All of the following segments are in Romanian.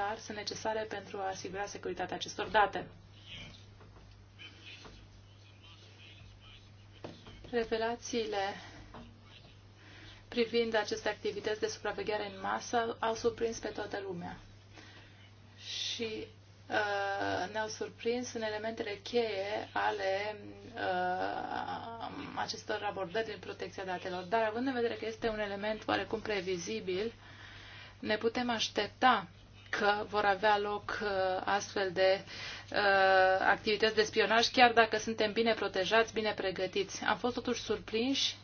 dar sunt necesare pentru a asigura securitatea acestor date. Revelațiile privind aceste activități de supraveghere în masă au surprins pe toată lumea și uh, ne-au surprins în elementele cheie ale uh, acestor abordări în protecția datelor. Dar având în vedere că este un element oarecum previzibil, ne putem aștepta că vor avea loc uh, astfel de uh, activități de spionaj, chiar dacă suntem bine protejați, bine pregătiți. Am fost totuși surprinși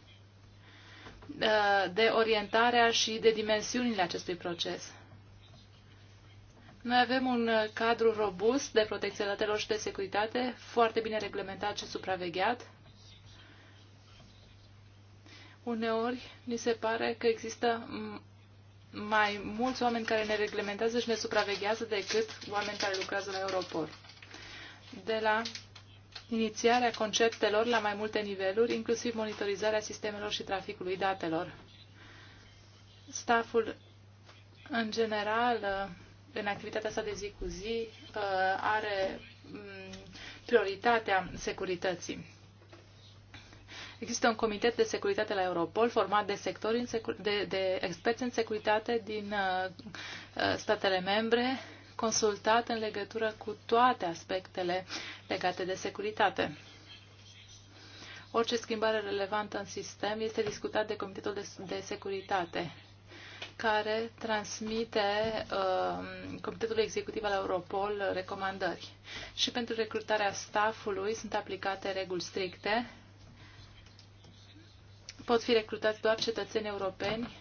uh, de orientarea și de dimensiunile acestui proces. Noi avem un cadru robust de protecție datelor și de securitate, foarte bine reglementat și supravegheat. Uneori, ni se pare că există mai mulți oameni care ne reglementează și ne supraveghează decât oameni care lucrează la Europol. De la inițiarea conceptelor la mai multe niveluri, inclusiv monitorizarea sistemelor și traficului datelor. Staful, în general, în activitatea sa de zi cu zi, uh, are mm, prioritatea securității. Există un comitet de securitate la Europol format de, sectori în secu- de, de experți în securitate din uh, uh, statele membre consultat în legătură cu toate aspectele legate de securitate. Orice schimbare relevantă în sistem este discutat de Comitetul de, de Securitate, care transmite uh, Comitetului Executiv al Europol recomandări. Și pentru recrutarea staffului sunt aplicate reguli stricte pot fi recrutați doar cetățeni europeni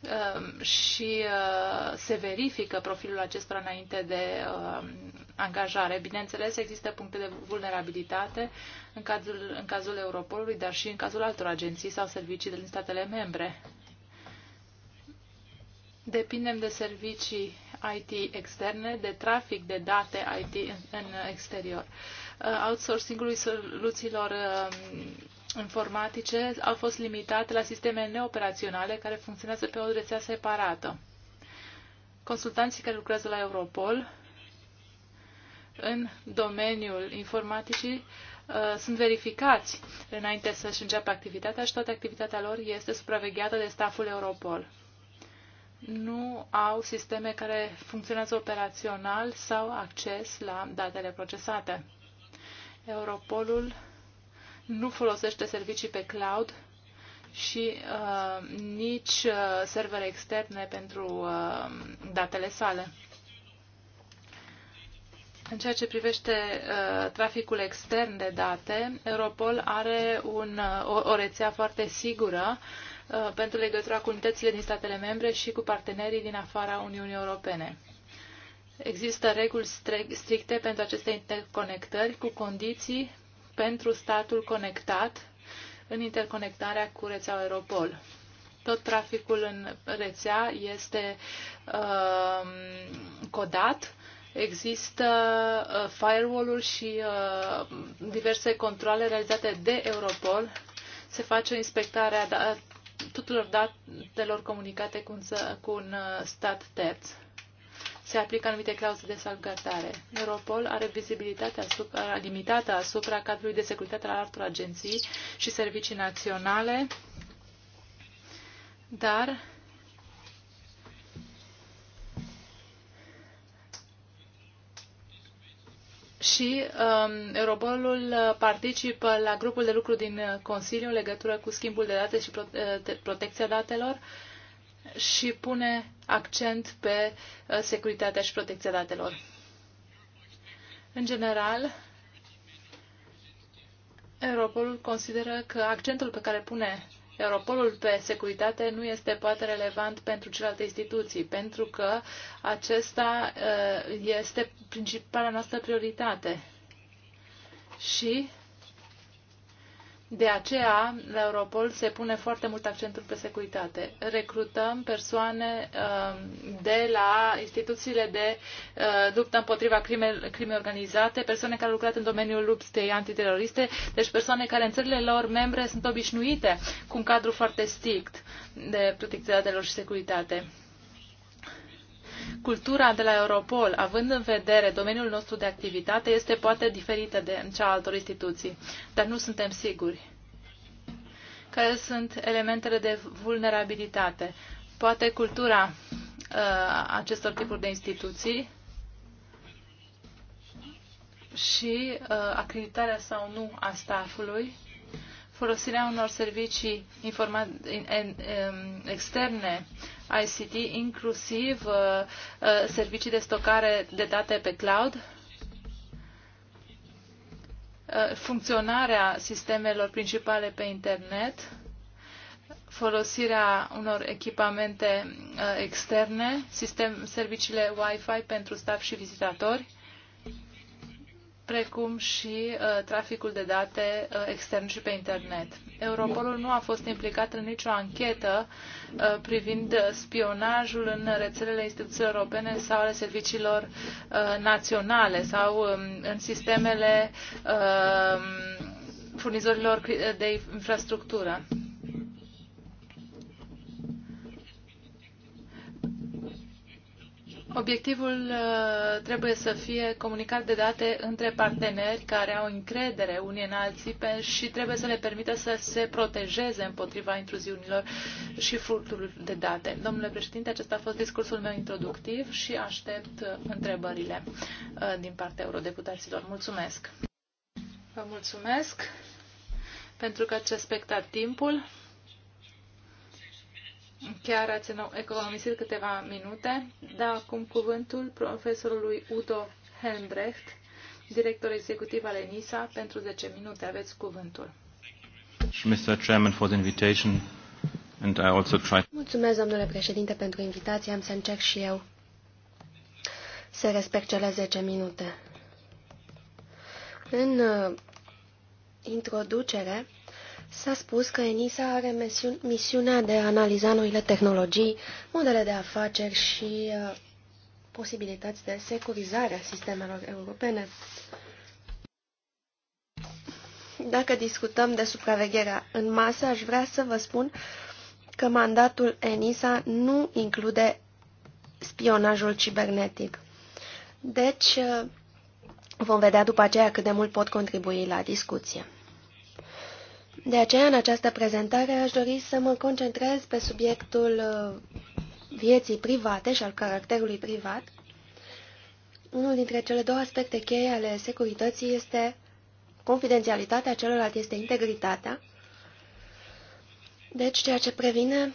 um, și uh, se verifică profilul acestora înainte de um, angajare. Bineînțeles, există puncte de vulnerabilitate în cazul, în cazul Europolului, dar și în cazul altor agenții sau servicii din statele membre. Depindem de servicii IT externe, de trafic de date IT în, în exterior. Uh, outsourcingului soluțiilor um, informatice au fost limitate la sisteme neoperaționale care funcționează pe o rețea separată. Consultanții care lucrează la Europol în domeniul informaticii uh, sunt verificați înainte să-și înceapă activitatea și toată activitatea lor este supravegheată de staful Europol. Nu au sisteme care funcționează operațional sau acces la datele procesate. Europolul nu folosește servicii pe cloud și uh, nici uh, servere externe pentru uh, datele sale. În ceea ce privește uh, traficul extern de date, Europol are un, uh, o, o rețea foarte sigură uh, pentru legătura cu unitățile din statele membre și cu partenerii din afara Uniunii Europene. Există reguli stricte pentru aceste interconectări cu condiții pentru statul conectat în interconectarea cu rețeaua Europol. Tot traficul în rețea este uh, codat, există uh, firewall-uri și uh, diverse controle realizate de Europol. Se face o inspectare a tuturor datelor comunicate cu un, cu un uh, stat terț se aplică anumite clauze de salvgardare. Europol are vizibilitatea asupra, limitată asupra cadrului de securitate al altor agenții și servicii naționale, dar și um, Europolul participă la grupul de lucru din Consiliu în legătură cu schimbul de date și prote protecția datelor. Uh, și pune accent pe uh, securitatea și protecția datelor. În general, Europol consideră că accentul pe care pune Europolul pe securitate nu este poate relevant pentru celelalte instituții, pentru că acesta uh, este principala noastră prioritate. Și de aceea, la Europol se pune foarte mult accentul pe securitate. Recrutăm persoane um, de la instituțiile de uh, luptă împotriva crimei crime organizate, persoane care au lucrat în domeniul luptei antiteroriste, deci persoane care în țările lor membre sunt obișnuite cu un cadru foarte strict de protecția datelor și securitate cultura de la Europol, având în vedere domeniul nostru de activitate, este poate diferită de cea a altor instituții, dar nu suntem siguri. Care sunt elementele de vulnerabilitate? Poate cultura uh, acestor tipuri de instituții și uh, acreditarea sau nu a staffului, folosirea unor servicii externe ICT, inclusiv uh, uh, servicii de stocare de date pe cloud, uh, funcționarea sistemelor principale pe internet, folosirea unor echipamente externe, sistem, serviciile Wi-Fi pentru staff și vizitatori, precum și uh, traficul de date uh, extern și pe internet. Europolul nu a fost implicat în nicio anchetă uh, privind spionajul în rețelele instituțiilor europene sau ale serviciilor uh, naționale sau um, în sistemele uh, furnizorilor de infrastructură. Obiectivul uh, trebuie să fie comunicat de date între parteneri care au încredere unii în alții și trebuie să le permită să se protejeze împotriva intruziunilor și furtului de date. Domnule președinte, acesta a fost discursul meu introductiv și aștept uh, întrebările uh, din partea eurodeputaților. Mulțumesc! Vă mulțumesc pentru că ați respectat timpul. Chiar ați economisit câteva minute. Da, acum cuvântul profesorului Udo Helmbrecht, director executiv al ENISA, pentru 10 minute. Aveți cuvântul. Mr. Chairman, for the invitation. And I also try... Mulțumesc, domnule președinte, pentru invitație. Am să încerc și eu să respect cele 10 minute. În uh, introducere, S-a spus că ENISA are misiunea de a analiza noile tehnologii, modele de afaceri și uh, posibilități de securizare a sistemelor europene. Dacă discutăm de supravegherea în masă, aș vrea să vă spun că mandatul ENISA nu include spionajul cibernetic. Deci, uh, vom vedea după aceea cât de mult pot contribui la discuție. De aceea, în această prezentare, aș dori să mă concentrez pe subiectul uh, vieții private și al caracterului privat. Unul dintre cele două aspecte cheie ale securității este confidențialitatea, celălalt este integritatea. Deci, ceea ce previne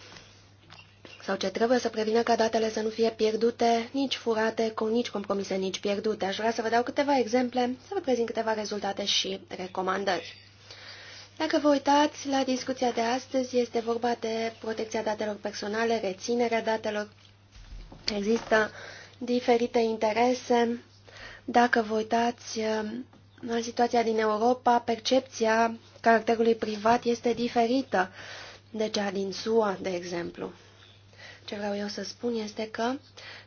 sau ce trebuie să prevină ca datele să nu fie pierdute, nici furate, cu nici compromise, nici pierdute. Aș vrea să vă dau câteva exemple, să vă prezint câteva rezultate și recomandări. Dacă vă uitați la discuția de astăzi, este vorba de protecția datelor personale, reținerea datelor. Există diferite interese. Dacă vă uitați la um, situația din Europa, percepția caracterului privat este diferită de cea din SUA, de exemplu. Ce vreau eu să spun este că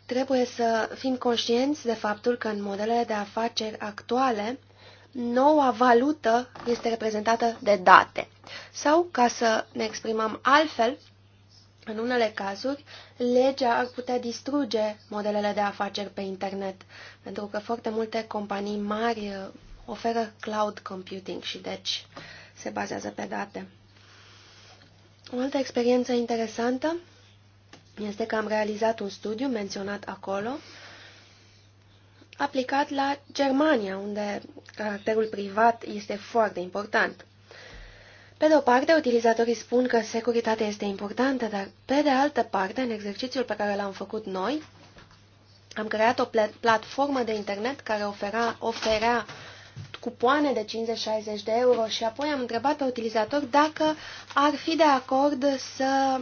trebuie să fim conștienți de faptul că în modelele de afaceri actuale, noua valută este reprezentată de date. Sau, ca să ne exprimăm altfel, în unele cazuri, legea ar putea distruge modelele de afaceri pe internet, pentru că foarte multe companii mari uh, oferă cloud computing și deci se bazează pe date. O altă experiență interesantă este că am realizat un studiu menționat acolo, aplicat la Germania, unde caracterul privat este foarte important. Pe de o parte, utilizatorii spun că securitatea este importantă, dar pe de altă parte, în exercițiul pe care l-am făcut noi, am creat o platformă de internet care ofera, oferea cupoane de 50-60 de euro și apoi am întrebat pe utilizatori dacă ar fi de acord să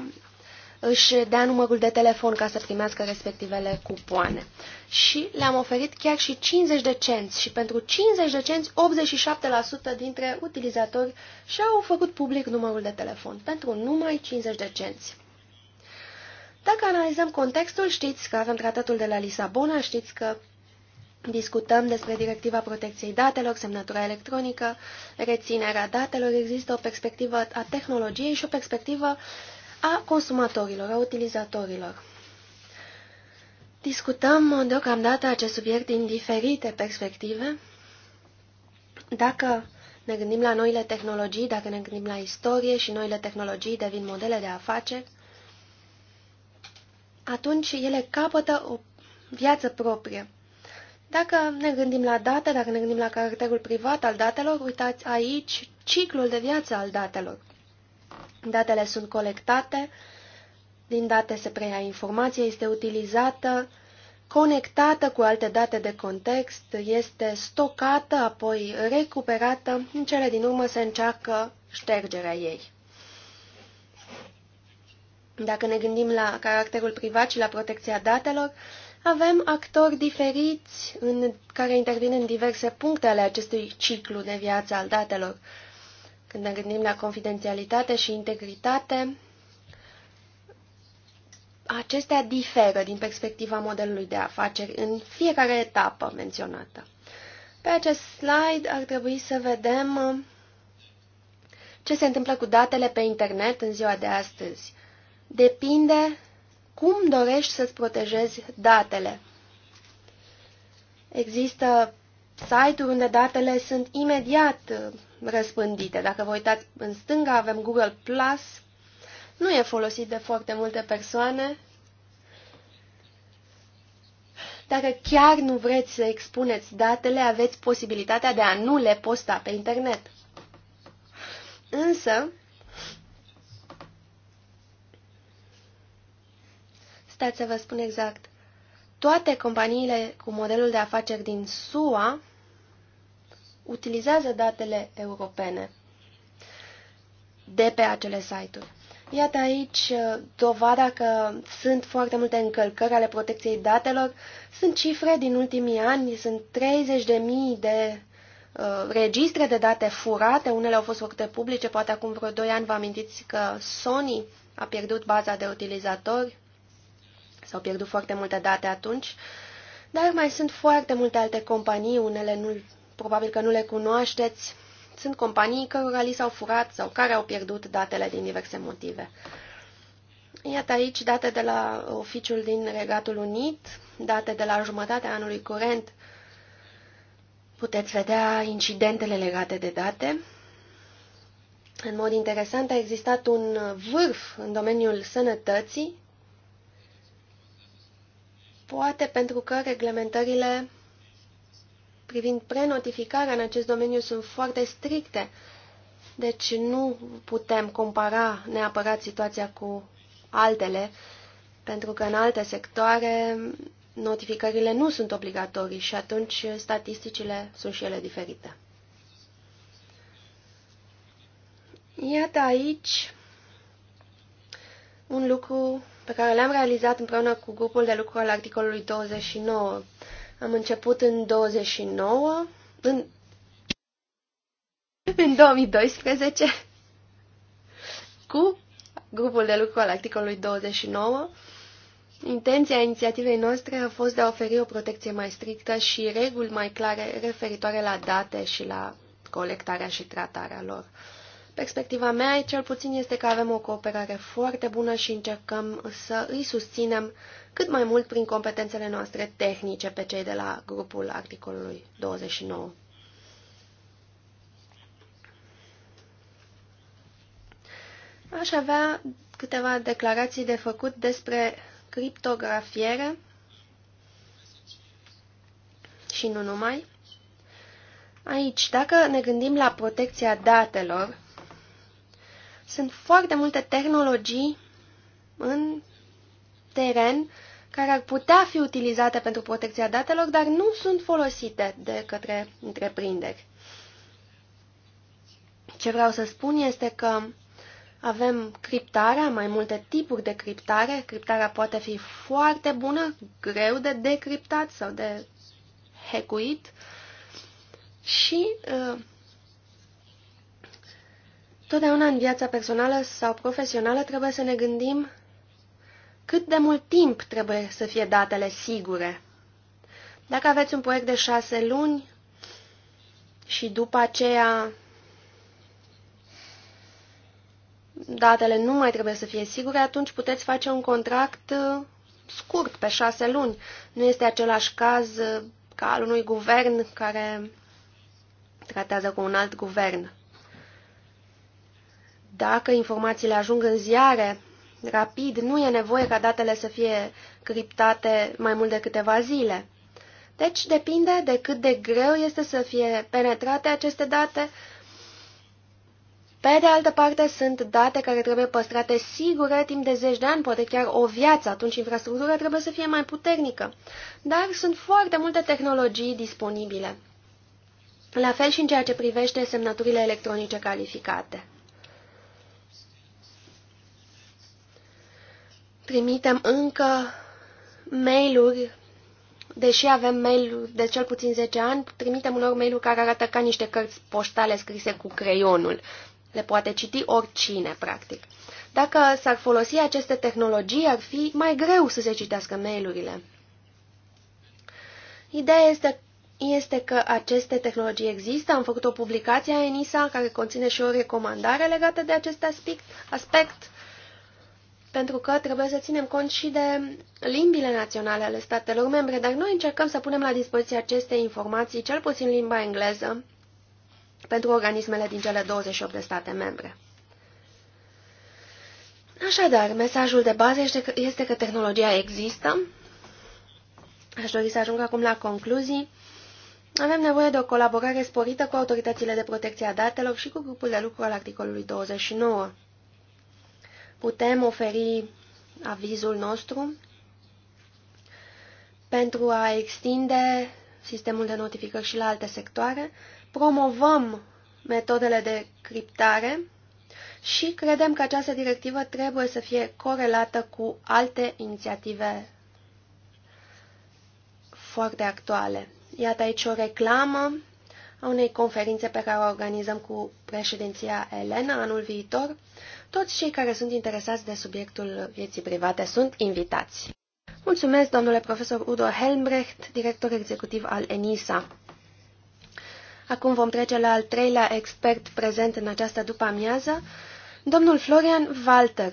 își dea numărul de telefon ca să primească respectivele cupoane și le-am oferit chiar și 50 de cenți și pentru 50 de cenți 87% dintre utilizatori și-au făcut public numărul de telefon pentru numai 50 de cenți. Dacă analizăm contextul, știți că avem tratatul de la Lisabona, știți că discutăm despre directiva protecției datelor, semnătura electronică, reținerea datelor, există o perspectivă a tehnologiei și o perspectivă a consumatorilor, a utilizatorilor. Discutăm deocamdată acest subiect din diferite perspective. Dacă ne gândim la noile tehnologii, dacă ne gândim la istorie și noile tehnologii devin modele de afaceri, atunci ele capătă o viață proprie. Dacă ne gândim la date, dacă ne gândim la caracterul privat al datelor, uitați aici ciclul de viață al datelor. Datele sunt colectate, din date se preia informația, este utilizată, conectată cu alte date de context, este stocată, apoi recuperată, în cele din urmă se încearcă ștergerea ei. Dacă ne gândim la caracterul privat și la protecția datelor, avem actori diferiți în, care intervin în diverse puncte ale acestui ciclu de viață al datelor. Când ne gândim la confidențialitate și integritate, acestea diferă din perspectiva modelului de afaceri în fiecare etapă menționată. Pe acest slide ar trebui să vedem uh, ce se întâmplă cu datele pe internet în ziua de astăzi. Depinde cum dorești să-ți protejezi datele. Există site-uri unde datele sunt imediat uh, răspândite. Dacă vă uitați în stânga, avem Google Plus, nu e folosit de foarte multe persoane. Dacă chiar nu vreți să expuneți datele, aveți posibilitatea de a nu le posta pe internet. Însă, stați să vă spun exact, toate companiile cu modelul de afaceri din SUA utilizează datele europene de pe acele site-uri. Iată aici uh, dovada că sunt foarte multe încălcări ale protecției datelor. Sunt cifre din ultimii ani, sunt 30.000 de uh, registre de date furate, unele au fost făcute publice, poate acum vreo 2 ani vă amintiți că Sony a pierdut baza de utilizatori, s-au pierdut foarte multe date atunci, dar mai sunt foarte multe alte companii, unele nu, probabil că nu le cunoașteți, sunt companii cărora li s-au furat sau care au pierdut datele din diverse motive. Iată aici date de la oficiul din Regatul Unit, date de la jumătatea anului curent. Puteți vedea incidentele legate de date. În mod interesant a existat un vârf în domeniul sănătății, poate pentru că reglementările privind prenotificarea în acest domeniu sunt foarte stricte. Deci nu putem compara neapărat situația cu altele, pentru că în alte sectoare notificările nu sunt obligatorii și atunci statisticile sunt și ele diferite. Iată aici un lucru pe care l-am realizat împreună cu grupul de lucru al articolului 29. Am început în 29, în, în 2012, cu grupul de lucru al articolului 29. Intenția inițiativei noastre a fost de a oferi o protecție mai strictă și reguli mai clare referitoare la date și la colectarea și tratarea lor. Perspectiva mea, cel puțin, este că avem o cooperare foarte bună și încercăm să îi susținem cât mai mult prin competențele noastre tehnice pe cei de la grupul articolului 29. Aș avea câteva declarații de făcut despre criptografiere și nu numai. Aici, dacă ne gândim la protecția datelor, sunt foarte multe tehnologii în teren care ar putea fi utilizate pentru protecția datelor, dar nu sunt folosite de către întreprinderi. Ce vreau să spun este că avem criptarea, mai multe tipuri de criptare. Criptarea poate fi foarte bună, greu de decriptat sau de hecuit. Și uh, totdeauna în viața personală sau profesională trebuie să ne gândim cât de mult timp trebuie să fie datele sigure? Dacă aveți un proiect de șase luni și după aceea datele nu mai trebuie să fie sigure, atunci puteți face un contract uh, scurt, pe șase luni. Nu este același caz uh, ca al unui guvern care tratează cu un alt guvern. Dacă informațiile ajung în ziare, rapid, nu e nevoie ca datele să fie criptate mai mult de câteva zile. Deci depinde de cât de greu este să fie penetrate aceste date. Pe de altă parte, sunt date care trebuie păstrate sigure timp de zeci de ani, poate chiar o viață, atunci infrastructura trebuie să fie mai puternică. Dar sunt foarte multe tehnologii disponibile. La fel și în ceea ce privește semnăturile electronice calificate. trimitem încă mail-uri, deși avem mail de cel puțin 10 ani, trimitem unor mail care arată ca niște cărți poștale scrise cu creionul. Le poate citi oricine, practic. Dacă s-ar folosi aceste tehnologii, ar fi mai greu să se citească mailurile. Ideea este, este că aceste tehnologii există. Am făcut o publicație a ENISA care conține și o recomandare legată de acest aspect. aspect pentru că trebuie să ținem cont și de limbile naționale ale statelor membre, dar noi încercăm să punem la dispoziție aceste informații, cel puțin limba engleză, pentru organismele din cele 28 de state membre. Așadar, mesajul de bază este că, este că tehnologia există. Aș dori să ajung acum la concluzii. Avem nevoie de o colaborare sporită cu autoritățile de protecție a datelor și cu grupul de lucru al articolului 29 putem oferi avizul nostru pentru a extinde sistemul de notificări și la alte sectoare, promovăm metodele de criptare și credem că această directivă trebuie să fie corelată cu alte inițiative foarte actuale. Iată aici o reclamă a unei conferințe pe care o organizăm cu președinția Elena anul viitor, toți cei care sunt interesați de subiectul vieții private sunt invitați. Mulțumesc, domnule profesor Udo Helmbrecht, director executiv al ENISA. Acum vom trece la al treilea expert prezent în această după-amiază, domnul Florian Walter,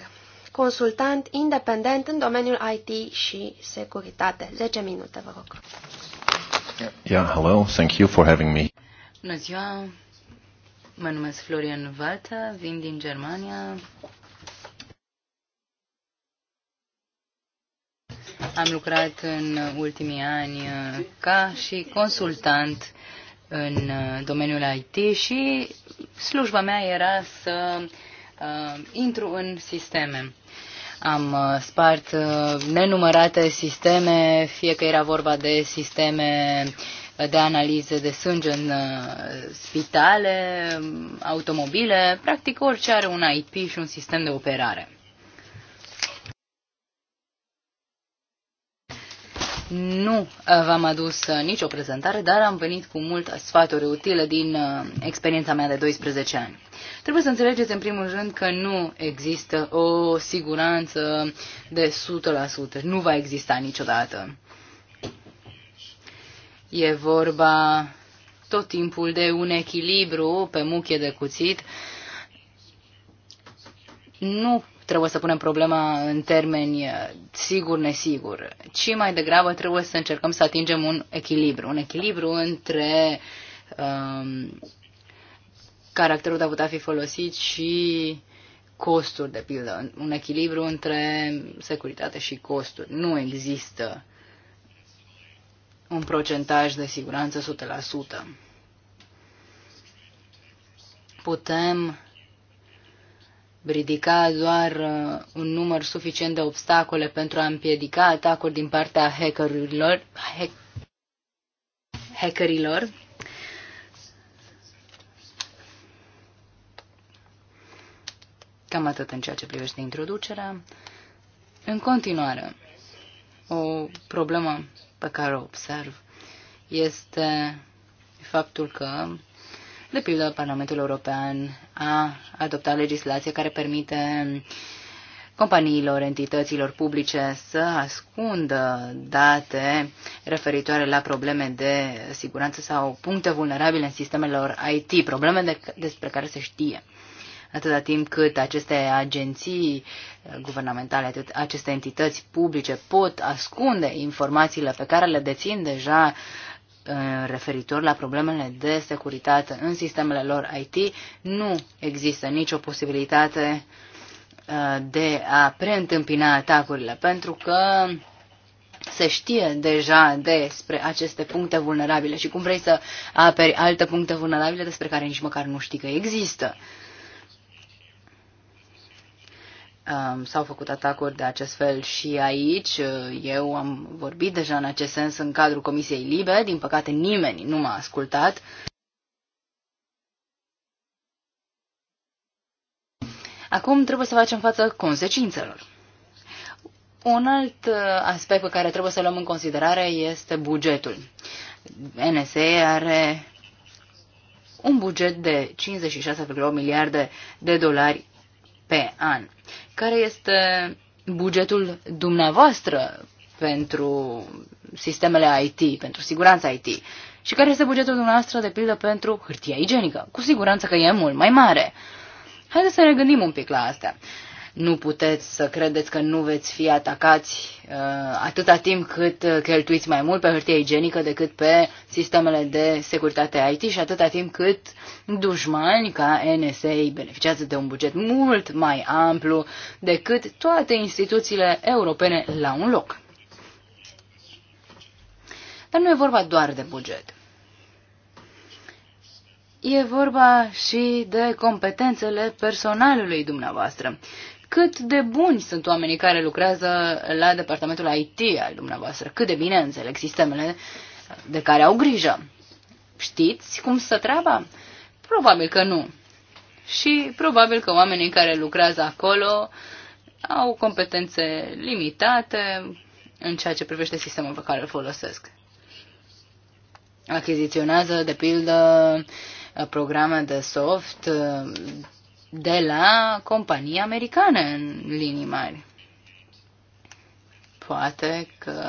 consultant independent în domeniul IT și securitate. 10 minute, vă rog. Yeah, hello. Thank you for having me. Bună ziua. Mă numesc Florian Vata, vin din Germania. Am lucrat în ultimii ani uh, ca și consultant în uh, domeniul IT și slujba mea era să uh, intru în sisteme. Am uh, spart uh, nenumărate sisteme, fie că era vorba de sisteme de analize de sânge în uh, spitale, automobile, practic orice are un IP și un sistem de operare. Nu uh, v-am adus uh, nicio prezentare, dar am venit cu multe sfaturi utile din experiența mea de 12 ani. Trebuie să înțelegeți în primul rând că nu există o siguranță de 100%, nu va exista niciodată. E vorba tot timpul de un echilibru pe muchie de cuțit. Nu trebuie să punem problema în termeni eh, sigur-nesigur, ci mai degrabă trebuie să încercăm să atingem un echilibru. Un echilibru între um, caracterul de a putea fi folosit și costuri, de pildă. Un echilibru între securitate și costuri. Nu există un procentaj de siguranță 100%. Putem ridica doar uh, un număr suficient de obstacole pentru a împiedica atacuri din partea hackerilor, hack, hackerilor Cam atât în ceea ce privește introducerea. În continuare, o problemă pe care o observ este faptul că, de pildă, Parlamentul European a adoptat legislație care permite companiilor, entităților publice să ascundă date referitoare la probleme de siguranță sau puncte vulnerabile în sistemelor IT, probleme de, despre care se știe atâta timp cât aceste agenții guvernamentale, aceste entități publice pot ascunde informațiile pe care le dețin deja uh, referitor la problemele de securitate în sistemele lor IT, nu există nicio posibilitate uh, de a preîntâmpina atacurile, pentru că se știe deja despre aceste puncte vulnerabile și cum vrei să aperi alte puncte vulnerabile despre care nici măcar nu știi că există. Uh, S-au făcut atacuri de acest fel și aici. Eu am vorbit deja în acest sens în cadrul Comisiei Libe. Din păcate nimeni nu m-a ascultat. Acum trebuie să facem față consecințelor. Un alt uh, aspect pe care trebuie să luăm în considerare este bugetul. NSE are un buget de 56,8 miliarde de dolari pe an. Care este bugetul dumneavoastră pentru sistemele IT, pentru siguranța IT? Și care este bugetul dumneavoastră, de pildă, pentru hârtia igienică? Cu siguranță că e mult mai mare. Haideți să ne gândim un pic la asta. Nu puteți să credeți că nu veți fi atacați uh, atâta timp cât uh, cheltuiți mai mult pe hârtie igienică decât pe sistemele de securitate IT și atâta timp cât dușmani ca NSA beneficiază de un buget mult mai amplu decât toate instituțiile europene la un loc. Dar nu e vorba doar de buget. E vorba și de competențele personalului dumneavoastră cât de buni sunt oamenii care lucrează la departamentul IT al dumneavoastră, cât de bine înțeleg sistemele de care au grijă. Știți cum să treaba? Probabil că nu. Și probabil că oamenii care lucrează acolo au competențe limitate în ceea ce privește sistemul pe care îl folosesc. Achiziționează, de pildă, programe de soft de la companii americane în linii mari. Poate că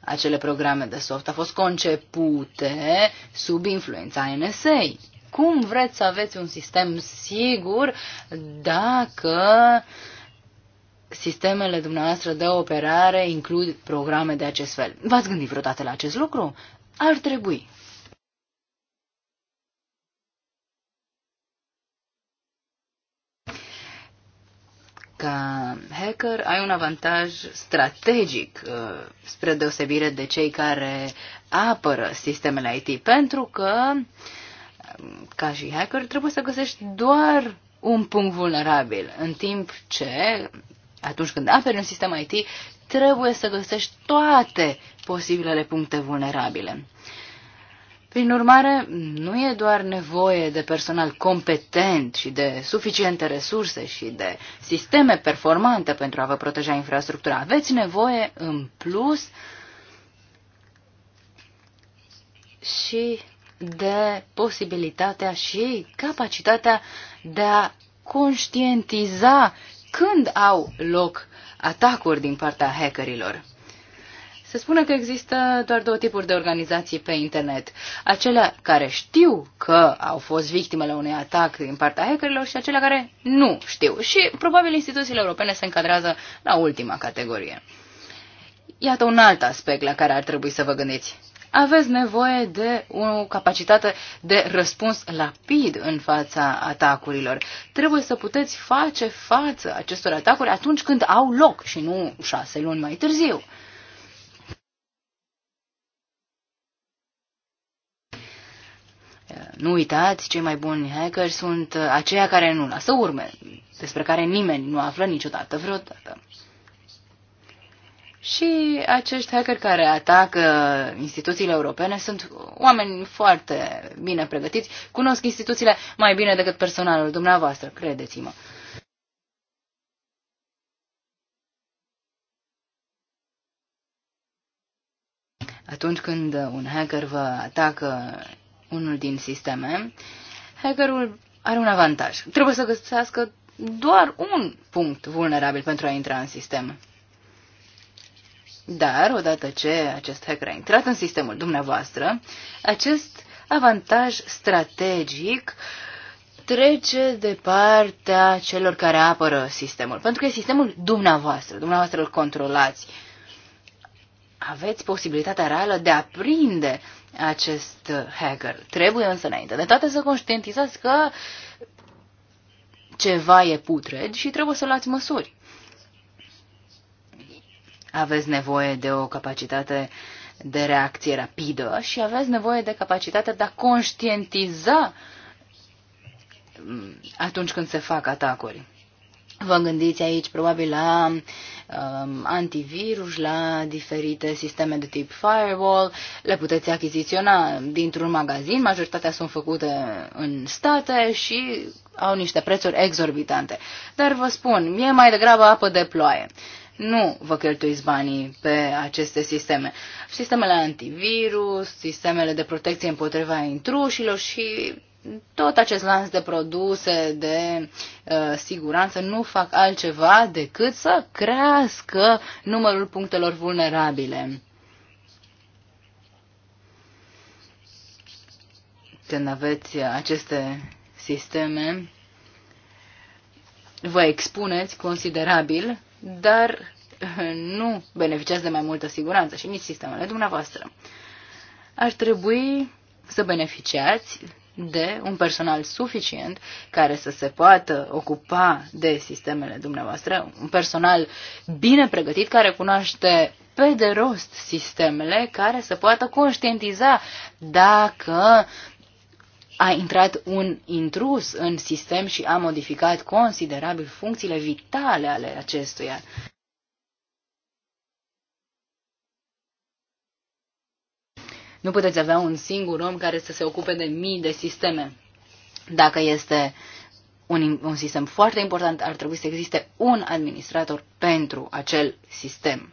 acele programe de soft au fost concepute sub influența NSA. Cum vreți să aveți un sistem sigur dacă sistemele dumneavoastră de operare includ programe de acest fel? V-ați gândit vreodată la acest lucru? Ar trebui. Ca hacker ai un avantaj strategic uh, spre deosebire de cei care apără sistemele IT, pentru că um, ca și hacker trebuie să găsești doar un punct vulnerabil, în timp ce atunci când aperi un sistem IT trebuie să găsești toate posibilele puncte vulnerabile. Prin urmare, nu e doar nevoie de personal competent și de suficiente resurse și de sisteme performante pentru a vă proteja infrastructura. Aveți nevoie, în plus, și de posibilitatea și capacitatea de a conștientiza când au loc atacuri din partea hackerilor. Se spune că există doar două tipuri de organizații pe internet. Acelea care știu că au fost victimele unui atac din partea hackerilor și acelea care nu știu. Și probabil instituțiile europene se încadrează la ultima categorie. Iată un alt aspect la care ar trebui să vă gândiți aveți nevoie de o capacitate de răspuns rapid în fața atacurilor. Trebuie să puteți face față acestor atacuri atunci când au loc și nu șase luni mai târziu. Nu uitați, cei mai buni hackeri sunt uh, aceia care nu lasă urme, despre care nimeni nu află niciodată, vreodată. Și acești hackeri care atacă instituțiile europene sunt oameni foarte bine pregătiți, cunosc instituțiile mai bine decât personalul dumneavoastră, credeți-mă. Atunci când un hacker vă atacă unul din sisteme, hackerul are un avantaj. Trebuie să găsească doar un punct vulnerabil pentru a intra în sistem. Dar, odată ce acest hacker a intrat în sistemul dumneavoastră, acest avantaj strategic trece de partea celor care apără sistemul. Pentru că e sistemul dumneavoastră, dumneavoastră îl controlați. Aveți posibilitatea reală de a prinde acest hacker. Trebuie însă înainte de toate să conștientizați că ceva e putred și trebuie să luați măsuri. Aveți nevoie de o capacitate de reacție rapidă și aveți nevoie de capacitatea de a conștientiza atunci când se fac atacuri. Vă gândiți aici probabil la um, antivirus, la diferite sisteme de tip firewall, le puteți achiziționa dintr-un magazin, majoritatea sunt făcute în state și au niște prețuri exorbitante. Dar vă spun, e mai degrabă apă de ploaie. Nu vă cheltuiți banii pe aceste sisteme. Sistemele antivirus, sistemele de protecție împotriva intrușilor și tot acest lanț de produse de uh, siguranță nu fac altceva decât să crească numărul punctelor vulnerabile. Când aveți aceste sisteme, vă expuneți considerabil, dar uh, nu beneficiați de mai multă siguranță și nici sistemele dumneavoastră. Ar trebui să beneficiați de un personal suficient care să se poată ocupa de sistemele dumneavoastră, un personal bine pregătit care cunoaște pe de rost sistemele, care să poată conștientiza dacă a intrat un intrus în sistem și a modificat considerabil funcțiile vitale ale acestuia. Nu puteți avea un singur om care să se ocupe de mii de sisteme. Dacă este un, un sistem foarte important, ar trebui să existe un administrator pentru acel sistem.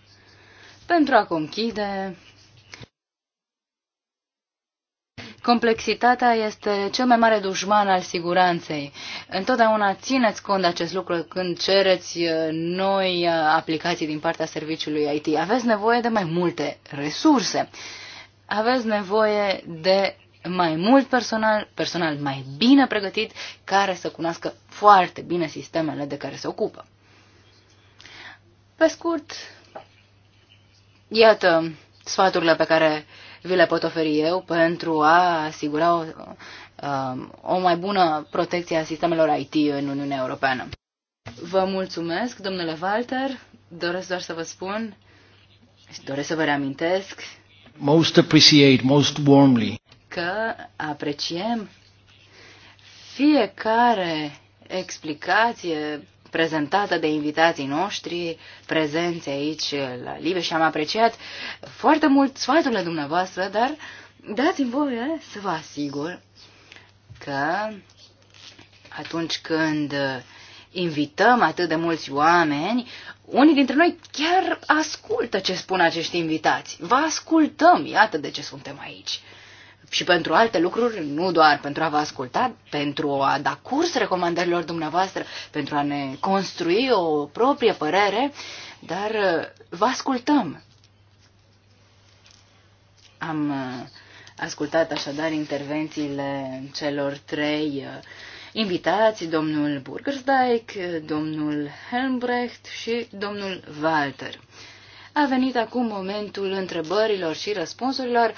Pentru a conchide, Complexitatea este cel mai mare dușman al siguranței. Întotdeauna țineți cont de acest lucru când cereți uh, noi uh, aplicații din partea serviciului IT. Aveți nevoie de mai multe resurse aveți nevoie de mai mult personal, personal mai bine pregătit, care să cunoască foarte bine sistemele de care se ocupă. Pe scurt, iată sfaturile pe care vi le pot oferi eu pentru a asigura o, um, o mai bună protecție a sistemelor IT în Uniunea Europeană. Vă mulțumesc, domnule Walter. Doresc doar să vă spun și doresc să vă reamintesc most appreciate, most warmly. Că apreciem fiecare explicație prezentată de invitații noștri prezenți aici la Libe și am apreciat foarte mult sfaturile dumneavoastră, dar dați-mi voie să vă asigur că atunci când invităm atât de mulți oameni, unii dintre noi chiar ascultă ce spun acești invitați. Vă ascultăm, iată de ce suntem aici. Și pentru alte lucruri, nu doar pentru a vă asculta, pentru a da curs recomandărilor dumneavoastră, pentru a ne construi o proprie părere, dar uh, vă ascultăm. Am uh, ascultat așadar intervențiile celor trei uh, invitați domnul Burgersdijk, domnul Helmbrecht și domnul Walter. A venit acum momentul întrebărilor și răspunsurilor.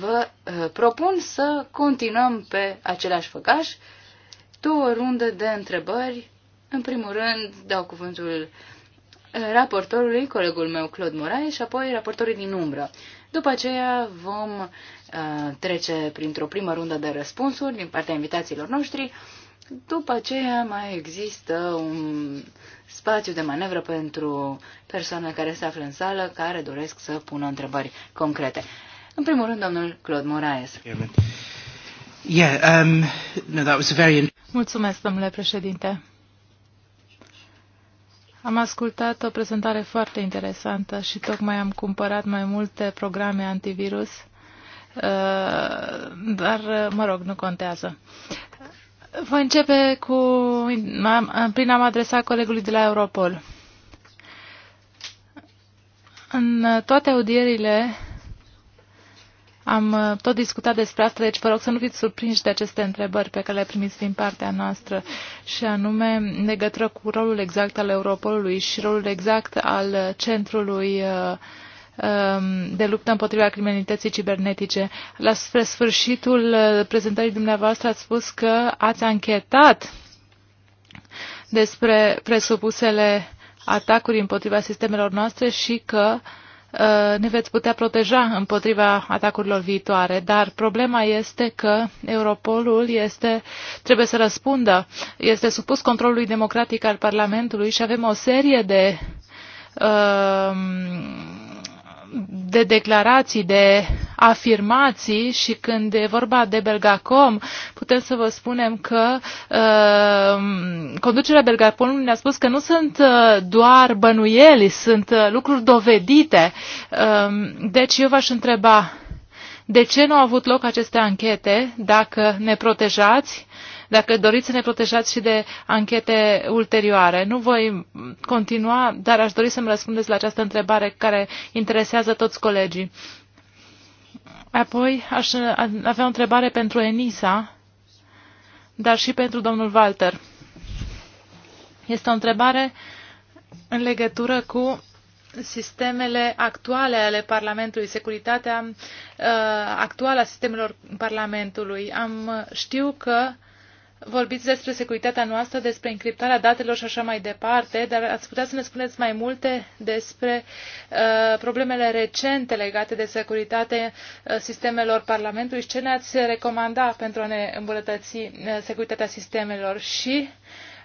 Vă uh, propun să continuăm pe același făcaș. Două runde de întrebări. În primul rând, dau cuvântul uh, raportorului, colegul meu Claude Moraes, și apoi raportorii din umbră. După aceea vom uh, trece printr-o primă rundă de răspunsuri din partea invitațiilor noștri după aceea mai există un spațiu de manevră pentru persoanele care se află în sală, care doresc să pună întrebări concrete. În primul rând, domnul Claude Moraes. Yeah, um, no, that was a very... Mulțumesc, domnule președinte. Am ascultat o prezentare foarte interesantă și tocmai am cumpărat mai multe programe antivirus, uh, dar, mă rog, nu contează. Uh, voi începe cu, prin a mă adresa colegului de la Europol. În toate audierile am tot discutat despre asta, deci vă rog să nu fiți surprinși de aceste întrebări pe care le primiți din partea noastră, și anume legătură cu rolul exact al Europolului și rolul exact al centrului uh, Um, de luptă împotriva criminalității cibernetice. La sfârșitul uh, prezentării dumneavoastră ați spus că ați anchetat despre presupusele atacuri împotriva sistemelor noastre și că uh, ne veți putea proteja împotriva atacurilor viitoare, dar problema este că Europolul este, trebuie să răspundă, este supus controlului democratic al Parlamentului și avem o serie de uh, de declarații, de afirmații și când e vorba de Belgacom, putem să vă spunem că uh, conducerea Belgacom ne-a spus că nu sunt uh, doar bănuieli, sunt uh, lucruri dovedite. Uh, deci eu v-aș întreba, de ce nu au avut loc aceste anchete dacă ne protejați? Dacă doriți să ne protejați și de anchete ulterioare, nu voi continua, dar aș dori să-mi răspundeți la această întrebare care interesează toți colegii. Apoi aș avea o întrebare pentru Enisa, dar și pentru domnul Walter. Este o întrebare în legătură cu sistemele actuale ale Parlamentului, securitatea uh, actuală a sistemelor Parlamentului. Am știu că vorbiți despre securitatea noastră, despre încriptarea datelor și așa mai departe, dar ați putea să ne spuneți mai multe despre uh, problemele recente legate de securitate uh, sistemelor Parlamentului și ce ne-ați recomanda pentru a ne îmbunătăți uh, securitatea sistemelor și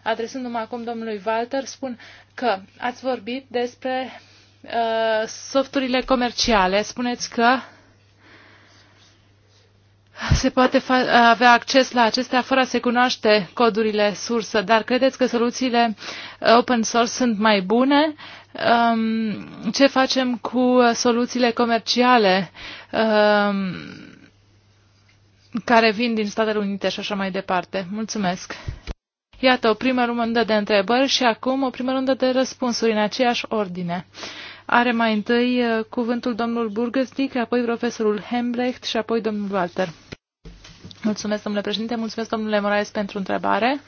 adresându-mă acum domnului Walter, spun că ați vorbit despre uh, softurile comerciale. Spuneți că uh, se poate avea acces la acestea fără a se cunoaște codurile sursă, dar credeți că soluțiile uh, open source sunt mai bune? Um, ce facem cu soluțiile comerciale um, care vin din Statele Unite și așa mai departe? Mulțumesc! Iată o primă rundă de întrebări și acum o primă rundă de răspunsuri în aceeași ordine. Are mai întâi uh, cuvântul domnul Burgesdick, apoi profesorul Hembrecht și apoi domnul Walter. Mulțumesc, domnule președinte. Mulțumesc, domnule Moraes, pentru întrebare.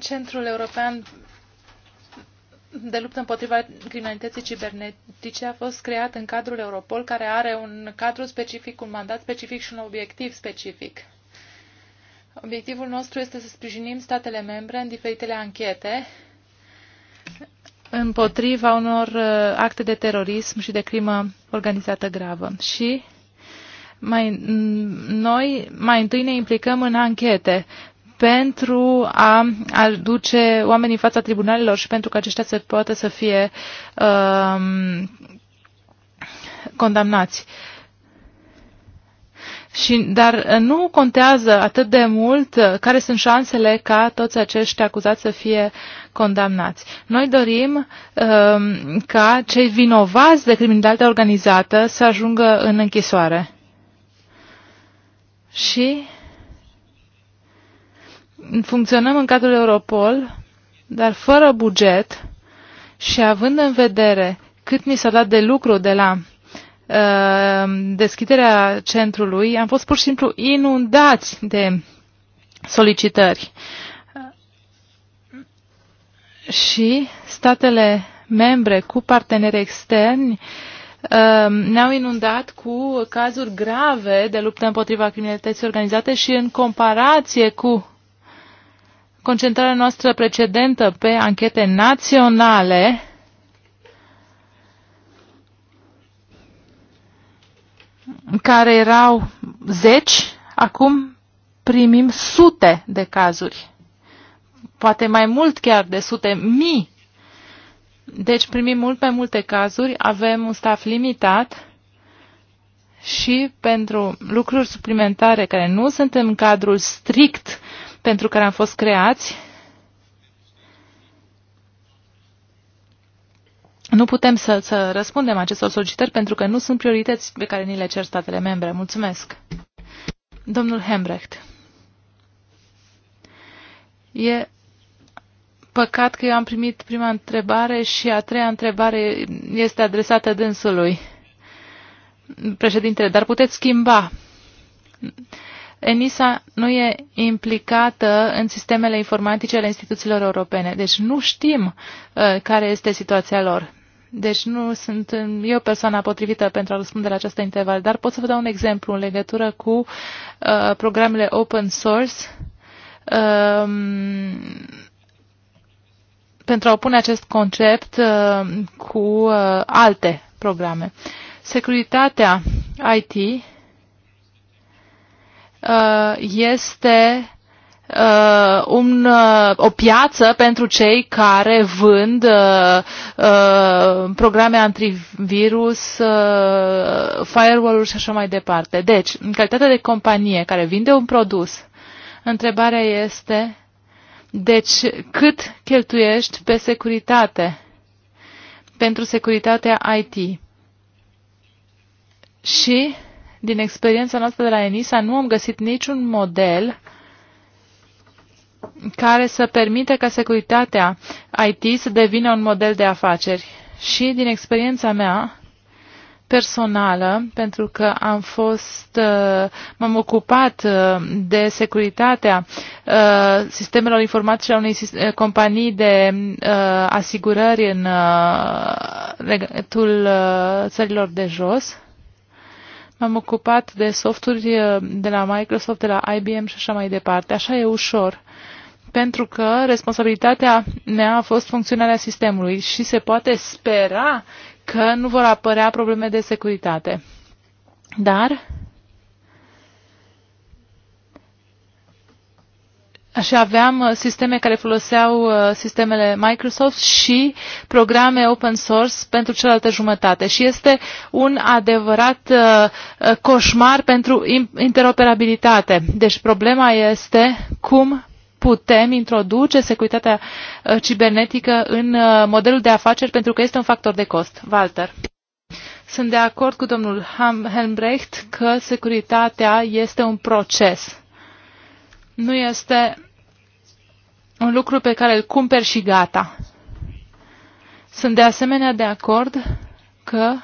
Centrul European de luptă împotriva criminalității cibernetice a fost creat în cadrul Europol, care are un cadru specific, un mandat specific și un obiectiv specific. Obiectivul nostru este să sprijinim statele membre în diferitele anchete împotriva unor uh, acte de terorism și de crimă organizată gravă. Și mai, mm, noi mai întâi ne implicăm în anchete pentru a aduce oamenii în fața tribunalelor și pentru că aceștia se poată să fie um, condamnați. Uh, și, dar uh, nu contează atât de mult uh, care sunt șansele ca toți acești acuzați să fie condamnați. Noi dorim um, ca cei vinovați de criminalitate organizată să ajungă în închisoare. Și funcționăm în cadrul Europol, dar fără buget și având în vedere cât ni s-a dat de lucru de la Uh, deschiderea centrului, am fost pur și simplu inundați de solicitări. Și statele membre cu parteneri externi uh, ne-au inundat cu cazuri grave de luptă împotriva criminalității organizate și în comparație cu concentrarea noastră precedentă pe anchete naționale, care erau zeci, acum primim sute de cazuri. Poate mai mult chiar de sute mii. Deci primim mult mai multe cazuri, avem un staff limitat și pentru lucruri suplimentare care nu sunt în cadrul strict pentru care am fost creați, Nu putem să, să răspundem acestor solicitări pentru că nu sunt priorități pe care ni le cer statele membre. Mulțumesc. Domnul Hembrecht. E păcat că eu am primit prima întrebare și a treia întrebare este adresată dânsului. Președintele, dar puteți schimba. ENISA nu e implicată în sistemele informatice ale instituțiilor europene, deci nu știm uh, care este situația lor. Deci nu sunt eu persoana potrivită pentru a răspunde la acest interval, dar pot să vă dau un exemplu în legătură cu uh, programele open source. Uh, pentru a opune acest concept uh, cu uh, alte programe. Securitatea IT uh, este uh, un, uh, o pentru cei care vând uh, uh, programe antivirus, uh, firewall-uri și așa mai departe. Deci, în calitate de companie care vinde un produs, întrebarea este, deci, cât cheltuiești pe securitate, pentru securitatea IT? Și, din experiența noastră de la ENISA, nu am găsit niciun model care să permite ca securitatea IT să devină un model de afaceri. Și din experiența mea personală, pentru că am fost, uh, m-am ocupat uh, de securitatea uh, sistemelor informatice a unei companii de asigurări în legătul țărilor de jos, M-am ocupat de softuri uh, de la Microsoft, de la IBM și așa mai departe. Așa e ușor. Pentru că responsabilitatea mea a fost funcționarea sistemului și se poate spera că nu vor apărea probleme de securitate. Dar și aveam uh, sisteme care foloseau uh, sistemele Microsoft și programe open source pentru cealaltă jumătate. Și este un adevărat uh, coșmar pentru interoperabilitate. Deci problema este cum putem introduce securitatea cibernetică în modelul de afaceri pentru că este un factor de cost. Walter. Sunt de acord cu domnul Helmbrecht că securitatea este un proces nu este un lucru pe care îl cumperi și gata. Sunt de asemenea de acord că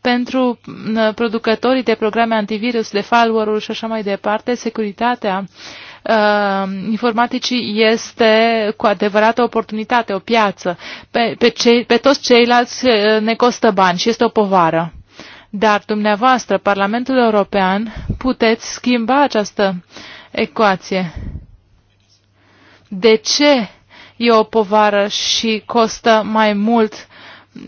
pentru producătorii de programe antivirus, de firewall-uri și așa mai departe, securitatea uh, informaticii este cu adevărat o oportunitate, o piață. Pe, pe, cei, pe toți ceilalți uh, ne costă bani și este o povară. Dar dumneavoastră, Parlamentul European, puteți schimba această uh, ecuație. De ce e o povară și costă mai mult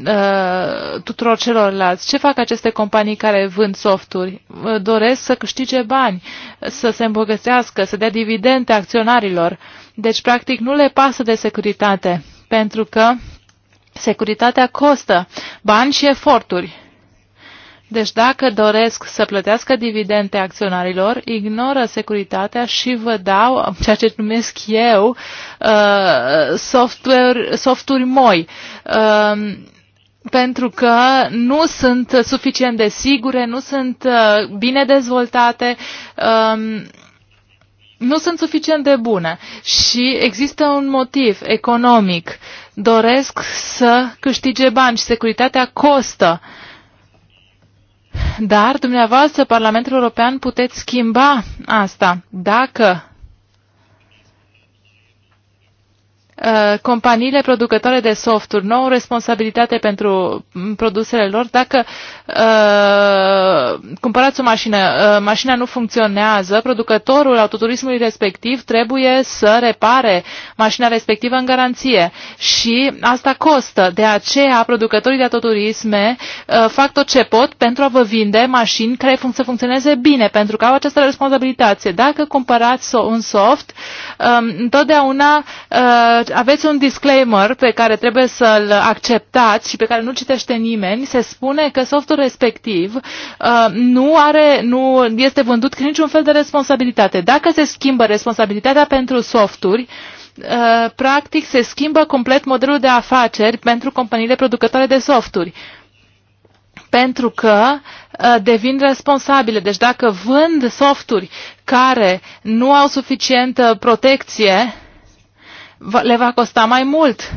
uh, tuturor celorlalți. Ce fac aceste companii care vând softuri? Doresc să câștige bani, să se îmbogățească, să dea dividende acționarilor. Deci, practic, nu le pasă de securitate, pentru că securitatea costă bani și eforturi. Deci dacă doresc să plătească dividende acționarilor, ignoră securitatea și vă dau ceea ce numesc eu uh, software, softuri moi uh, pentru că nu sunt suficient de sigure, nu sunt uh, bine dezvoltate, um, nu sunt suficient de bune. Și există un motiv economic. Doresc să câștige bani și securitatea costă. Uh, dar dumneavoastră, Parlamentul European, puteți schimba asta dacă Uh, companiile producătoare de softuri nouă responsabilitate pentru mm, produsele lor. Dacă uh, cumpărați o mașină, uh, mașina nu funcționează, producătorul autoturismului respectiv trebuie să repare mașina respectivă în garanție și asta costă. De aceea, producătorii de autoturisme uh, fac tot ce pot pentru a vă vinde mașini care fun- să funcționeze bine, pentru că au această responsabilitate. Dacă cumpărați un soft, uh, întotdeauna uh, aveți un disclaimer pe care trebuie să-l acceptați și pe care nu citește nimeni. Se spune că softul respectiv uh, nu, are, nu este vândut cu niciun fel de responsabilitate. Dacă se schimbă responsabilitatea pentru softuri, uh, practic se schimbă complet modelul de afaceri pentru companiile producătoare de softuri pentru că uh, devin responsabile. Deci dacă vând softuri care nu au suficientă protecție, le va costa mai mult.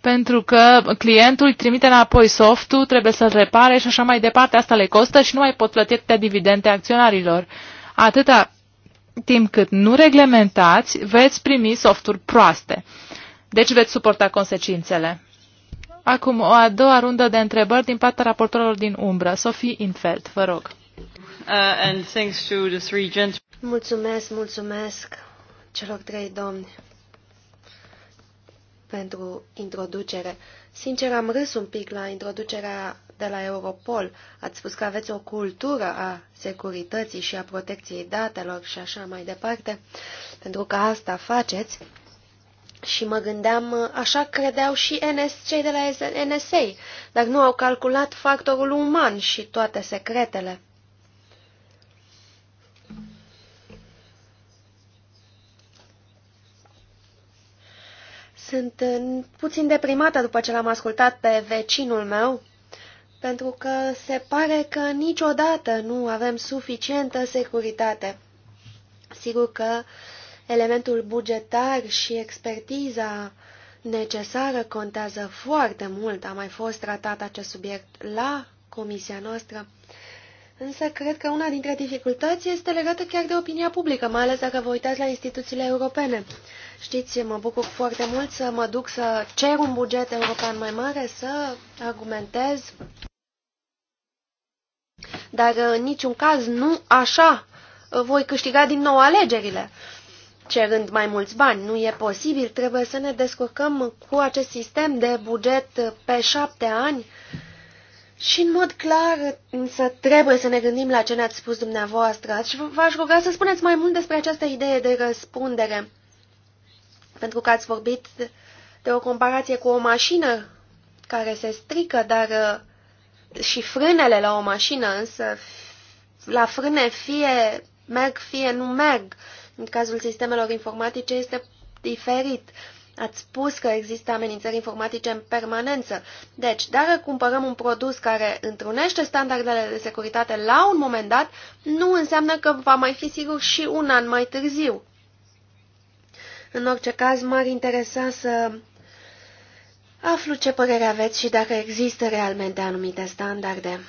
Pentru că clientul îi trimite înapoi softul, trebuie să-l repare și așa mai departe. Asta le costă și nu mai pot plăti atâtea dividende acționarilor. Atâta timp cât nu reglementați, veți primi softuri proaste. Deci veți suporta consecințele. Acum, o a doua rundă de întrebări din partea raportorilor din umbră. Sophie Infeld, vă rog. Uh, Mulțumesc, mulțumesc celor trei domni pentru introducere. Sincer, am râs un pic la introducerea de la Europol. Ați spus că aveți o cultură a securității și a protecției datelor și așa mai departe, pentru că asta faceți. Și mă gândeam, așa credeau și NS, cei de la NSA, dar nu au calculat factorul uman și toate secretele. Sunt uh, puțin deprimată după ce l-am ascultat pe vecinul meu, pentru că se pare că niciodată nu avem suficientă securitate. Sigur că elementul bugetar și expertiza necesară contează foarte mult. A mai fost tratat acest subiect la comisia noastră. Însă cred că una dintre dificultăți este legată chiar de opinia publică, mai ales dacă vă uitați la instituțiile europene. Știți, mă bucur foarte mult să mă duc să cer un buget european mai mare, să argumentez, dar în niciun caz nu așa uh, voi câștiga din nou alegerile cerând mai mulți bani. Nu e posibil, trebuie să ne descurcăm cu acest sistem de buget pe șapte ani și în mod clar, însă trebuie să ne gândim la ce ne-ați spus dumneavoastră și v-aș ruga să spuneți mai mult despre această idee de răspundere pentru că ați vorbit de o comparație cu o mașină care se strică, dar uh, și frânele la o mașină, însă la frâne fie merg, fie nu merg. În cazul sistemelor informatice este diferit. Ați spus că există amenințări informatice în permanență. Deci, dacă cumpărăm un produs care întrunește standardele de securitate la un moment dat, nu înseamnă că va mai fi sigur și un an mai târziu. În orice caz, m-ar interesa să aflu ce părere aveți și dacă există realmente anumite standarde.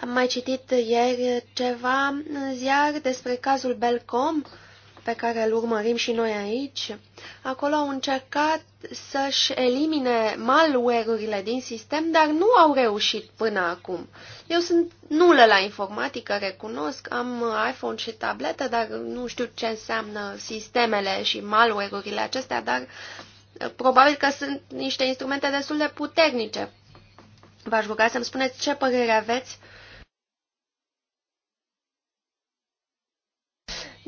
Am mai citit ieri ceva în ziar despre cazul Belcom, pe care îl urmărim și noi aici, acolo au încercat să-și elimine malware-urile din sistem, dar nu au reușit până acum. Eu sunt nulă la informatică, recunosc, am iPhone și tabletă, dar nu știu ce înseamnă sistemele și malware-urile acestea, dar uh, probabil că sunt niște instrumente destul de puternice. V-aș ruga să-mi spuneți ce părere aveți uh,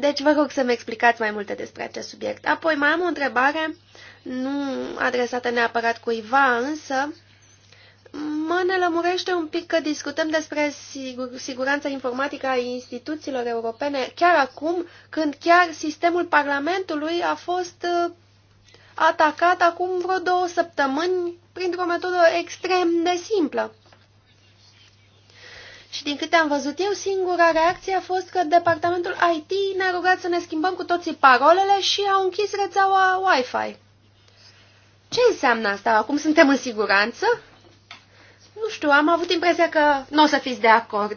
Deci vă rog să-mi explicați mai multe despre acest subiect. Apoi mai am o întrebare, nu adresată neapărat cuiva, însă mă nelămurește un pic că discutăm despre sigur, siguranța informatică a instituțiilor europene chiar acum, când chiar sistemul Parlamentului a fost uh, atacat acum vreo două săptămâni printr-o metodă extrem de simplă. Și din câte am văzut eu, singura reacție a fost că departamentul IT ne-a rugat să ne schimbăm cu toții parolele și au închis rețeaua Wi-Fi. Ce înseamnă asta? Acum suntem în siguranță? Nu știu, am avut impresia că nu o să fiți de acord.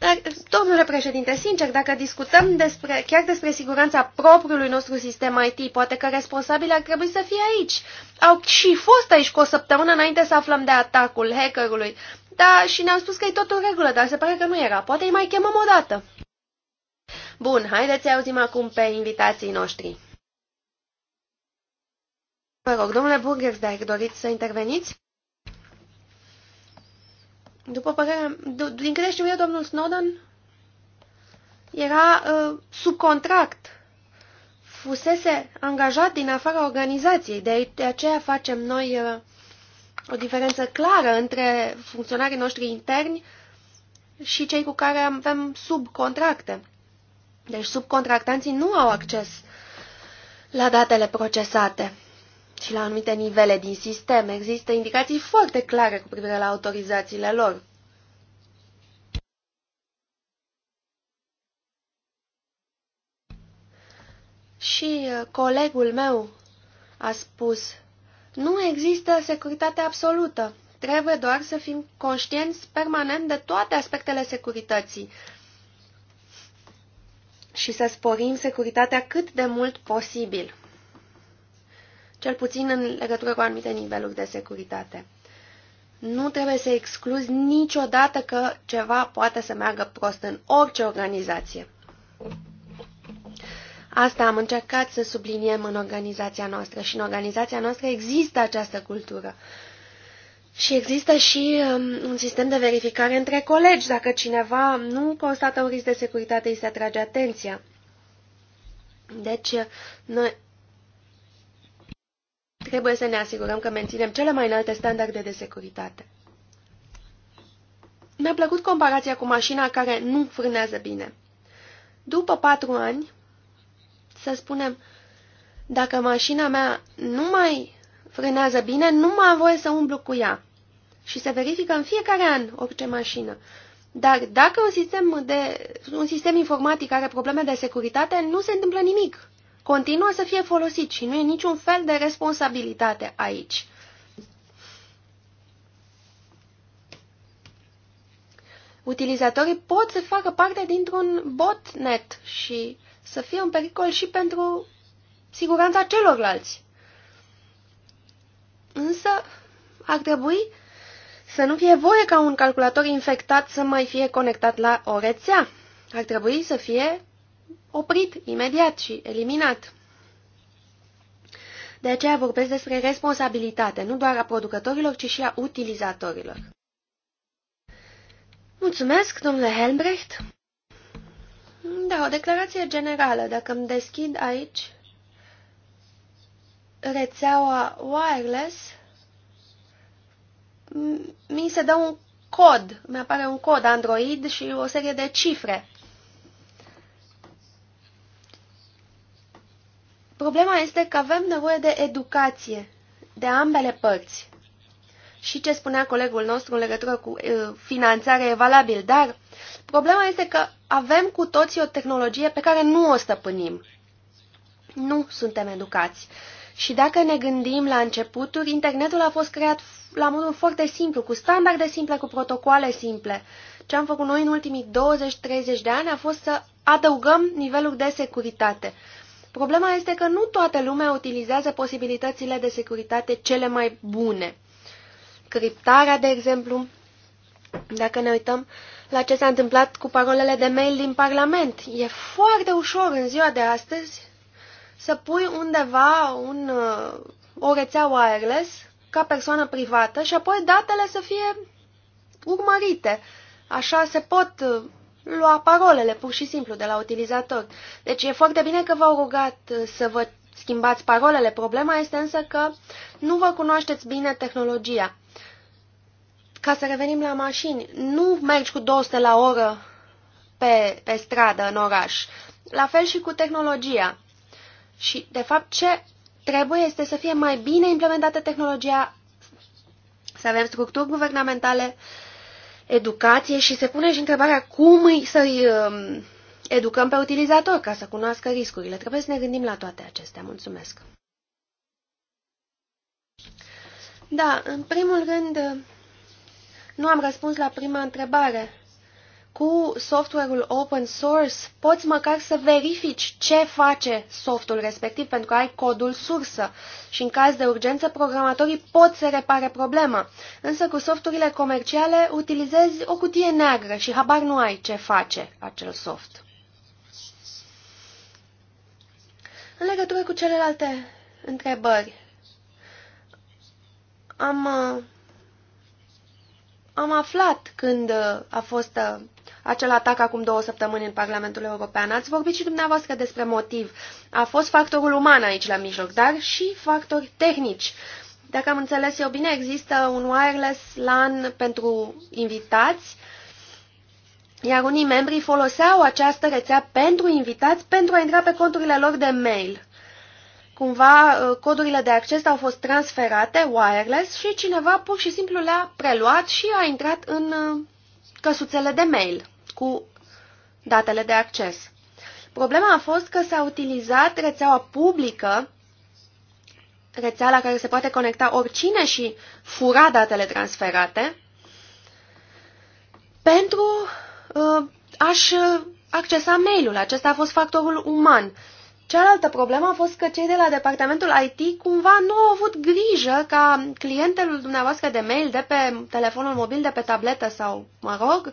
Dar, domnule președinte, sincer, dacă discutăm despre, chiar despre siguranța propriului nostru sistem IT, poate că responsabile ar trebui să fie aici. Au și fost aici cu o săptămână înainte să aflăm de atacul hackerului. Da, și ne-au spus că e tot în regulă, dar se pare că nu era. Poate îi mai chemăm o dată. Bun, haideți să auzim acum pe invitații noștri. Vă rog, domnule Burgers, dacă doriți să interveniți? După părerea, din câte știu eu, domnul Snowden era uh, sub contract, fusese angajat din afara organizației, de, de aceea facem noi uh, o diferență clară între funcționarii noștri interni și cei cu care avem subcontracte. Deci subcontractanții nu au acces la datele procesate și la anumite nivele din sistem. Există indicații foarte clare cu privire la autorizațiile lor. Și uh, colegul meu a spus, nu există securitate absolută. Trebuie doar să fim conștienți permanent de toate aspectele securității și să sporim securitatea cât de mult posibil cel puțin în legătură cu anumite niveluri de securitate. Nu trebuie să excluzi niciodată că ceva poate să meargă prost în orice organizație. Asta am încercat să subliniem în organizația noastră și în organizația noastră există această cultură. Și există și um, un sistem de verificare între colegi. Dacă cineva nu constată un risc de securitate, îi se atrage atenția. Deci, noi Trebuie să ne asigurăm că menținem cele mai înalte standarde de securitate. Mi-a plăcut comparația cu mașina care nu frânează bine. După patru ani, să spunem, dacă mașina mea nu mai frânează bine, nu mai am voie să umblu cu ea. Și se verifică în fiecare an orice mașină. Dar dacă un sistem, de, un sistem informatic are probleme de securitate, nu se întâmplă nimic continuă să fie folosit și nu e niciun fel de responsabilitate aici. Utilizatorii pot să facă parte dintr-un botnet și să fie un pericol și pentru siguranța celorlalți. Însă ar trebui să nu fie voie ca un calculator infectat să mai fie conectat la o rețea. Ar trebui să fie oprit imediat și eliminat. De aceea vorbesc despre responsabilitate, nu doar a producătorilor, ci și a utilizatorilor. Mulțumesc, domnule Helmbrecht. Da, o declarație generală. Dacă îmi deschid aici rețeaua wireless, mi se dă un cod, mi apare un cod Android și o serie de cifre. Problema este că avem nevoie de educație de ambele părți. Și ce spunea colegul nostru în legătură cu uh, finanțarea e valabil, dar problema este că avem cu toții o tehnologie pe care nu o stăpânim. Nu suntem educați. Și dacă ne gândim la începuturi, internetul a fost creat la modul foarte simplu, cu standarde simple, cu protocoale simple. Ce am făcut noi în ultimii 20-30 de ani a fost să adăugăm niveluri de securitate. Problema este că nu toată lumea utilizează posibilitățile de securitate cele mai bune. Criptarea, de exemplu, dacă ne uităm la ce s-a întâmplat cu parolele de mail din Parlament, e foarte ușor în ziua de astăzi să pui undeva un, uh, o rețea wireless ca persoană privată și apoi datele să fie urmărite. Așa se pot uh, lua parolele pur și simplu de la utilizator. Deci e foarte bine că v-au rugat uh, să vă schimbați parolele. Problema este însă că nu vă cunoașteți bine tehnologia. Ca să revenim la mașini, nu mergi cu 200 la oră pe, pe stradă în oraș. La fel și cu tehnologia. Și, de fapt, ce trebuie este să fie mai bine implementată tehnologia, să avem structuri guvernamentale uh, educație și se pune și întrebarea cum să-i um, educăm pe utilizator ca să cunoască riscurile. Trebuie să ne gândim la toate acestea. Mulțumesc! Da, în primul rând, uh, nu am răspuns la prima întrebare cu software-ul open source poți măcar să verifici ce face softul respectiv pentru că ai codul sursă și în caz de urgență programatorii pot să repare problema. Însă cu softurile comerciale utilizezi o cutie neagră și habar nu ai ce face acel soft. În legătură cu celelalte întrebări, am uh, am aflat când uh, a fost uh, acel atac acum două săptămâni în Parlamentul European. Ați vorbit și dumneavoastră despre motiv. A fost factorul uman aici la mijloc, dar și factori tehnici. Dacă am înțeles eu bine, există un wireless LAN pentru invitați, iar unii membri foloseau această rețea pentru invitați pentru a intra pe conturile lor de mail. Cumva uh, codurile de acces au fost transferate wireless și cineva pur și simplu le-a preluat și a intrat în uh, căsuțele de mail cu datele de acces. Problema a fost că s-a utilizat rețeaua publică, rețeaua la care se poate conecta oricine și fura datele transferate, pentru uh, a-și accesa mail-ul. Acesta a fost factorul uman. Cealaltă problemă a fost că cei de la departamentul IT cumva nu au avut grijă ca clientelul dumneavoastră de mail de pe telefonul mobil, de pe tabletă sau, mă rog,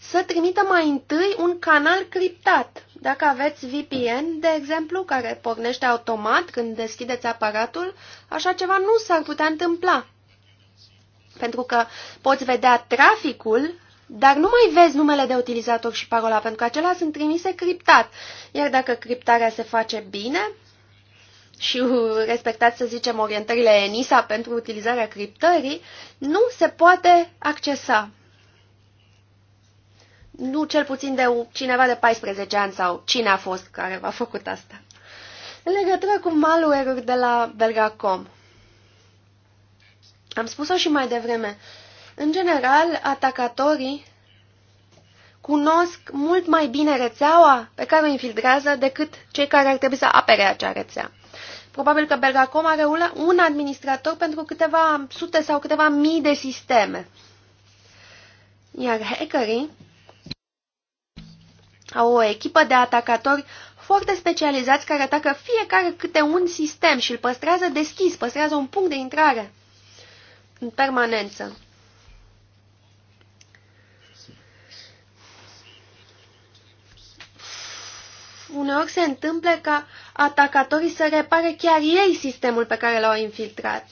să trimită mai întâi un canal criptat. Dacă aveți VPN, de exemplu, care pornește automat când deschideți aparatul, așa ceva nu s-ar putea întâmpla. Pentru că poți vedea traficul dar nu mai vezi numele de utilizator și parola, pentru că acelea sunt trimise criptat. Iar dacă criptarea se face bine și respectați, să zicem, orientările ENISA pentru utilizarea criptării, nu se poate accesa. Nu cel puțin de cineva de 14 ani sau cine a fost care v-a făcut asta. În legătură cu malware-uri de la Belgacom. Am spus-o și mai devreme. În general, atacatorii cunosc mult mai bine rețeaua pe care o infiltrează decât cei care ar trebui să apere acea rețea. Probabil că Belgacom are un administrator pentru câteva sute sau câteva mii de sisteme. Iar hackerii au o echipă de atacatori foarte specializați care atacă fiecare câte un sistem și îl păstrează deschis, păstrează un punct de intrare în permanență. uneori se întâmplă ca atacatorii să repare chiar ei sistemul pe care l-au infiltrat.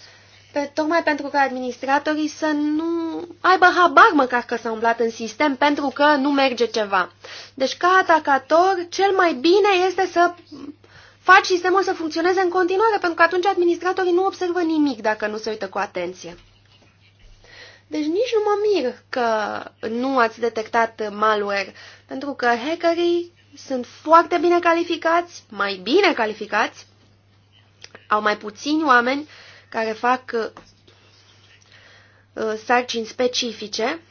Pe, tocmai pentru că administratorii să nu aibă habar măcar că s au umblat în sistem pentru că nu merge ceva. Deci ca atacator, cel mai bine este să faci sistemul să funcționeze în continuare, pentru că atunci administratorii nu observă nimic dacă nu se uită cu atenție. Deci nici nu mă mir că nu ați detectat malware, pentru că hackerii sunt foarte bine calificați, mai bine calificați, au mai puțini oameni care fac uh, uh, sarcini specifice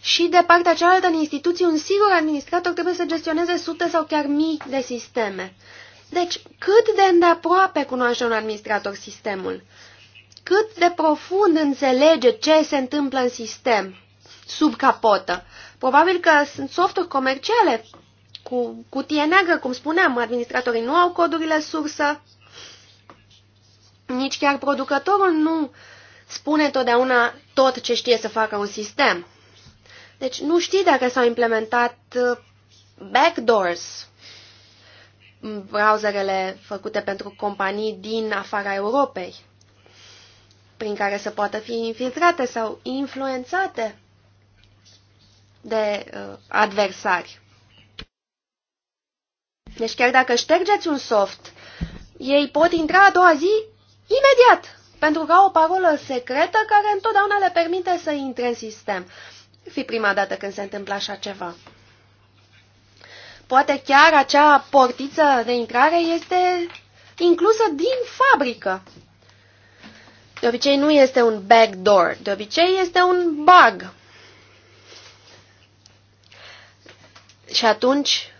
și de partea cealaltă în instituții un singur administrator trebuie să gestioneze sute sau chiar mii de sisteme. Deci, cât de îndeaproape cunoaște un administrator sistemul? Cât de profund înțelege ce se întâmplă în sistem, sub capotă? Probabil că sunt softuri comerciale cu cutie neagră, cum spuneam, administratorii nu au codurile sursă, nici chiar producătorul nu spune totdeauna tot ce știe să facă un sistem. Deci nu știi dacă s-au implementat uh, backdoors, mm, browserele făcute pentru companii din afara Europei, prin care să poată fi infiltrate sau influențate de uh, adversari. Deci chiar dacă ștergeți un soft, ei pot intra a doua zi imediat, pentru că au o parolă secretă care întotdeauna le permite să intre în sistem. Fi prima dată când se întâmplă așa ceva. Poate chiar acea portiță de intrare este inclusă din fabrică. De obicei nu este un backdoor, de obicei este un bug. Și atunci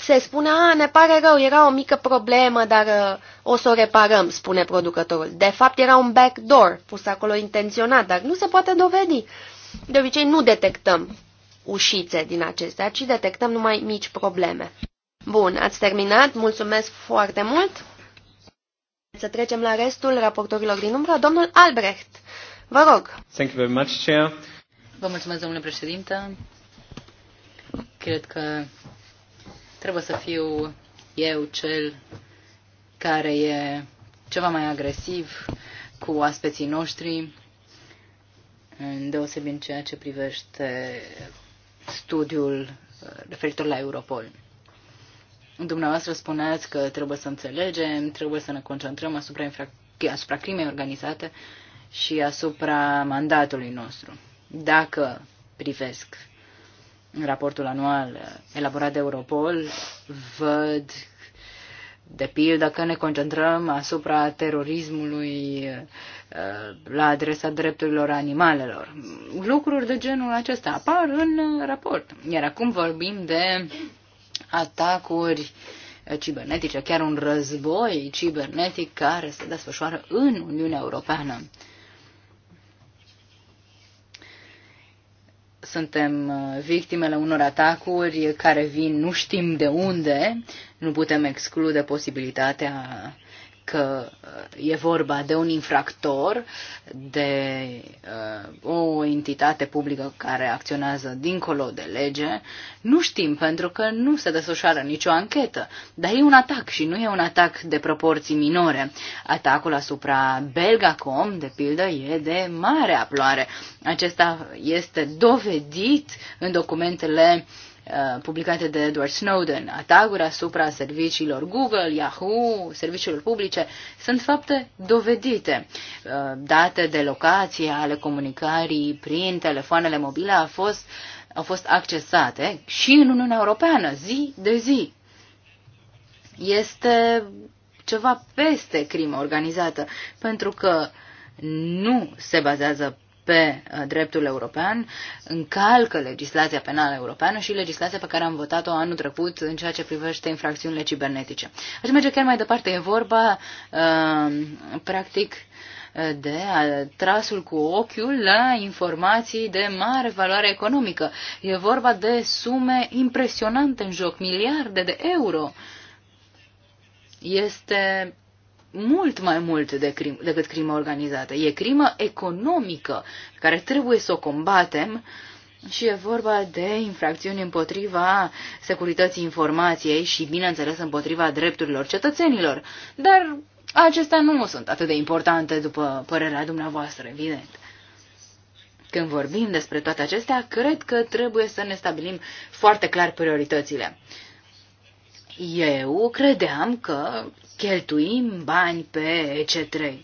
se spune, a, ne pare rău, era o mică problemă, dar uh, o să o reparăm, spune producătorul. De fapt, era un backdoor pus acolo intenționat, dar nu se poate dovedi. De obicei, nu detectăm ușițe din acestea, ci detectăm numai mici probleme. Bun, ați terminat, mulțumesc foarte mult. Să trecem la restul raportorilor din umbră. Domnul Albrecht, vă rog. Thank you very much, Chair. Vă mulțumesc, domnule președinte. Cred că trebuie să fiu eu cel care e ceva mai agresiv cu aspeții noștri, în deosebit în ceea ce privește studiul referitor la Europol. Dumneavoastră spuneați că trebuie să înțelegem, trebuie să ne concentrăm asupra, infrac- asupra crimei organizate și asupra mandatului nostru. Dacă privesc în raportul anual elaborat de Europol, văd de pildă că ne concentrăm asupra terorismului uh, la adresa drepturilor animalelor. Lucruri de genul acesta apar în raport. Iar acum vorbim de atacuri cibernetice, chiar un război cibernetic care se desfășoară în Uniunea Europeană. Suntem uh, victimele unor atacuri care vin nu știm de unde, nu putem exclude posibilitatea că uh, e vorba de un infractor, de uh, o entitate publică care acționează dincolo de lege, nu știm pentru că nu se desfășoară nicio anchetă. Dar e un atac și nu e un atac de proporții minore. Atacul asupra Belgacom, de pildă, e de mare aploare. Acesta este dovedit în documentele Uh, publicate de Edward Snowden, atacuri asupra serviciilor Google, Yahoo, serviciilor publice, sunt fapte dovedite. Uh, date de locație ale comunicării prin telefoanele mobile au fost, au fost accesate și în Uniunea Europeană, zi de zi. Este ceva peste crimă organizată, pentru că nu se bazează pe uh, dreptul european, încalcă legislația penală europeană și legislația pe care am votat-o anul trecut în ceea ce privește infracțiunile cibernetice. Aș merge chiar mai departe. E vorba, uh, practic, uh, de uh, trasul cu ochiul la informații de mare valoare economică. E vorba de sume impresionante în joc, miliarde de euro. Este mult mai mult de crim, decât crimă organizată. E crimă economică pe care trebuie să o combatem și e vorba de infracțiuni împotriva securității informației și, bineînțeles, împotriva drepturilor cetățenilor. Dar acestea nu sunt atât de importante, după părerea dumneavoastră, evident. Când vorbim despre toate acestea, cred că trebuie să ne stabilim foarte clar prioritățile. Eu credeam că cheltuim bani pe EC3.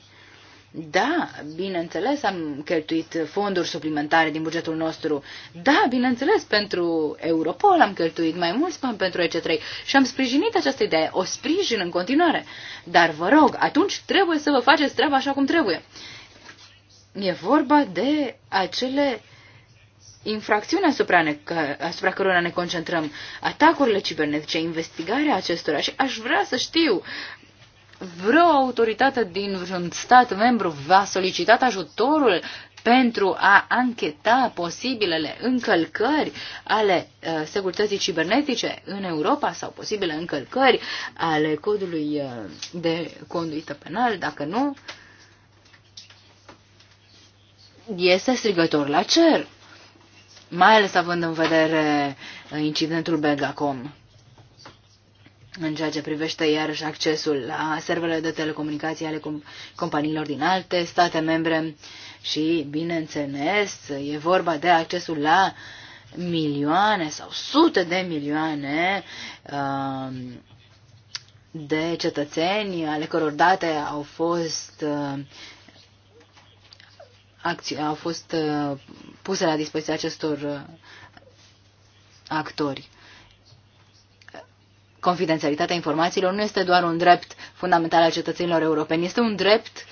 Da, bineînțeles, am cheltuit fonduri suplimentare din bugetul nostru. Da, bineînțeles, pentru Europol am cheltuit mai mulți bani pentru EC3 și am sprijinit această idee. O sprijin în continuare. Dar vă rog, atunci trebuie să vă faceți treaba așa cum trebuie. E vorba de acele infracțiuni asupra, ne, asupra cărora ne concentrăm, atacurile cibernetice, investigarea acestora și aș vrea să știu vreo autoritate din vreun stat membru va solicitat ajutorul pentru a ancheta posibilele încălcări ale uh, securității cibernetice în Europa sau posibile încălcări ale codului uh, de conduită penal, dacă nu, este strigător la cer, mai ales având în vedere uh, incidentul Belgacom în ceea ce privește iarăși accesul la serverele de telecomunicații ale companiilor din alte state membre și, bineînțeles, e vorba de accesul la milioane sau sute de milioane uh, de cetățeni ale căror date au fost uh, au fost uh, puse la dispoziția acestor uh, actori. Confidențialitatea informațiilor nu este doar un drept fundamental al cetățenilor europeni, este un drept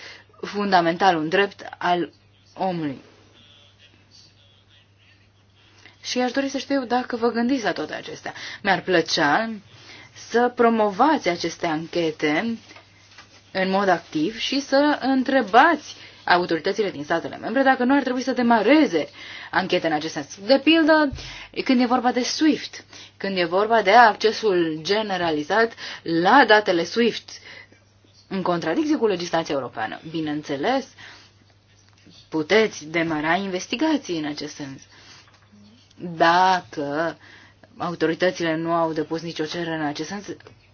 fundamental, un drept al omului. Și aș dori să știu dacă vă gândiți la toate acestea. Mi-ar plăcea să promovați aceste anchete în mod activ și să întrebați autoritățile din statele membre dacă nu ar trebui să demareze anchete în acest sens. De pildă, când e vorba de SWIFT, când e vorba de accesul generalizat la datele SWIFT, în contradicție cu legislația europeană. Bineînțeles, puteți demara investigații în acest sens. Dacă autoritățile nu au depus nicio cerere în acest sens,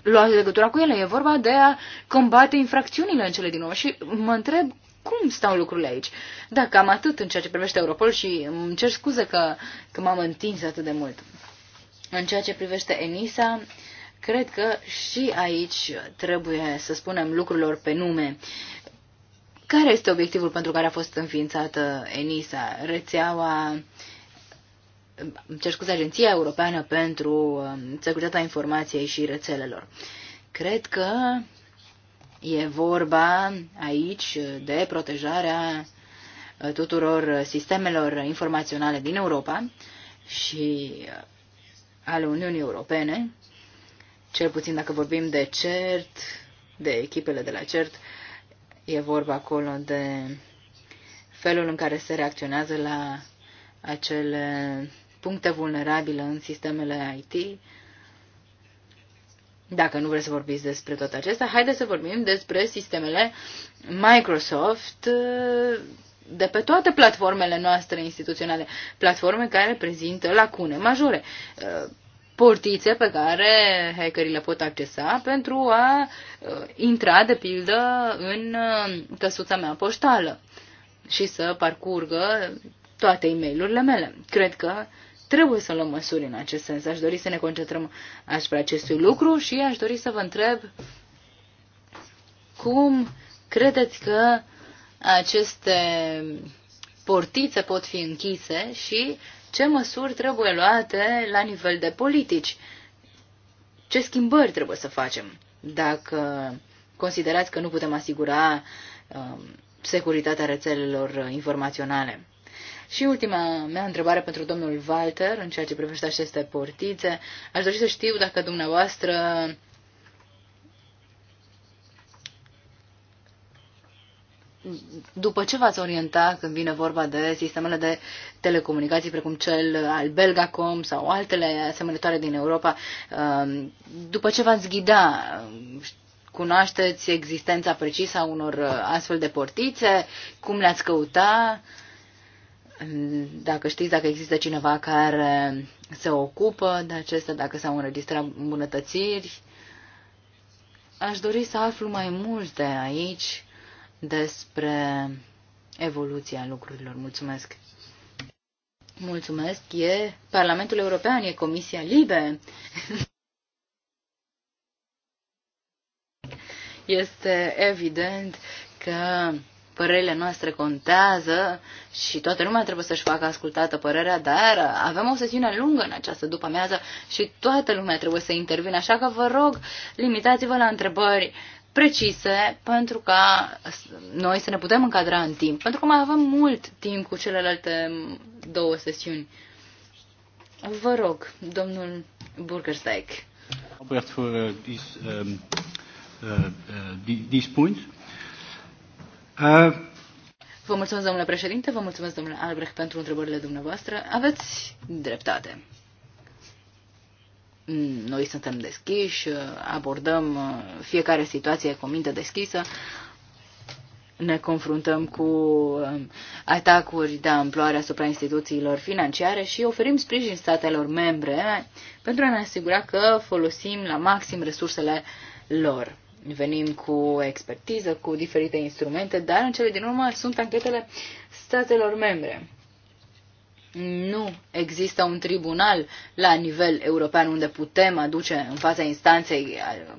luați legătura cu ele. E vorba de a combate infracțiunile în cele din urmă. Și mă întreb cum stau lucrurile aici. Da, cam atât în ceea ce privește Europol și îmi cer scuze că, că m-am întins atât de mult. În ceea ce privește ENISA, cred că și aici trebuie să spunem lucrurilor pe nume. Care este obiectivul pentru care a fost înființată ENISA? Rețeaua cer scuze, Agenția Europeană pentru um, Securitatea Informației și Rețelelor. Cred că E vorba aici de protejarea tuturor sistemelor informaționale din Europa și ale Uniunii Europene, cel puțin dacă vorbim de CERT, de echipele de la CERT, e vorba acolo de felul în care se reacționează la acele puncte vulnerabile în sistemele IT, dacă nu vreți să vorbiți despre tot acesta, haideți să vorbim despre sistemele Microsoft de pe toate platformele noastre instituționale, platforme care prezintă lacune majore, portițe pe care hackerii le pot accesa pentru a uh, intra, de pildă, în uh, căsuța mea poștală și să parcurgă toate e-mailurile mele. Cred că Trebuie să luăm măsuri în acest sens. Aș dori să ne concentrăm asupra acestui lucru și aș dori să vă întreb cum credeți că aceste portițe pot fi închise și ce măsuri trebuie luate la nivel de politici. Ce schimbări trebuie să facem dacă considerați că nu putem asigura um, securitatea rețelelor uh, informaționale. Și ultima mea întrebare pentru domnul Walter, în ceea ce privește aceste portițe. Aș dori să știu dacă dumneavoastră după ce v-ați orienta când vine vorba de sistemele de telecomunicații precum cel al Belgacom sau altele asemănătoare din Europa, um, după ce v-ați ghida, um, cunoașteți existența precisă a unor uh, astfel de portițe, cum le-ați căuta, dacă știți dacă există cineva care se ocupă de acestea, dacă s-au înregistrat îmbunătățiri. Aș dori să aflu mai multe aici despre evoluția lucrurilor. Mulțumesc! Mulțumesc! E Parlamentul European, e Comisia Libe. Este evident că părerile noastre contează și toată lumea trebuie să-și facă ascultată părerea, dar avem o sesiune lungă în această după-amiază și toată lumea trebuie să intervină, așa că vă rog, limitați-vă la întrebări precise pentru ca noi să ne putem încadra în timp, pentru că mai avem mult timp cu celelalte două sesiuni. Vă rog, domnul Burgersteig. Robert, voor uh, these, um, uh, uh, these Vă mulțumesc, domnule președinte, vă mulțumesc, domnule Albrecht, pentru întrebările dumneavoastră. Aveți dreptate. Noi suntem deschiși, abordăm fiecare situație cu minte deschisă, ne confruntăm cu um, atacuri de amploare asupra instituțiilor financiare și oferim sprijin statelor membre pentru a ne asigura că folosim la maxim resursele lor venim cu expertiză, cu diferite instrumente, dar în cele din urmă sunt anchetele statelor membre. Nu există un tribunal la nivel european unde putem aduce în fața instanței uh,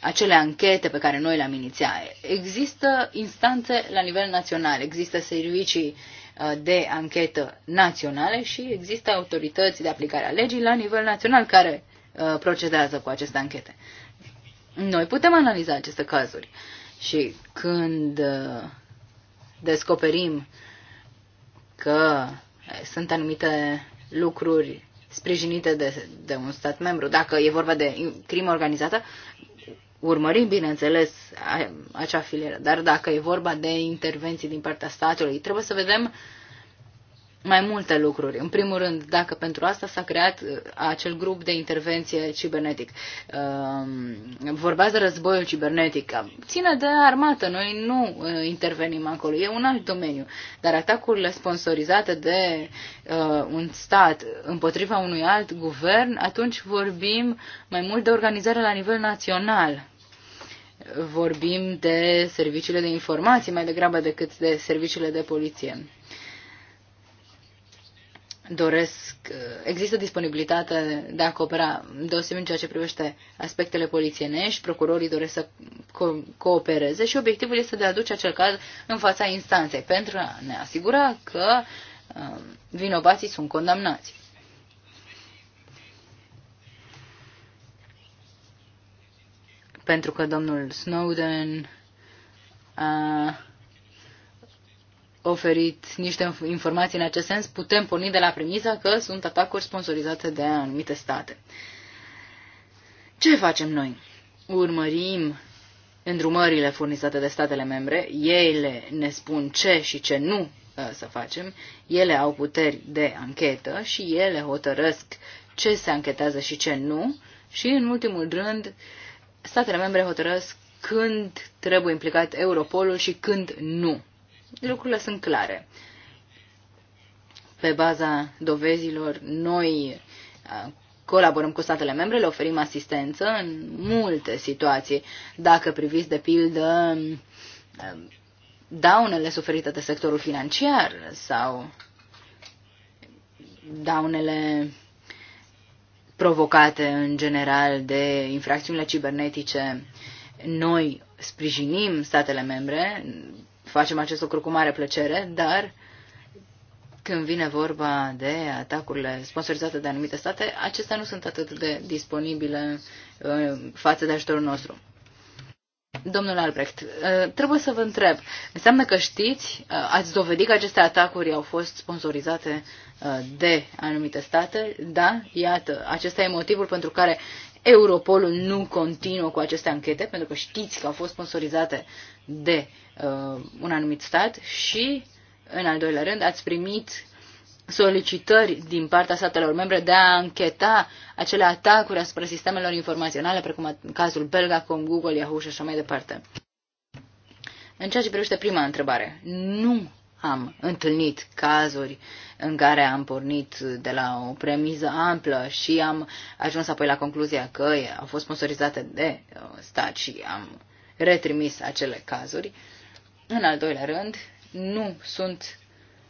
acele anchete pe care noi le-am inițiat. Există instanțe la nivel național, există servicii uh, de anchetă naționale și există autorități de aplicare a legii la nivel național care uh, procedează cu aceste anchete. Noi putem analiza aceste cazuri și când uh, descoperim că eh, sunt anumite lucruri sprijinite de, de un stat membru, dacă e vorba de crimă organizată, urmărim, bineînțeles, acea filieră. Dar dacă e vorba de intervenții din partea statului, trebuie să vedem uh, mai multe lucruri. În primul rând, dacă pentru asta s-a creat uh, acel grup de intervenție cibernetic. Um, Vorbează războiul cibernetic. Ține de armată, noi nu uh, intervenim acolo, e un alt domeniu. Dar atacurile sponsorizate de uh, un stat împotriva unui alt guvern, atunci vorbim mai mult de organizare la nivel național vorbim de serviciile de informații mai degrabă decât de serviciile de poliție doresc, uh, există disponibilitate de a coopera deosebit în ceea ce privește aspectele polițienești, procurorii doresc să co- coopereze și obiectivul este de a aduce acel caz în fața instanței pentru a ne asigura că uh, vinovații sunt condamnați. Pentru că domnul Snowden a oferit niște informații în acest sens, putem porni de la premisa că sunt atacuri sponsorizate de anumite state. Ce facem noi? Urmărim îndrumările furnizate de statele membre, ele ne spun ce și ce nu uh, să facem, ele au puteri de anchetă și ele hotărăsc ce se anchetează și ce nu și, în ultimul rând, statele membre hotărăsc când trebuie implicat Europolul și când nu lucrurile sunt clare. Pe baza dovezilor, noi colaborăm cu statele membre, le oferim asistență în multe situații. Dacă priviți, de pildă, daunele suferite de sectorul financiar sau daunele provocate în general de infracțiunile cibernetice, noi sprijinim statele membre facem acest lucru cu mare plăcere, dar când vine vorba de atacurile sponsorizate de anumite state, acestea nu sunt atât de disponibile uh, față de ajutorul nostru. Domnul Albrecht, uh, trebuie să vă întreb, înseamnă că știți, uh, ați dovedit că aceste atacuri au fost sponsorizate de anumite state? Da, iată, acesta e motivul pentru care Europolul nu continuă cu aceste anchete, pentru că știți că au fost sponsorizate de Uh, un anumit stat și, în al doilea rând, ați primit solicitări din partea statelor membre de a încheta acele atacuri asupra sistemelor informaționale, precum în cazul Belgacom, Google, Yahoo și așa mai departe. În ceea ce privește prima întrebare, nu am întâlnit cazuri în care am pornit de la o premiză amplă și am ajuns apoi la concluzia că au fost sponsorizate de uh, stat și am retrimis acele cazuri. În al doilea rând, nu sunt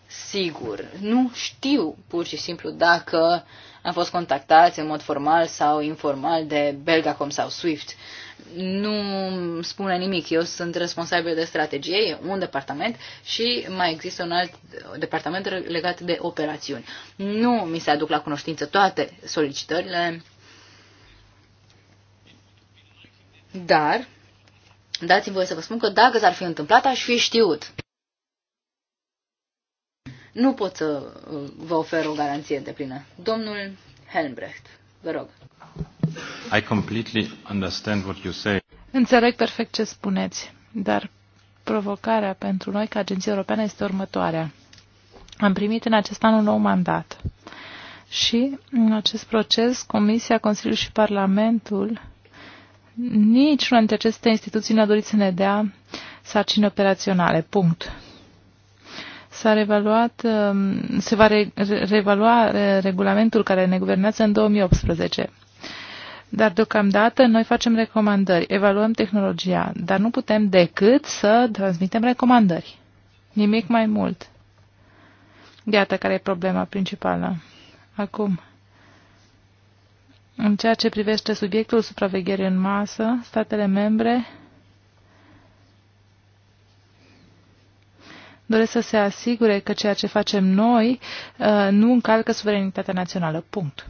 sigur. Nu știu pur și simplu dacă am fost contactați în mod formal sau informal de Belgacom sau Swift. Nu spune nimic. Eu sunt responsabil de strategie, e un departament și mai există un alt departament legat de operațiuni. Nu mi se aduc la cunoștință toate solicitările, dar Dați-mi voie să vă spun că dacă s-ar fi întâmplat, aș fi știut. Nu pot să uh, vă ofer o garanție de plină. Domnul Helmbrecht, vă rog. I completely understand what you say. Înțeleg perfect ce spuneți, dar provocarea pentru noi ca Agenție Europeană este următoarea. Am primit în acest an un nou mandat și în acest proces Comisia, Consiliul și Parlamentul nici una dintre aceste instituții nu a dorit să ne dea sarcini operaționale. Punct. S-a revaluat, um, se va re, reevalua uh, regulamentul care ne guvernează în 2018. Dar deocamdată noi facem recomandări, evaluăm tehnologia, dar nu putem decât să transmitem recomandări. Nimic mai mult. Iată care e problema principală. Acum, în ceea ce privește subiectul supravegherii în masă, statele membre doresc să se asigure că ceea ce facem noi uh, nu încalcă suverenitatea națională. Punct.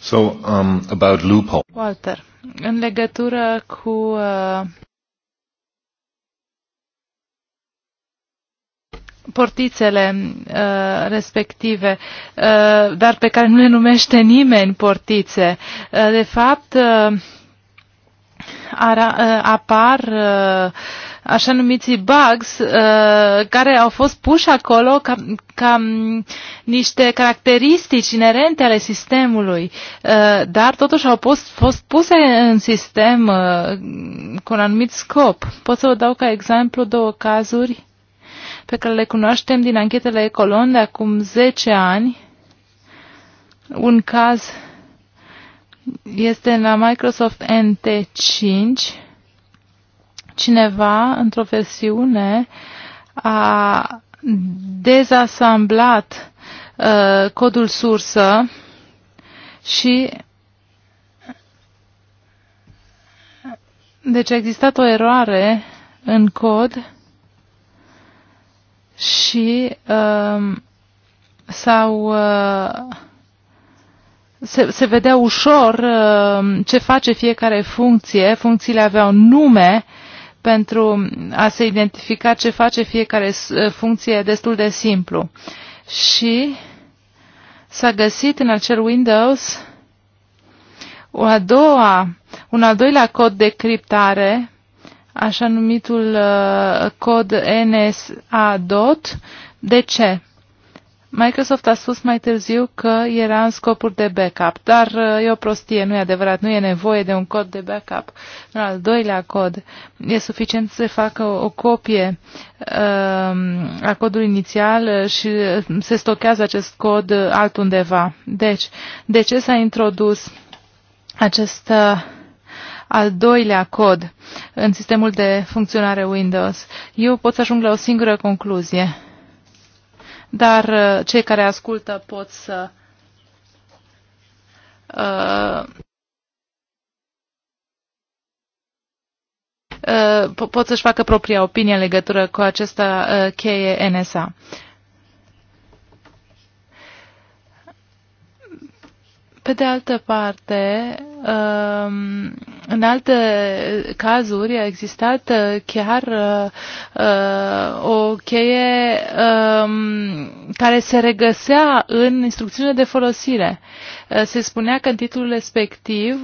So, um, about loophole. Walter, în legătură cu uh, portițele uh, respective, uh, dar pe care nu le numește nimeni portițe. Uh, de fapt, uh, ara, uh, apar uh, așa numiții bugs uh, care au fost puși acolo ca, ca mm, niște caracteristici inerente ale sistemului, uh, dar totuși au fost, fost puse în sistem uh, cu un anumit scop. Pot să vă dau ca exemplu două cazuri pe care le cunoaștem din anchetele Ecolon de acum 10 ani. Un caz este la Microsoft NT5. Cineva, într-o versiune, a dezasamblat uh, codul sursă și deci a existat o eroare în cod și uh, sau uh, se, se vedea ușor uh, ce face fiecare funcție. Funcțiile aveau nume pentru a se identifica ce face fiecare uh, funcție destul de simplu. Și s-a găsit în acel Windows o a doua, un al doilea cod de criptare așa numitul uh, cod NSA DOT. De ce? Microsoft a spus mai târziu că era în scopuri de backup, dar uh, e o prostie, nu e adevărat, nu e nevoie de un cod de backup. În al doilea cod e suficient să facă o, o copie uh, a codului inițial uh, și se stochează acest cod altundeva. Deci, de ce s-a introdus acest uh, al doilea cod în sistemul de funcționare Windows. Eu pot să ajung la o singură concluzie, dar uh, cei care ascultă pot să uh, uh pot să-și facă propria opinie în legătură cu acesta uh, cheie NSA. Pe de altă parte, Ehm, în alte cazuri a existat eh, chiar eh, o cheie ehm, care se regăsea în instrucțiunile de folosire. Eh, se spunea că în titlul respectiv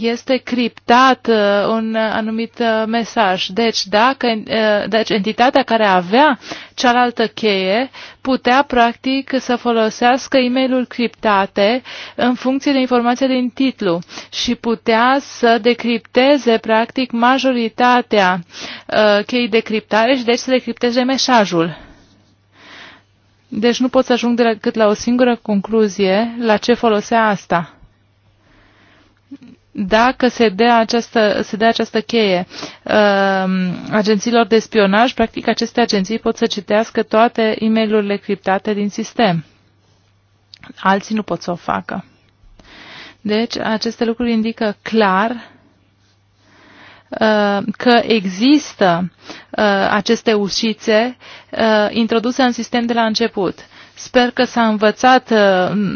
este criptat un anumit mesaj. Deci, dacă, deci entitatea care avea cealaltă cheie putea practic să folosească e-mail-uri criptate în funcție de informația din titlu Consiliu și putea să decripteze practic majoritatea uh, cheii de criptare și deci să decripteze mesajul. Deci nu pot să ajung decât la o singură concluzie la ce folosea asta dacă se dea această, se dea această cheie uh, agențiilor de spionaj, practic aceste agenții pot să citească toate e urile criptate din sistem. Alții nu pot să o facă. Deci, aceste lucruri indică clar uh, că există uh, aceste ușițe uh, introduse în sistem de la început. Sper că s-a învățat,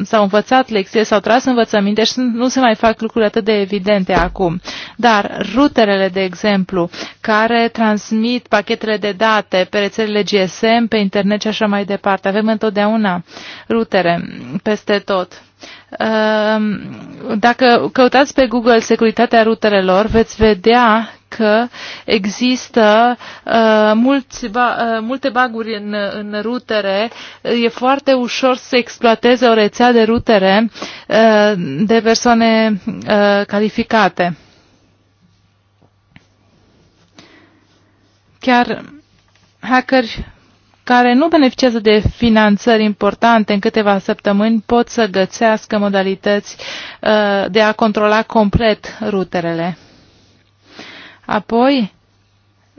s-au învățat lecție, s-au tras învățăminte și nu se mai fac lucruri atât de evidente acum. Dar ruterele, de exemplu, care transmit pachetele de date pe rețelele GSM, pe internet și așa mai departe, avem întotdeauna rutere peste tot Ehm, dacă căutați pe Google securitatea ruterelor, veți vedea că există uh, mulți ba, uh, multe baguri în, în rutere. E foarte ușor să exploateze o rețea de rutere uh, de persoane uh, calificate. Chiar hackeri care nu beneficiază de finanțări importante în câteva săptămâni pot să gățească modalități uh, de a controla complet ruterele. Apoi,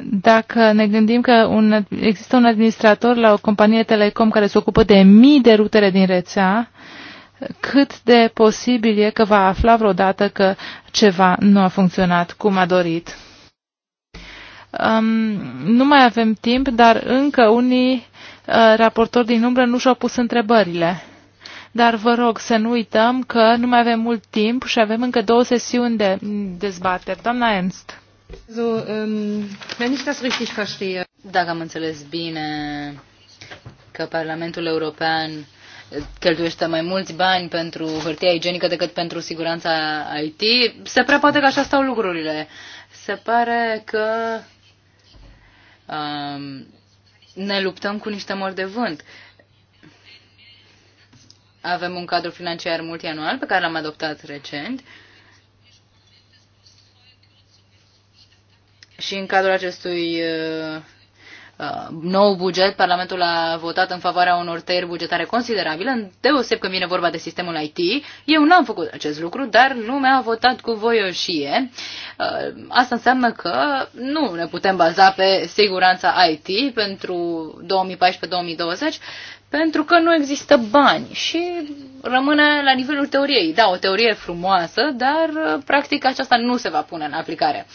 dacă ne gândim că un, există un administrator la o companie telecom care se ocupă de mii de rutere din rețea, cât de posibil e că va afla vreodată că ceva nu a funcționat cum a dorit. Um, nu mai avem timp, dar încă unii uh, raportori din umbră nu și-au pus întrebările. Dar vă rog să nu uităm că nu mai avem mult timp și avem încă două sesiuni de dezbateri. Doamna Ernst. So, um, wenn ich das richtig verstehe. Dacă am înțeles bine că Parlamentul European cheltuiește mai mulți bani pentru hârtia igienică decât pentru siguranța IT, se prea poate că așa stau lucrurile. Se pare că Um, ne luptăm cu niște mori de vânt. Avem un cadru financiar multianual pe care l-am adoptat recent și în cadrul acestui uh, Uh, nou buget, Parlamentul a votat în favoarea unor tăieri bugetare considerabile, în deoseb când vine vorba de sistemul IT. Eu n-am făcut acest lucru, dar lumea a votat cu voioșie. Uh, asta înseamnă că nu ne putem baza pe siguranța IT pentru 2014-2020, pentru că nu există bani și rămâne la nivelul teoriei. Da, o teorie frumoasă, dar uh, practic aceasta nu se va pune în aplicare.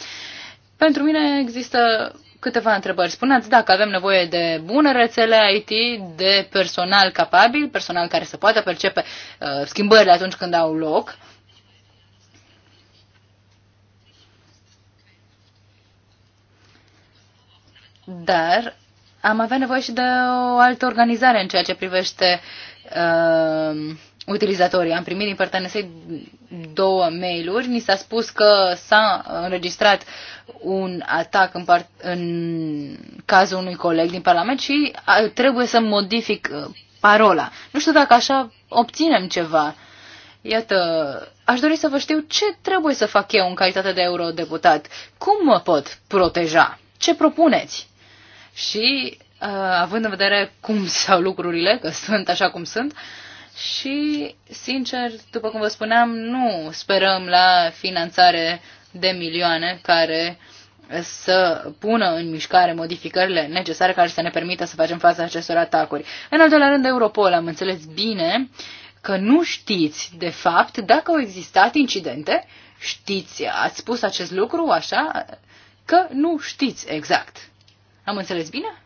Pentru mine există câteva întrebări. Spuneți dacă avem nevoie de bune rețele IT, de personal capabil, personal care să poată percepe uh, schimbările atunci când au loc. Dar am avea nevoie și de o altă organizare în ceea ce privește uh, utilizatorii. Am primit din partea NSA două mail-uri. Ni s-a spus că s-a înregistrat un atac în, part, în cazul unui coleg din Parlament și trebuie să modific uh, parola. Nu știu dacă așa obținem ceva. Iată, aș dori să vă știu ce trebuie să fac eu în calitate de eurodeputat. Cum mă pot proteja? Ce propuneți? Și, uh, având în vedere cum au lucrurile, că sunt așa cum sunt, uh, și, sincer, după cum vă spuneam, nu sperăm la finanțare de milioane care să pună în mișcare modificările necesare care să ne permită să facem față acestor atacuri. În al doilea rând, Europol, am înțeles bine că nu știți, de fapt, dacă au existat incidente, știți, ați spus acest lucru așa, că nu știți exact. Am înțeles bine?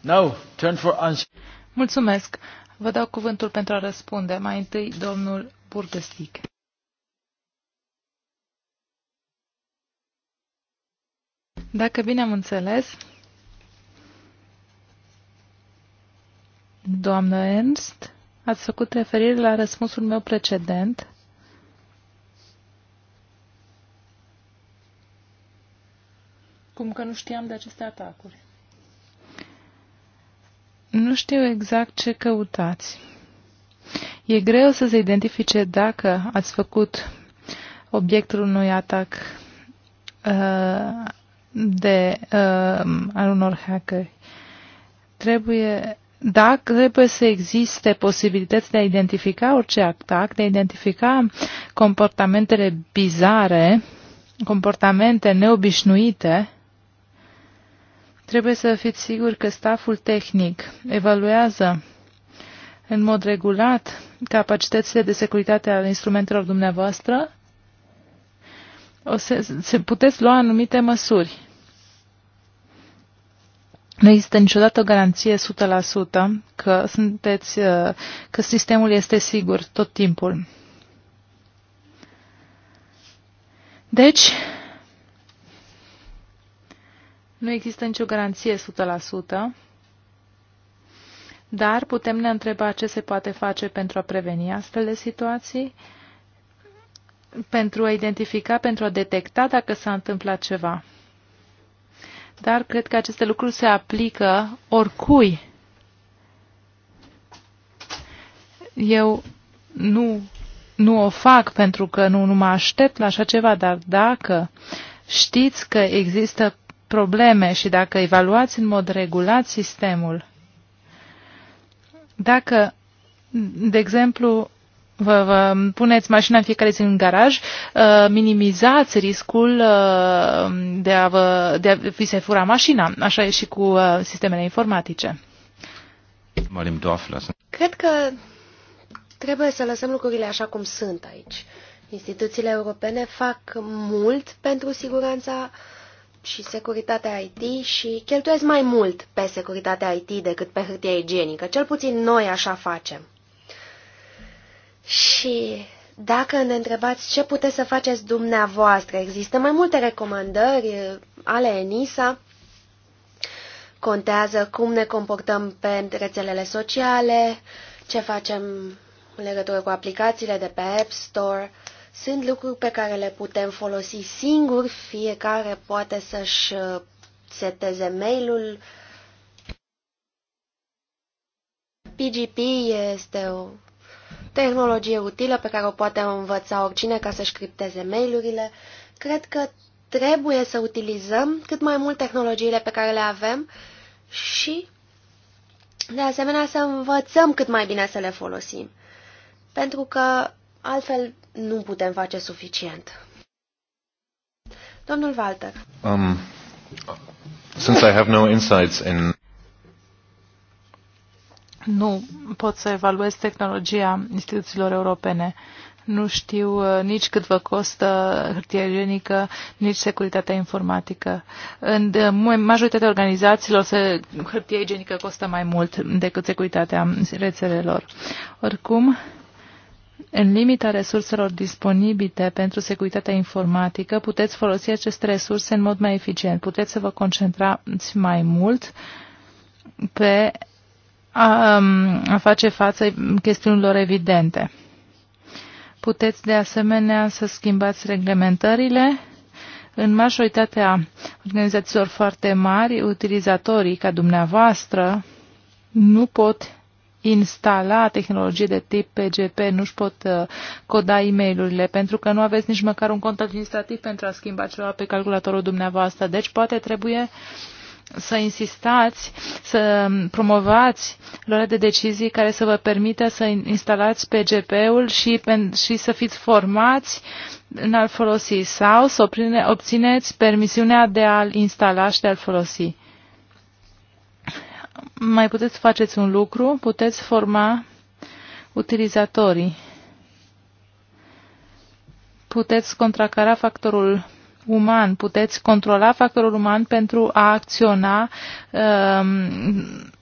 No, turn for answer. Mulțumesc. Vă dau cuvântul pentru a răspunde. Mai întâi, domnul Burgăstic. Dacă bine am înțeles, doamnă Ernst, ați făcut referire la răspunsul meu precedent cum că nu știam de aceste atacuri. Nu știu exact ce căutați. E greu să se identifice dacă ați făcut obiectul unui atac uh, de uh, al unor hackeri. Trebuie dacă trebuie să existe posibilități de a identifica orice atac, de a identifica comportamentele bizare, comportamente neobișnuite, Trebuie să fiți siguri că staful tehnic evaluează în mod regulat capacitățile de securitate ale instrumentelor dumneavoastră. O să, se puteți lua anumite măsuri. Nu există niciodată o garanție 100% că, sunteți, uh, că sistemul este sigur tot timpul. Deci, nu există nicio garanție 100%, dar putem ne întreba ce se poate face pentru a preveni astfel de situații, pentru a identifica, pentru a detecta dacă s-a întâmplat ceva. Dar cred că aceste lucruri se aplică oricui. Eu nu, nu o fac pentru că nu, nu mă aștept la așa ceva, dar dacă știți că există probleme și dacă evaluați în mod regulat sistemul, dacă, de exemplu, vă, vă puneți mașina în fiecare zi în garaj, uh, minimizați riscul uh, de a, vă, de a fi se fura mașina. Așa e și cu uh, sistemele informatice. Cred că trebuie să lăsăm lucrurile așa cum sunt aici. Instituțiile europene fac mult pentru siguranța uh, și securitatea IT și cheltuiesc mai mult pe securitatea IT decât pe hârtia igienică. Cel puțin noi așa facem. Și dacă ne întrebați ce puteți să faceți dumneavoastră, există mai multe recomandări ale ENISA. Contează cum ne comportăm pe rețelele sociale, ce facem în legătură cu aplicațiile de pe App Store, uh, sunt lucruri pe care le putem folosi singuri, fiecare poate să-și uh, seteze mailul. PGP este o tehnologie utilă pe care o poate învăța oricine ca să-și cripteze mailurile. Cred că trebuie să utilizăm cât mai mult tehnologiile pe care le avem și, de asemenea, să învățăm cât mai bine să le folosim. Pentru că altfel nu putem face suficient. Domnul Walter. Um, since I have no insights in nu pot să evaluez tehnologia instituțiilor europene. Nu știu uh, nici cât vă costă hârtia igienică, nici securitatea informatică. În uh, majoritatea organizațiilor se, hârtia igienică costă mai mult decât securitatea rețelelor. Oricum, în limita resurselor disponibile pentru securitatea informatică, puteți folosi aceste resurse în mod mai eficient. Puteți să vă concentrați mai mult pe a, um, a face față chestiunilor evidente. Puteți de asemenea să schimbați reglementările. În majoritatea organizațiilor foarte mari, utilizatorii ca dumneavoastră nu pot instala tehnologie de tip PGP, nu-și pot uh, coda e mail pentru că nu aveți nici măcar un cont administrativ pentru a schimba ceva pe calculatorul dumneavoastră. Deci poate trebuie să insistați, să promovați luarea de decizii care să vă permită să instalați PGP-ul și, și să fiți formați în a-l folosi sau să obțineți permisiunea de a-l instala și de a-l folosi mai puteți faceți un lucru, puteți forma utilizatorii. Puteți contracara factorul uman, puteți controla factorul uman pentru a acționa um,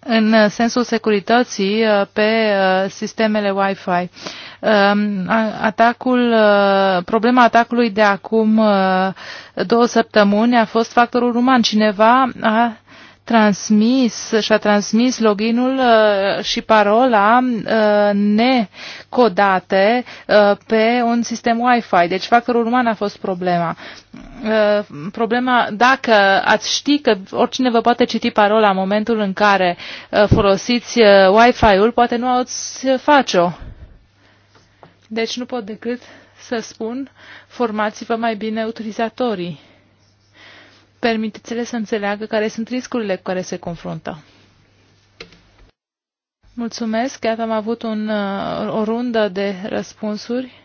în sensul securității uh, pe uh, sistemele Wi-Fi. Um, atacul, uh, problema atacului de acum două săptămâni a fost factorul uman. Cineva a transmis și-a transmis loginul uh, și parola uh, necodate uh, pe un sistem Wi-Fi. Deci factorul uman a fost problema. Problema, dacă ați ști că oricine vă poate citi parola în momentul în care folosiți Wi-Fi-ul, poate nu ați face-o. Deci nu pot decât să spun, formați-vă mai bine utilizatorii. Permiteți-le să înțeleagă care sunt riscurile cu care se confruntă. Mulțumesc, iată am avut un, uh, o rundă de răspunsuri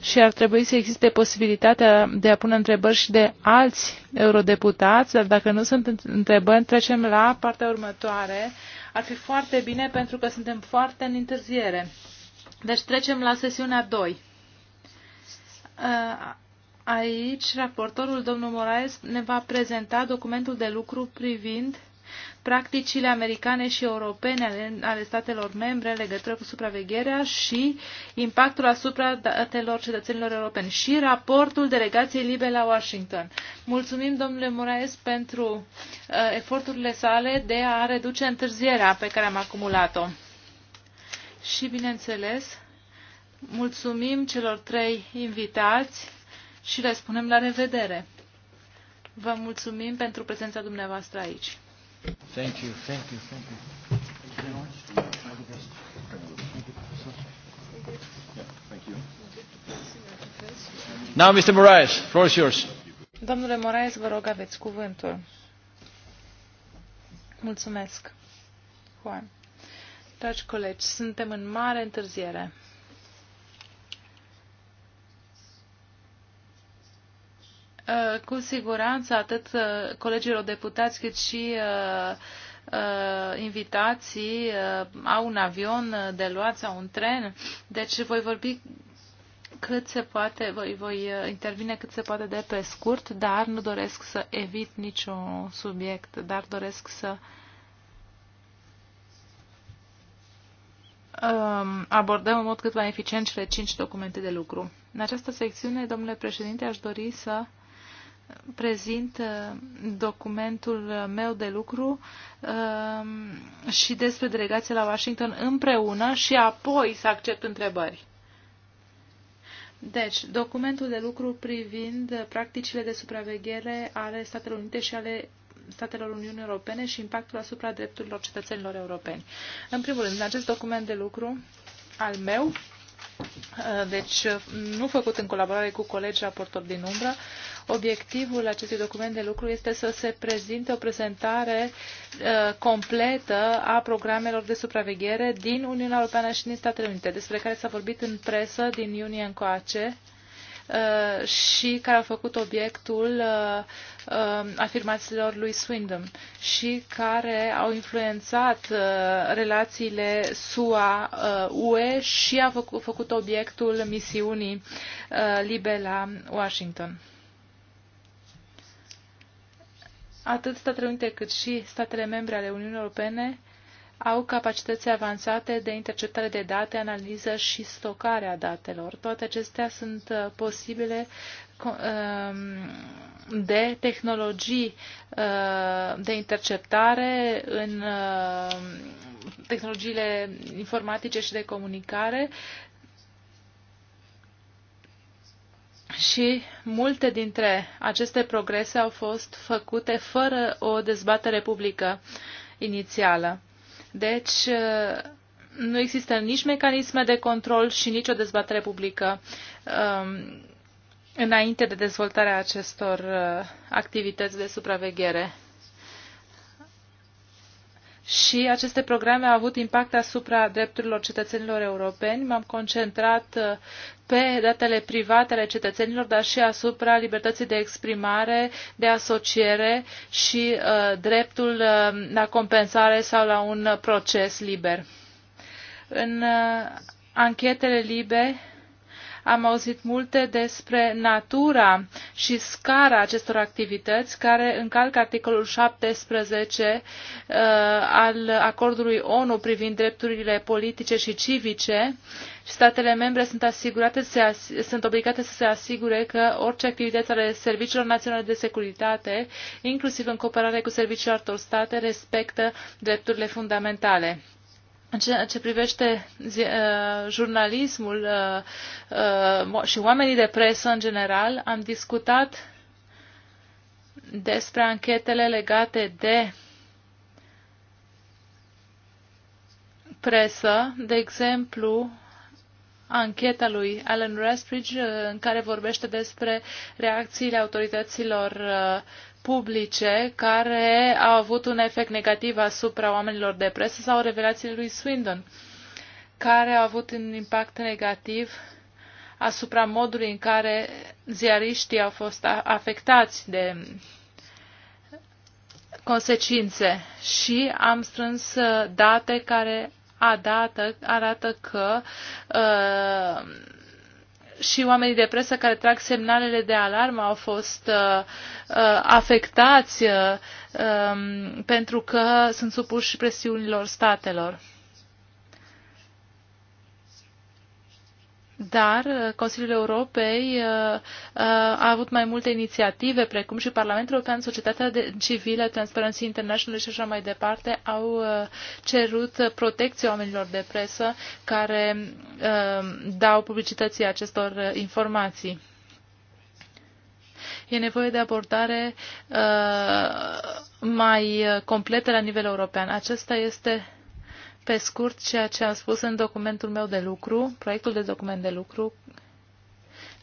și ar trebui să existe posibilitatea de a pune întrebări și de alți eurodeputați, dar dacă nu sunt întrebări, trecem la partea următoare. Ar fi foarte bine pentru că suntem foarte în întârziere. Deci trecem la sesiunea 2. Aici, raportorul domnul Moraes ne va prezenta documentul de lucru privind practicile americane și europene ale, ale statelor membre în legătură cu supravegherea și impactul asupra datelor cetățenilor europeni și raportul delegației libe la Washington. Mulțumim, domnule Moraes, pentru uh, eforturile sale de a reduce întârzierea pe care am acumulat-o. Și, bineînțeles, mulțumim celor trei invitați și le spunem la revedere. Vă mulțumim pentru prezența dumneavoastră aici. Thank you, thank you, thank you. Now, Mr. Moraes, floor is yours. Domnule Moraes, vă rog, aveți cuvântul. Mulțumesc, Juan. Dragi colegi, suntem în mare întârziere. Uh, cu siguranță atât uh, colegilor deputați cât și uh, invitații au un avion de luat sau un tren, deci voi vorbi cât se poate, voi, voi intervine cât se poate de pe scurt, dar nu doresc să evit niciun subiect, dar doresc să um, abordăm în mod cât mai eficient cele cinci documente de lucru. În această secțiune, domnule președinte, aș dori să uh, prezint uh, documentul meu de lucru uh, și despre delegația la Washington împreună și apoi să accept întrebări. Deci, documentul de lucru privind practicile de supraveghere ale Statelor Unite și ale statelor Uniunii Europene și impactul asupra drepturilor cetățenilor europeni. În primul rând, în acest document de lucru al meu, uh, deci nu făcut în colaborare cu colegi raportori din umbră, Obiectivul acestui document de lucru este să se prezinte o prezentare uh, completă a programelor de supraveghere din Uniunea Europeană și din Statele Unite, despre care s-a vorbit în presă din iunie încoace uh, și care au făcut obiectul uh, afirmațiilor lui Swindon și care au influențat relațiile SUA-UE și a făcut, făcut obiectul misiunii Libe la Washington. atât Statele Unite cât și statele membre ale Uniunii Europene au capacități avansate de interceptare de date, analiză și stocare a datelor. Toate acestea sunt uh, posibile um, de tehnologii uh, de interceptare în uh, tehnologiile informatice și de comunicare și multe dintre aceste progrese au fost făcute fără o dezbatere publică inițială. Deci, nu există nici mecanisme de control și nici o dezbatere publică um, înainte de dezvoltarea acestor uh, activități de supraveghere și aceste programe au avut impact asupra drepturilor cetățenilor europeni. M-am concentrat uh, pe datele private ale cetățenilor, dar și asupra libertății de exprimare, de asociere și uh, dreptul uh, la compensare sau la un proces liber. În uh, anchetele libere, am auzit multe despre natura și scara acestor activități care încalcă articolul 17 uh, al acordului ONU privind drepturile politice și civice statele membre sunt, asigurate să as, sunt obligate să se asigure că orice activitate ale serviciilor naționale de securitate, inclusiv în cooperare cu serviciile altor state, respectă drepturile fundamentale în ceea ce privește uh, jurnalismul uh, uh, și oamenii de presă în general, am discutat despre anchetele legate de presă, de exemplu, ancheta lui Alan Rusbridge, în care vorbește despre reacțiile autorităților publice care au avut un efect negativ asupra oamenilor de presă sau revelațiile lui Swindon, care au avut un impact negativ asupra modului în care ziariștii au fost afectați de consecințe și am strâns uh, date care dată arată că uh, și oamenii de presă care trag semnalele de alarmă au fost uh, uh, afectați uh, um, pentru că sunt supuși presiunilor statelor. Dar uh, Consiliul Europei uh, uh, a avut mai multe inițiative, precum și Parlamentul European, Societatea Civilă, Transparency International și așa mai departe, au cerut protecție oamenilor de presă care dau publicității acestor informații. E nevoie de abordare mai completă la nivel european. Acesta este pe scurt ceea ce am spus în documentul meu de lucru, proiectul de document de lucru,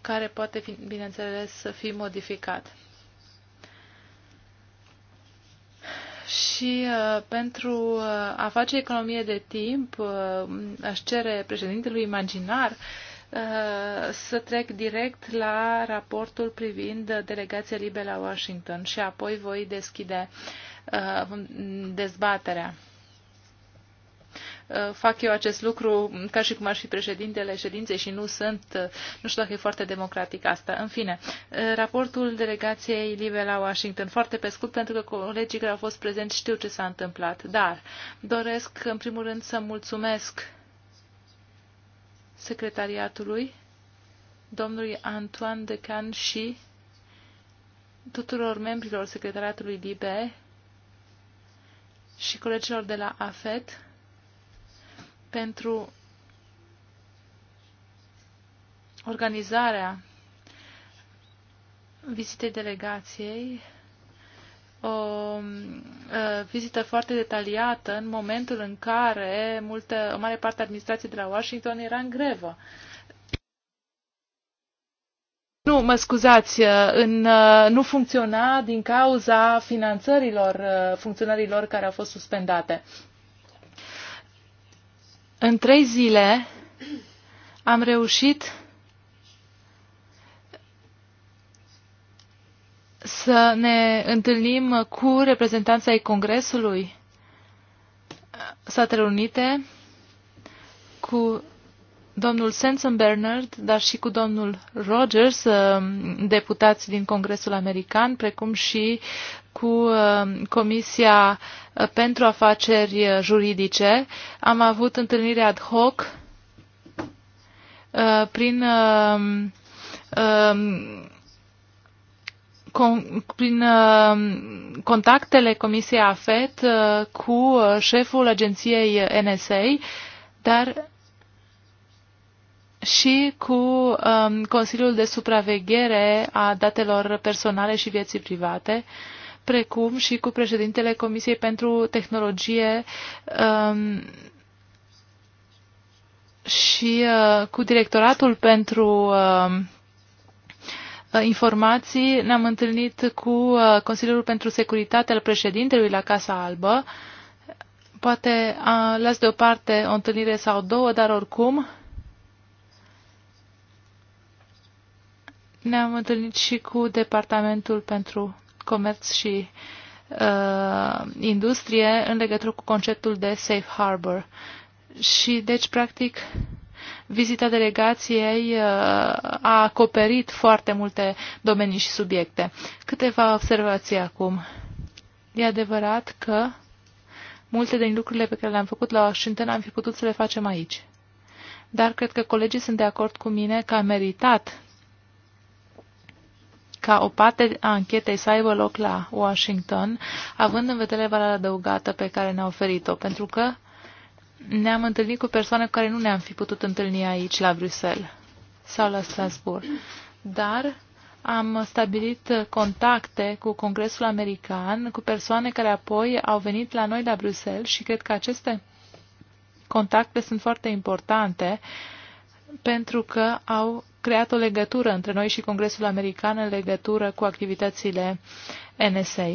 care poate, fi, bineînțeles, să fi modificat. Și uh, pentru uh, a face economie de timp, uh, aș cere președintelui imaginar uh, să trec direct la raportul privind delegația liberă la Washington și apoi voi deschide uh, dezbaterea. Eh, fac eu acest lucru mm, ca și cum aș fi președintele ședinței și nu sunt, eh, nu știu dacă e foarte democratic asta. În fine, eh, raportul delegației libe la Washington, foarte pe scurt, pentru că colegii care au fost prezenți știu ce s-a întâmplat, dar doresc în primul rând să mulțumesc secretariatului, domnului Antoine de Can și tuturor membrilor secretariatului DIBE și colegilor de la AFET pentru organizarea vizitei delegației, o um, uh, vizită foarte detaliată în momentul în care multă, o mare parte a administrației de la Washington era în grevă. Nu, mă scuzați, uh, în, uh, nu funcționa din cauza finanțărilor funcționarilor care au fost suspendate. În trei zile am reușit să ne întâlnim cu reprezentanța ai Congresului Statele Unite, cu domnul Bernard, dar și cu domnul Rogers, um, deputați din Congresul American, precum și cu uh, Comisia uh, pentru Afaceri Juridice. Am avut întâlnire ad hoc uh, prin um, um, prin um, contactele Comisiei AFET cu șeful agenției NSA, dar și cu Consiliul de Supraveghere a Datelor Personale și Vieții Private, uh, precum și cu președintele Comisiei pentru Tehnologie um, și uh, cu directoratul pentru um, uh, informații. Ne-am întâlnit cu uh, Consiliul pentru Securitate al președintelui la Casa Albă. Poate uh, las deoparte o întâlnire sau două, dar oricum ne-am întâlnit și cu Departamentul pentru comerț și uh, industrie în legătură cu conceptul de safe harbor. Și deci, practic, vizita delegației uh, a acoperit foarte multe domenii și subiecte. Câteva observații acum. E adevărat că multe din lucrurile pe care le-am făcut la Washington am fi putut să le facem aici. Dar cred că colegii sunt de acord cu mine că a meritat ca o parte a anchetei să aibă loc la Washington, având în vedere valoarea adăugată pe care ne-a oferit-o, pentru că ne-am întâlnit cu persoane cu care nu ne-am fi putut întâlni aici, la Bruxelles sau la Strasbourg. Dar am stabilit contacte cu Congresul American, cu persoane care apoi au venit la noi la Bruxelles și cred că aceste contacte sunt foarte importante pentru că au creat o legătură între noi și Congresul American în legătură cu activitățile NSA.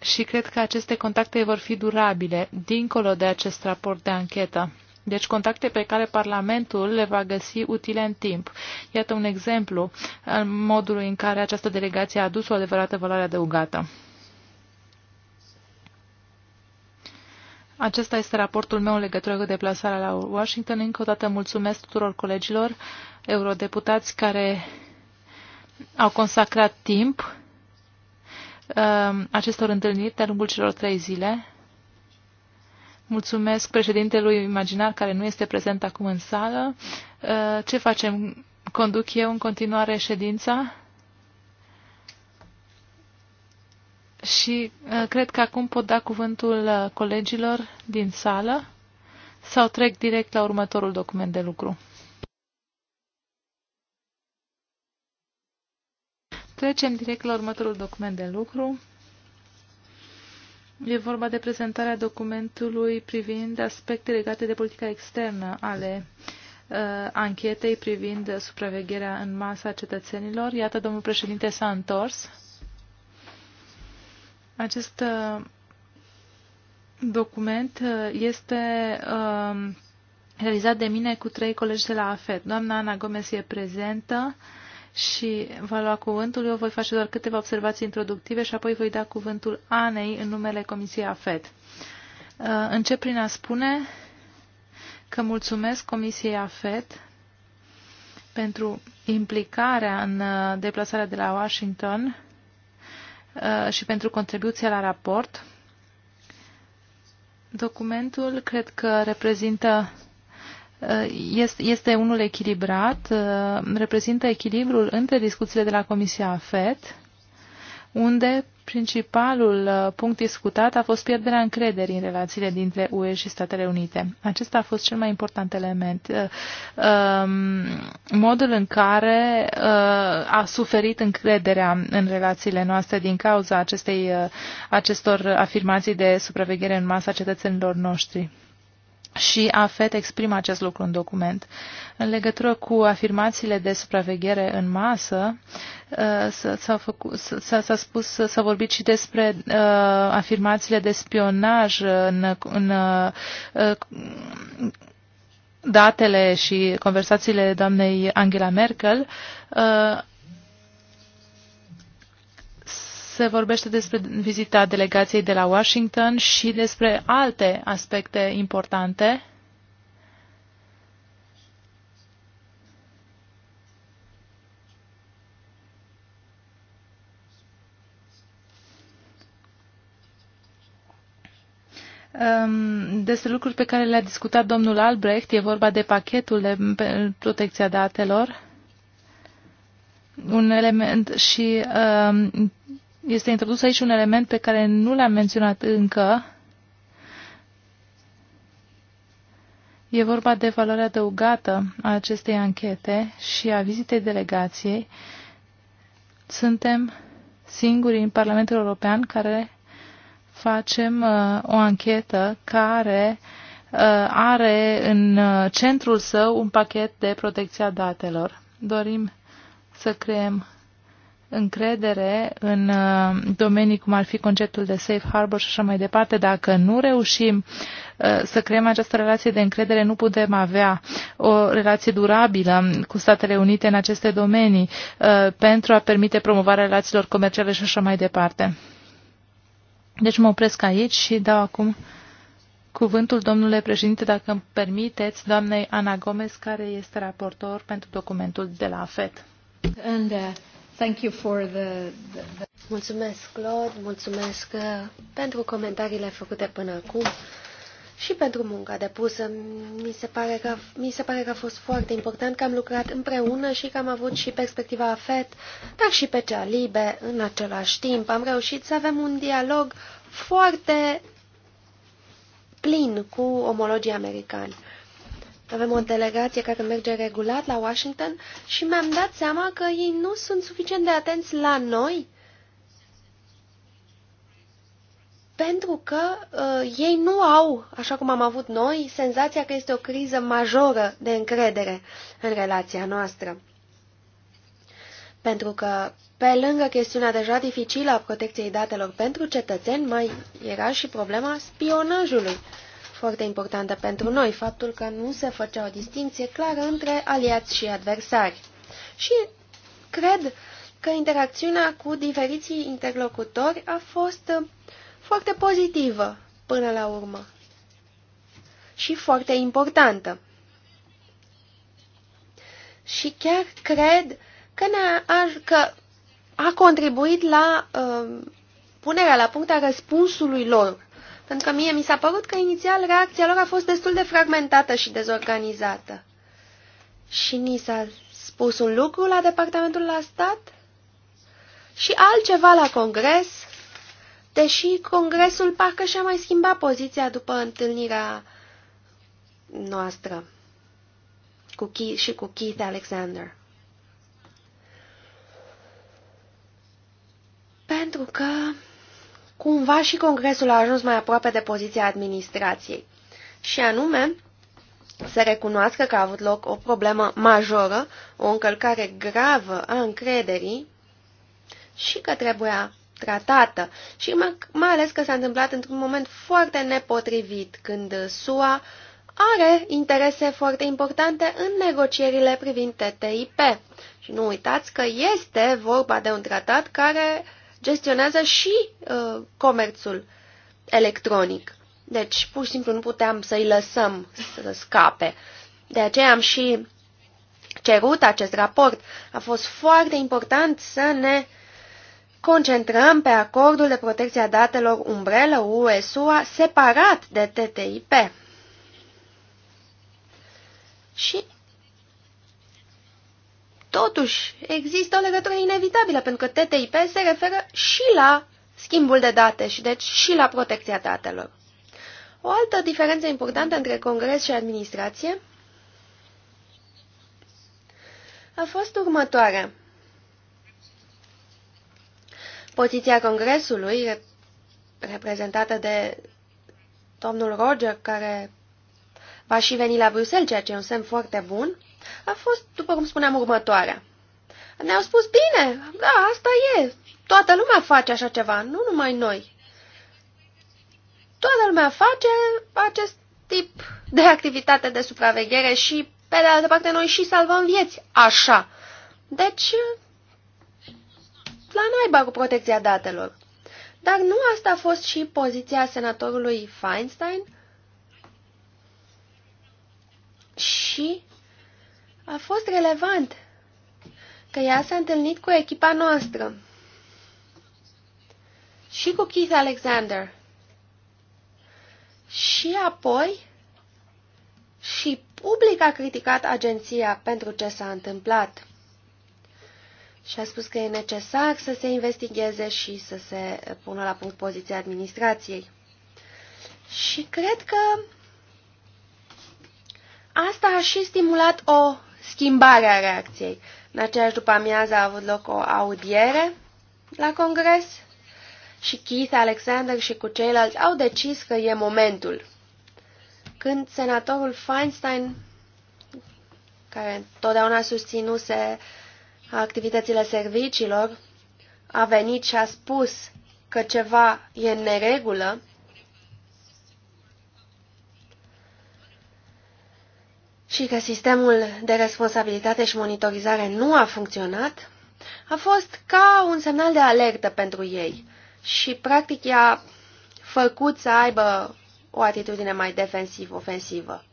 Și cred că aceste contacte vor fi durabile, dincolo de acest raport de anchetă. Deci contacte pe care Parlamentul le va găsi utile în timp. Iată un exemplu al modului în care această delegație a adus o adevărată valoare adăugată. Acesta este raportul meu în legătură cu deplasarea la Washington. Încă o dată mulțumesc tuturor colegilor eurodeputați care au consacrat timp um, acestor întâlniri de-a lungul celor trei zile. Mulțumesc președintelui imaginar care nu este prezent acum în sală. Uh, ce facem? Conduc eu în continuare ședința. Și uh, cred că acum pot da cuvântul uh, colegilor din sală sau trec direct la următorul document de lucru. Trecem direct la următorul document de lucru. E vorba de prezentarea documentului privind aspecte legate de politica externă ale uh, anchetei privind supravegherea în masă a cetățenilor. Iată, domnul președinte s-a întors. Acest uh, document uh, este um, realizat de mine cu trei colegi de la AFET. Doamna Ana Gomez e prezentă și va lua cuvântul. Eu voi face doar câteva observații introductive și apoi voi da cuvântul Anei în numele Comisiei AFET. Uh, încep prin a spune că mulțumesc Comisiei AFET pentru implicarea în deplasarea de la Washington Uh, și pentru contribuția la raport. Documentul cred că reprezintă uh, este, este unul echilibrat, uh, reprezintă echilibrul între discuțiile de la Comisia AFET unde principalul uh, punct discutat a fost pierderea încrederii în relațiile dintre UE și Statele Unite. Acesta a fost cel mai important element. Uh, um, modul în care uh, a suferit încrederea în relațiile noastre din cauza acestei, acestor afirmații de supraveghere în masă a cetățenilor noștri și AFET exprimă acest lucru în document. În legătură cu afirmațiile de supraveghere în masă, uh, s-a spus, s-a vorbit și despre uh, afirmațiile de spionaj în, în uh, datele și conversațiile doamnei Angela Merkel. Uh, se vorbește despre vizita delegației de la Washington și despre alte aspecte importante. Despre lucruri pe care le-a discutat domnul Albrecht, e vorba de pachetul de protecția datelor un element și uh, este introdus aici un element pe care nu l-am menționat încă. E vorba de valoarea adăugată a acestei anchete și a vizitei delegației. Suntem singuri în Parlamentul European care facem uh, o anchetă care uh, are în uh, centrul său un pachet de protecția datelor. Dorim să creăm încredere în uh, domenii cum ar fi conceptul de safe harbor și așa mai departe, dacă nu reușim uh, să creăm această relație de încredere, nu putem avea o relație durabilă cu Statele Unite în aceste domenii uh, pentru a permite promovarea relațiilor comerciale și așa mai departe. Deci mă opresc aici și dau acum cuvântul, domnule președinte, dacă îmi permiteți, doamnei Ana Gomez, care este raportor pentru documentul de la AFET. And, uh... Thank you for the, the, the... Mulțumesc, Claude, mulțumesc uh, pentru comentariile făcute până acum și pentru munca depusă. Mi se, pare că, mi se pare că a fost foarte important că am lucrat împreună și că am avut și perspectiva afet, dar și pe cea LIBE în același timp. Am reușit să avem un dialog foarte plin cu omologii americani. Avem o delegație care merge regulat la Washington și mi-am dat seama că ei nu sunt suficient de atenți la noi pentru că uh, ei nu au, așa cum am avut noi, senzația că este o criză majoră de încredere în relația noastră. Pentru că, pe lângă chestiunea deja dificilă a protecției datelor pentru cetățeni, mai era și problema spionajului. Uh, foarte importantă pentru noi, faptul că nu se făcea o distinție clară între aliați și adversari. Și cred că interacțiunea cu diferiții interlocutori a fost foarte pozitivă până la urmă și foarte importantă. Și chiar cred că, ne a, că a contribuit la uh, punerea la punct a răspunsului lor pentru că mie mi s-a părut că inițial reacția lor a fost destul de fragmentată și dezorganizată. Și ni s-a spus un lucru la Departamentul la Stat și altceva la Congres, deși Congresul parcă și-a mai schimbat poziția după întâlnirea noastră cu Keith și cu Keith Alexander. Pentru că cumva și Congresul a ajuns mai aproape de poziția administrației. Și anume, să recunoască că a avut loc o problemă majoră, o încălcare gravă a încrederii și că trebuia tratată. Și mai ales că s-a întâmplat într-un moment foarte nepotrivit, când SUA are interese foarte importante în negocierile privind TTIP. Și nu uitați că este vorba de un tratat care uh, gestionează și uh, comerțul electronic. Deci, pur și simplu, nu puteam să-i lăsăm să scape. De aceea am și cerut acest raport. A fost foarte important să ne concentrăm pe acordul de protecție a datelor umbrelă UE-SUA separat de TTIP. Și Totuși, există o legătură inevitabilă, pentru că TTIP se referă și la schimbul de date și deci și la protecția datelor. O altă diferență importantă între Congres și administrație a fost următoarea. Poziția Congresului, reprezentată de domnul Roger, care va și veni la Bruxelles, ceea ce e un semn foarte bun, a fost, după cum spuneam, următoarea. Ne-au spus, bine, da, asta e, toată lumea face așa ceva, nu numai noi. Toată lumea face acest tip de activitate de supraveghere și, pe de altă parte, noi și salvăm vieți așa. Deci, la naiba cu protecția datelor. Dar nu asta a fost și poziția senatorului Feinstein? Și a fost relevant că ea s-a întâlnit cu echipa noastră și cu Keith Alexander. Și apoi și public a criticat agenția pentru ce s-a întâmplat. Și a spus că e necesar să se investigheze și să se pună la punct poziția administrației. Și cred că asta a și stimulat o schimbarea reacției. În aceeași după amiază a avut loc o audiere la Congres și Keith Alexander și cu ceilalți au decis că e momentul. Când senatorul Feinstein, care totdeauna susținuse activitățile serviciilor, a venit și a spus că ceva e în neregulă, și că sistemul de responsabilitate și monitorizare nu a funcționat, a fost ca un semnal de alertă pentru ei și practic i-a făcut să aibă o atitudine mai defensiv-ofensivă.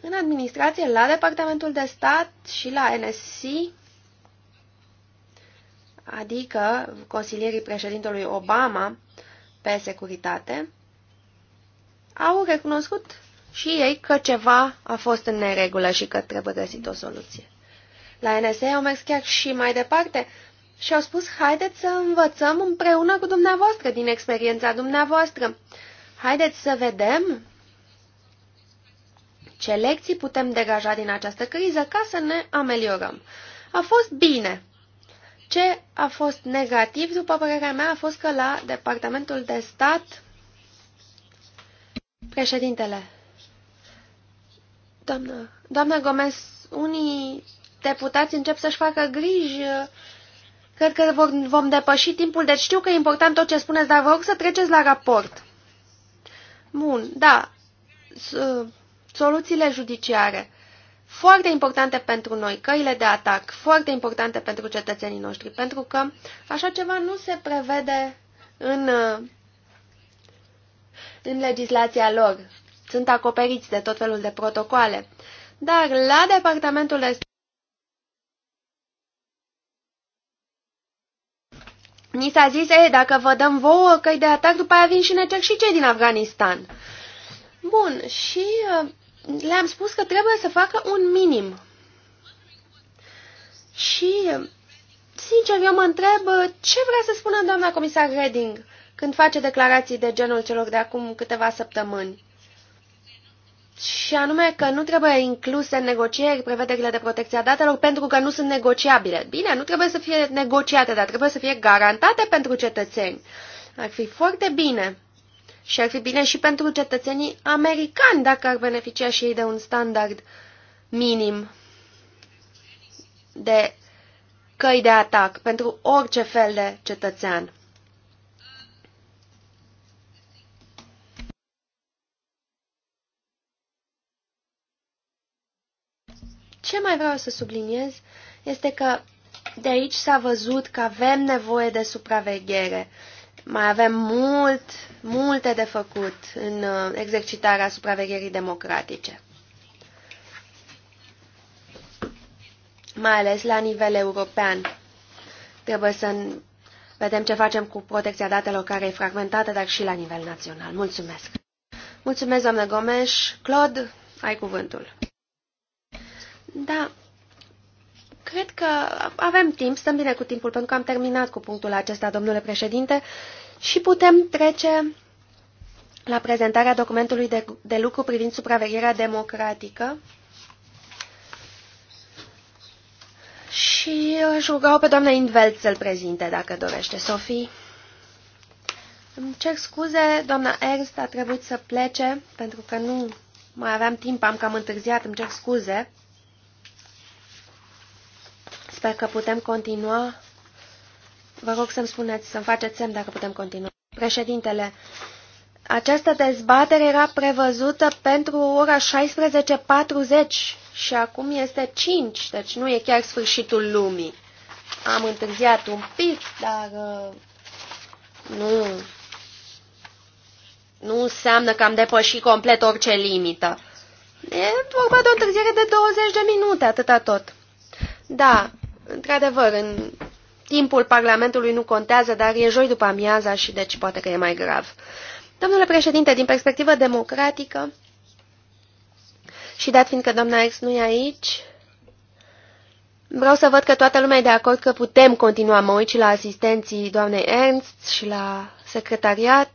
În administrație, la Departamentul de Stat și la NSC, adică consilierii președintelui Obama pe securitate, au recunoscut și ei că ceva a fost în neregulă și că trebuie găsit o soluție. La NSA au mers chiar și mai departe și au spus, haideți să învățăm împreună cu dumneavoastră, din experiența dumneavoastră. Haideți să vedem ce lecții putem degaja din această criză ca să ne ameliorăm. A fost bine. Ce a fost negativ, după părerea mea, a fost că la Departamentul de Stat, președintele doamnă, doamnă Gomez, unii deputați încep să-și facă griji. Cred că vom depăși timpul, deci știu că e important tot ce spuneți, dar vă rog să treceți la raport. Bun, da, uh, soluțiile judiciare. Foarte importante pentru noi, căile de atac, foarte importante pentru cetățenii noștri, pentru că așa ceva nu se prevede în, uh, în legislația lor sunt acoperiți de tot felul de protocoale. Dar la departamentul de Ni s-a zis, ei, dacă vă dăm vouă căi de atac, după aia vin și ne cer și cei din Afganistan. Bun, și uh, le-am spus că trebuie să facă un minim. Și, uh, sincer, eu mă întreb uh, ce vrea să spună doamna comisar Reding când face declarații de genul celor de acum câteva săptămâni și anume că nu trebuie incluse în negocieri prevederile de protecție a datelor pentru că nu sunt negociabile. Bine, nu trebuie să fie negociate, dar trebuie să fie garantate pentru cetățeni. Ar fi foarte bine. Și ar fi bine și pentru cetățenii americani dacă ar beneficia și ei de un standard minim de căi de atac pentru orice fel de cetățean. Ce mai vreau să subliniez este că de aici s-a văzut că avem nevoie de supraveghere. Mai avem mult, multe de făcut în uh, exercitarea supravegherii democratice. Mai ales la nivel european. Trebuie să vedem ce facem cu protecția datelor care e fragmentată, dar și la nivel național. Mulțumesc! Mulțumesc, doamnă Gomes. Claude, ai cuvântul. Da, cred că avem timp, stăm bine cu timpul, pentru că am terminat cu punctul acesta, domnule președinte, și putem trece la prezentarea documentului de, de lucru privind supravegherea democratică. Și își rugau pe doamna Invelt să-l prezinte, dacă dorește, Sofie. Îmi cer scuze, doamna Ernst a trebuit să plece, pentru că nu mai aveam timp, am cam întârziat, îmi cer scuze. Sper că putem continua. Vă rog să-mi spuneți, să-mi faceți semn dacă putem continua. Președintele, această dezbatere era prevăzută pentru ora 16.40 și acum este 5, deci nu e chiar sfârșitul lumii. Am întârziat un pic, dar uh, nu, nu înseamnă că am depășit complet orice limită. E vorba de o întârziere de 20 de minute, atâta tot. Da, Într-adevăr, în timpul Parlamentului nu contează, dar e joi după amiaza și deci poate că e mai grav. Domnule președinte, din perspectivă democratică și dat fiindcă doamna Ex nu e aici, vreau să văd că toată lumea e de acord că putem continua. Mă uit și la asistenții doamnei Ernst și la secretariat.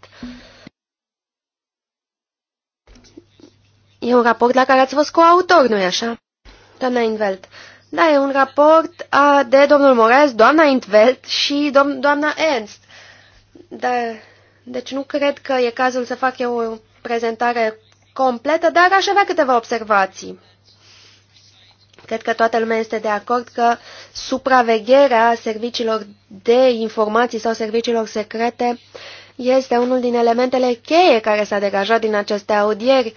E un raport la care ați fost coautor, nu-i așa? Doamna Invelt, da, e un raport a, de domnul Moraes, doamna Intveld și dom doamna Ernst. Dar, deci nu cred că e cazul să fac eu o prezentare completă, dar aș avea câteva observații. Cred că toată lumea este de acord că supravegherea serviciilor de informații sau serviciilor secrete este unul din elementele cheie care s-a degajat din aceste audieri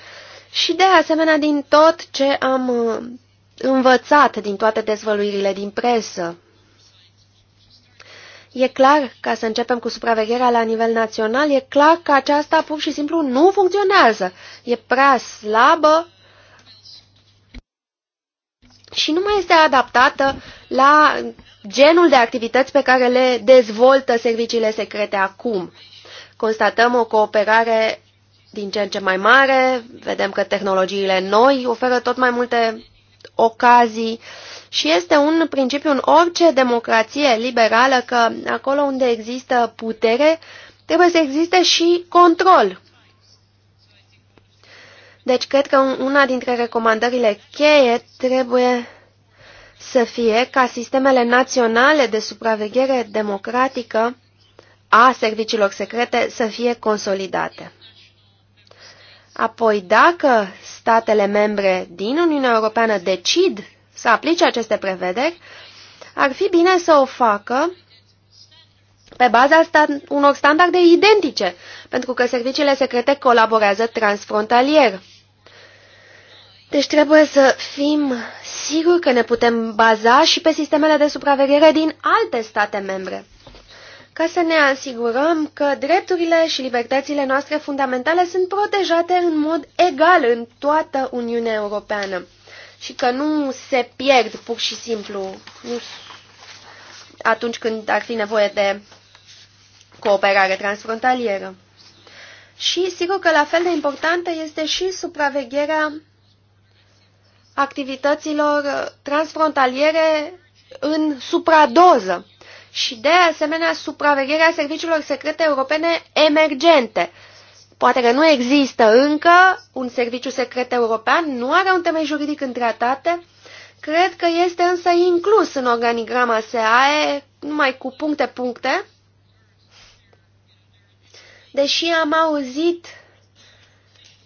și de asemenea din tot ce am învățat din toate dezvăluirile din presă. E clar, ca să începem cu supravegherea la nivel național, e clar că aceasta pur și simplu nu funcționează. E prea slabă și nu mai este adaptată la genul de activități pe care le dezvoltă serviciile secrete acum. Constatăm o cooperare din ce în ce mai mare, vedem că tehnologiile noi oferă tot mai multe ocazii și este un principiu în orice democrație liberală că acolo unde există putere trebuie să existe și control. Deci cred că una dintre recomandările cheie trebuie să fie ca sistemele naționale de supraveghere democratică a serviciilor secrete să fie consolidate. Apoi, dacă statele membre din Uniunea Europeană decid să aplice aceste prevederi, ar fi bine să o facă pe baza stat unor standarde identice, pentru că serviciile secrete colaborează transfrontalier. Deci trebuie să fim siguri că ne putem baza și pe sistemele de supraveghere din alte state membre ca să ne asigurăm că drepturile și libertățile noastre fundamentale sunt protejate în mod egal în toată Uniunea Europeană și că nu se pierd pur și simplu nu, atunci când ar fi nevoie de cooperare transfrontalieră. Și sigur că la fel de importantă este și supravegherea activităților transfrontaliere în supradoză și de asemenea supravegherea serviciilor secrete europene emergente. Poate că nu există încă un serviciu secret european, nu are un temei juridic în tratate, cred că este însă inclus în organigrama SAE, numai cu puncte-puncte, deși am auzit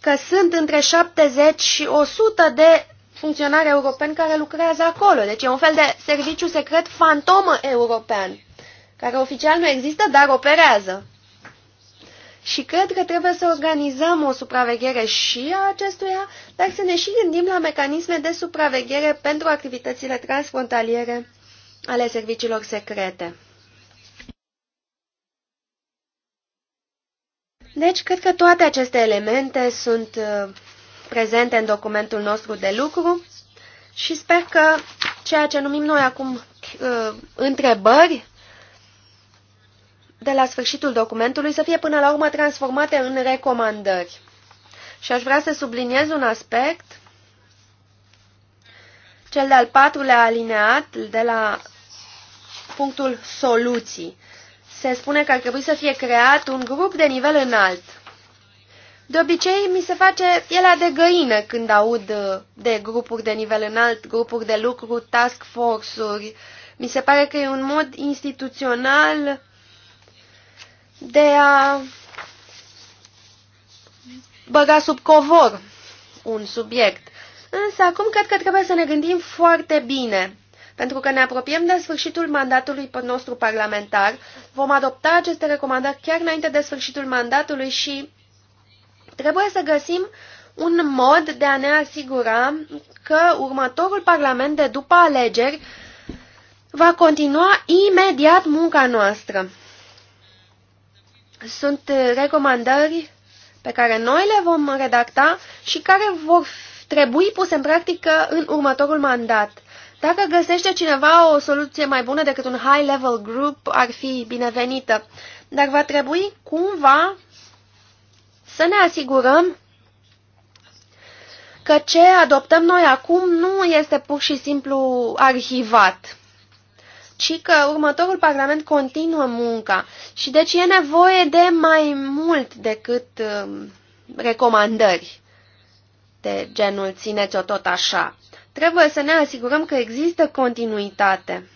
că sunt între 70 și 100 de funcționari europeni care lucrează acolo. Deci e un fel de serviciu secret fantomă european, care oficial nu există, dar operează. Și cred că trebuie să organizăm o supraveghere și a acestuia, dar să ne și gândim la mecanisme de supraveghere pentru activitățile transfrontaliere ale serviciilor secrete. Deci, cred că toate aceste elemente sunt uh, prezente în documentul nostru de lucru și sper că ceea ce numim noi acum uh, întrebări de la sfârșitul documentului să fie până la urmă transformate în recomandări. Și aș vrea să subliniez un aspect, cel de-al patrulea alineat de la punctul soluții. Se spune că ar trebui să fie creat un grup de nivel înalt de obicei, mi se face pielea de găină când aud uh, de grupuri de nivel înalt, grupuri de lucru, task force-uri. Mi se pare că e un mod instituțional de a băga sub covor un subiect. Însă acum cred că trebuie să ne gândim foarte bine, pentru că ne apropiem de sfârșitul mandatului nostru parlamentar, vom adopta aceste recomandări chiar înainte de sfârșitul mandatului și Trebuie să găsim un mod de a ne asigura că următorul Parlament de după alegeri va continua imediat munca noastră. Sunt recomandări pe care noi le vom redacta și care vor trebui puse în practică în următorul mandat. Dacă găsește cineva o soluție mai bună decât un high-level group, ar fi binevenită, dar va trebui cumva să ne asigurăm că ce adoptăm noi acum nu este pur și simplu arhivat, ci că următorul Parlament continuă munca și deci e nevoie de mai mult decât um, recomandări de genul țineți-o tot așa. Trebuie să ne asigurăm că există continuitate.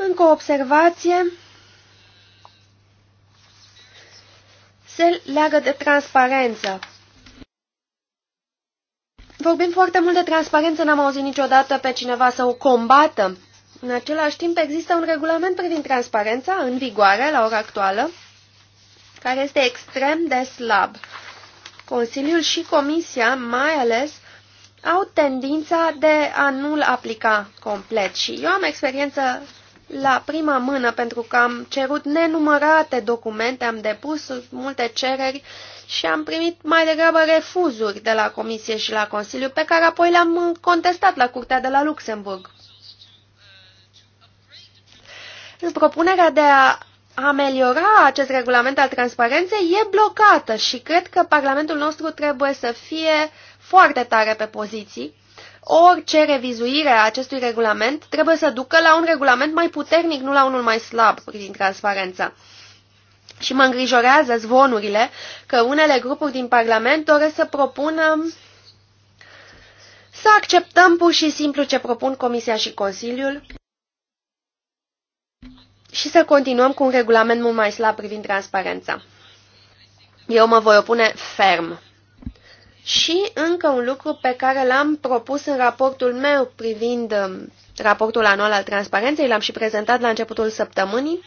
Încă o observație se leagă de transparență. Vorbim foarte mult de transparență, n-am auzit niciodată pe cineva să o combată. În același timp există un regulament privind transparența în vigoare la ora actuală, care este extrem de slab. Consiliul și Comisia, mai ales, au tendința de a nu-l aplica complet și eu am experiență la prima mână pentru că am cerut nenumărate documente, am depus multe cereri și am primit mai degrabă refuzuri de la Comisie și la Consiliu, pe care apoi le-am contestat la Curtea de la Luxemburg. În propunerea de a ameliora acest regulament al transparenței e blocată și cred că Parlamentul nostru trebuie să fie foarte tare pe poziții orice revizuire a acestui regulament trebuie să ducă la un regulament mai puternic, nu la unul mai slab privind transparența. Și mă îngrijorează zvonurile că unele grupuri din Parlament doresc să propună să acceptăm pur și simplu ce propun Comisia și Consiliul și să continuăm cu un regulament mult mai slab privind transparența. Eu mă voi opune ferm. Și încă un lucru pe care l-am propus în raportul meu privind um, raportul anual al transparenței, l-am și prezentat la începutul săptămânii,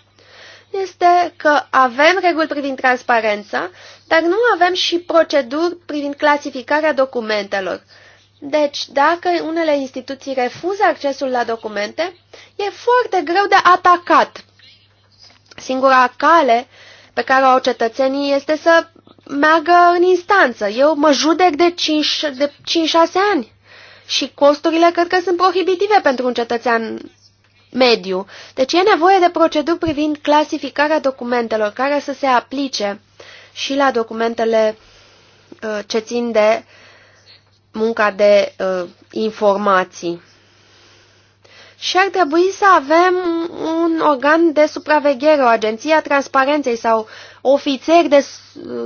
este că avem reguli privind transparența, dar nu avem și proceduri privind clasificarea documentelor. Deci, dacă unele instituții refuză accesul la documente, e foarte greu de atacat. Singura cale pe care o au cetățenii este să meargă în instanță. Eu mă judec de 5-6 de ani și costurile cred că sunt prohibitive pentru un cetățean mediu. Deci e nevoie de proceduri privind clasificarea documentelor care să se aplice și la documentele uh, ce țin de munca de uh, informații. Și ar trebui să avem un organ de supraveghere, o agenție a transparenței sau ofițeri de,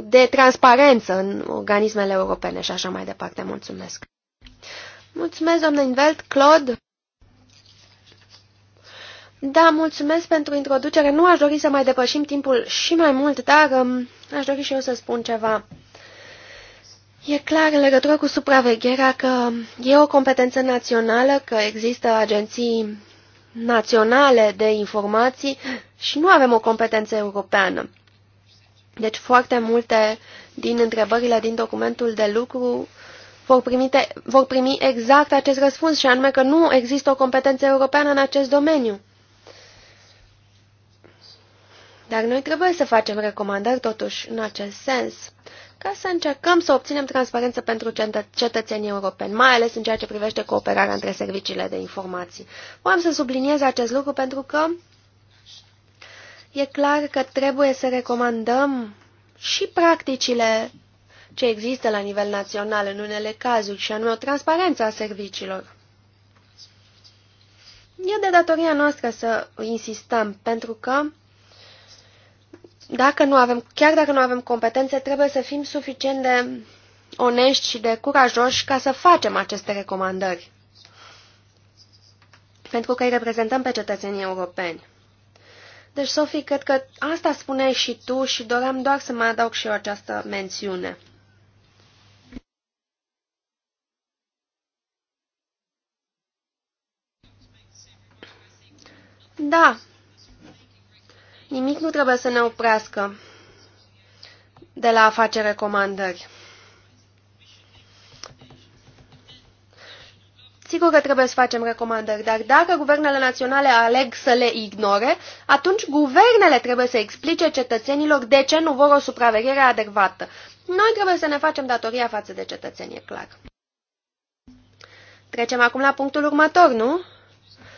de transparență în organismele europene și așa mai departe. Mulțumesc! Mulțumesc, doamnă Invelt, Claude! Da, mulțumesc pentru introducere. Nu aș dori să mai depășim timpul și mai mult, dar um, aș dori și eu să spun ceva. E clar în legătură cu supravegherea că e o competență națională, că există agenții naționale de informații și nu avem o competență europeană. Deci foarte multe din întrebările din documentul de lucru vor, primite, vor primi exact acest răspuns și anume că nu există o competență europeană în acest domeniu. Dar noi trebuie să facem recomandări totuși în acest sens, ca să încercăm să obținem transparență pentru cetățenii europeni, mai ales în ceea ce privește cooperarea între serviciile de informații. Vreau să subliniez acest lucru pentru că E clar că trebuie să recomandăm și practicile ce există la nivel național în unele cazuri, și anume o transparență a serviciilor. E de datoria noastră să insistăm, pentru că dacă nu avem, chiar dacă nu avem competențe, trebuie să fim suficient de onești și de curajoși ca să facem aceste recomandări, pentru că îi reprezentăm pe cetățenii europeni. Deci, Sofie, cred că asta spuneai și tu și doream doar să mai adaug și eu această mențiune. Da. Nimic nu trebuie să ne oprească de la a face recomandări. Sigur că trebuie să facem recomandări, dar dacă guvernele naționale aleg să le ignore, atunci guvernele trebuie să explice cetățenilor de ce nu vor o supraveghere adecvată. Noi trebuie să ne facem datoria față de cetățenie, clar. Trecem acum la punctul următor, nu?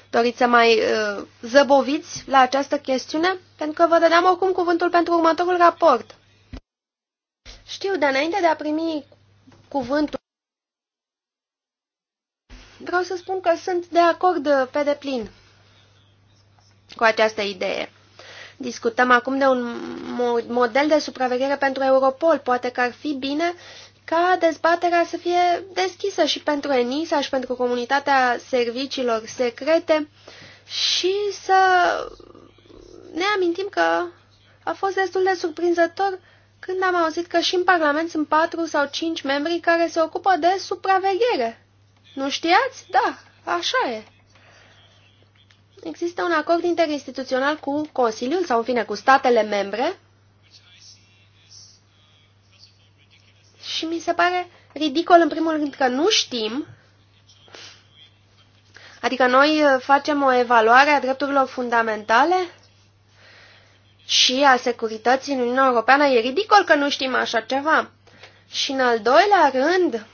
Doriți să mai uh, zăboviți la această chestiune? Pentru că vă dădeam oricum cuvântul pentru următorul raport. Știu, dar înainte de a primi cuvântul Vreau să spun că sunt de acord uh, pe deplin cu această idee. Discutăm acum de un model de supraveghere pentru Europol. Poate că ar fi bine ca dezbaterea să fie deschisă și pentru ENISA și pentru comunitatea serviciilor secrete și să ne amintim că a fost destul de surprinzător când am auzit că și în Parlament sunt patru sau cinci membri care se ocupă de supraveghere. Nu știați? Da, așa e. Există un acord interinstituțional cu Consiliul sau, în fine, cu statele membre și mi se pare ridicol, în primul rând, că nu știm Adică noi uh, facem o evaluare a drepturilor fundamentale și a securității în Uniunea Europeană. E ridicol că nu știm așa ceva. Și în al doilea rând,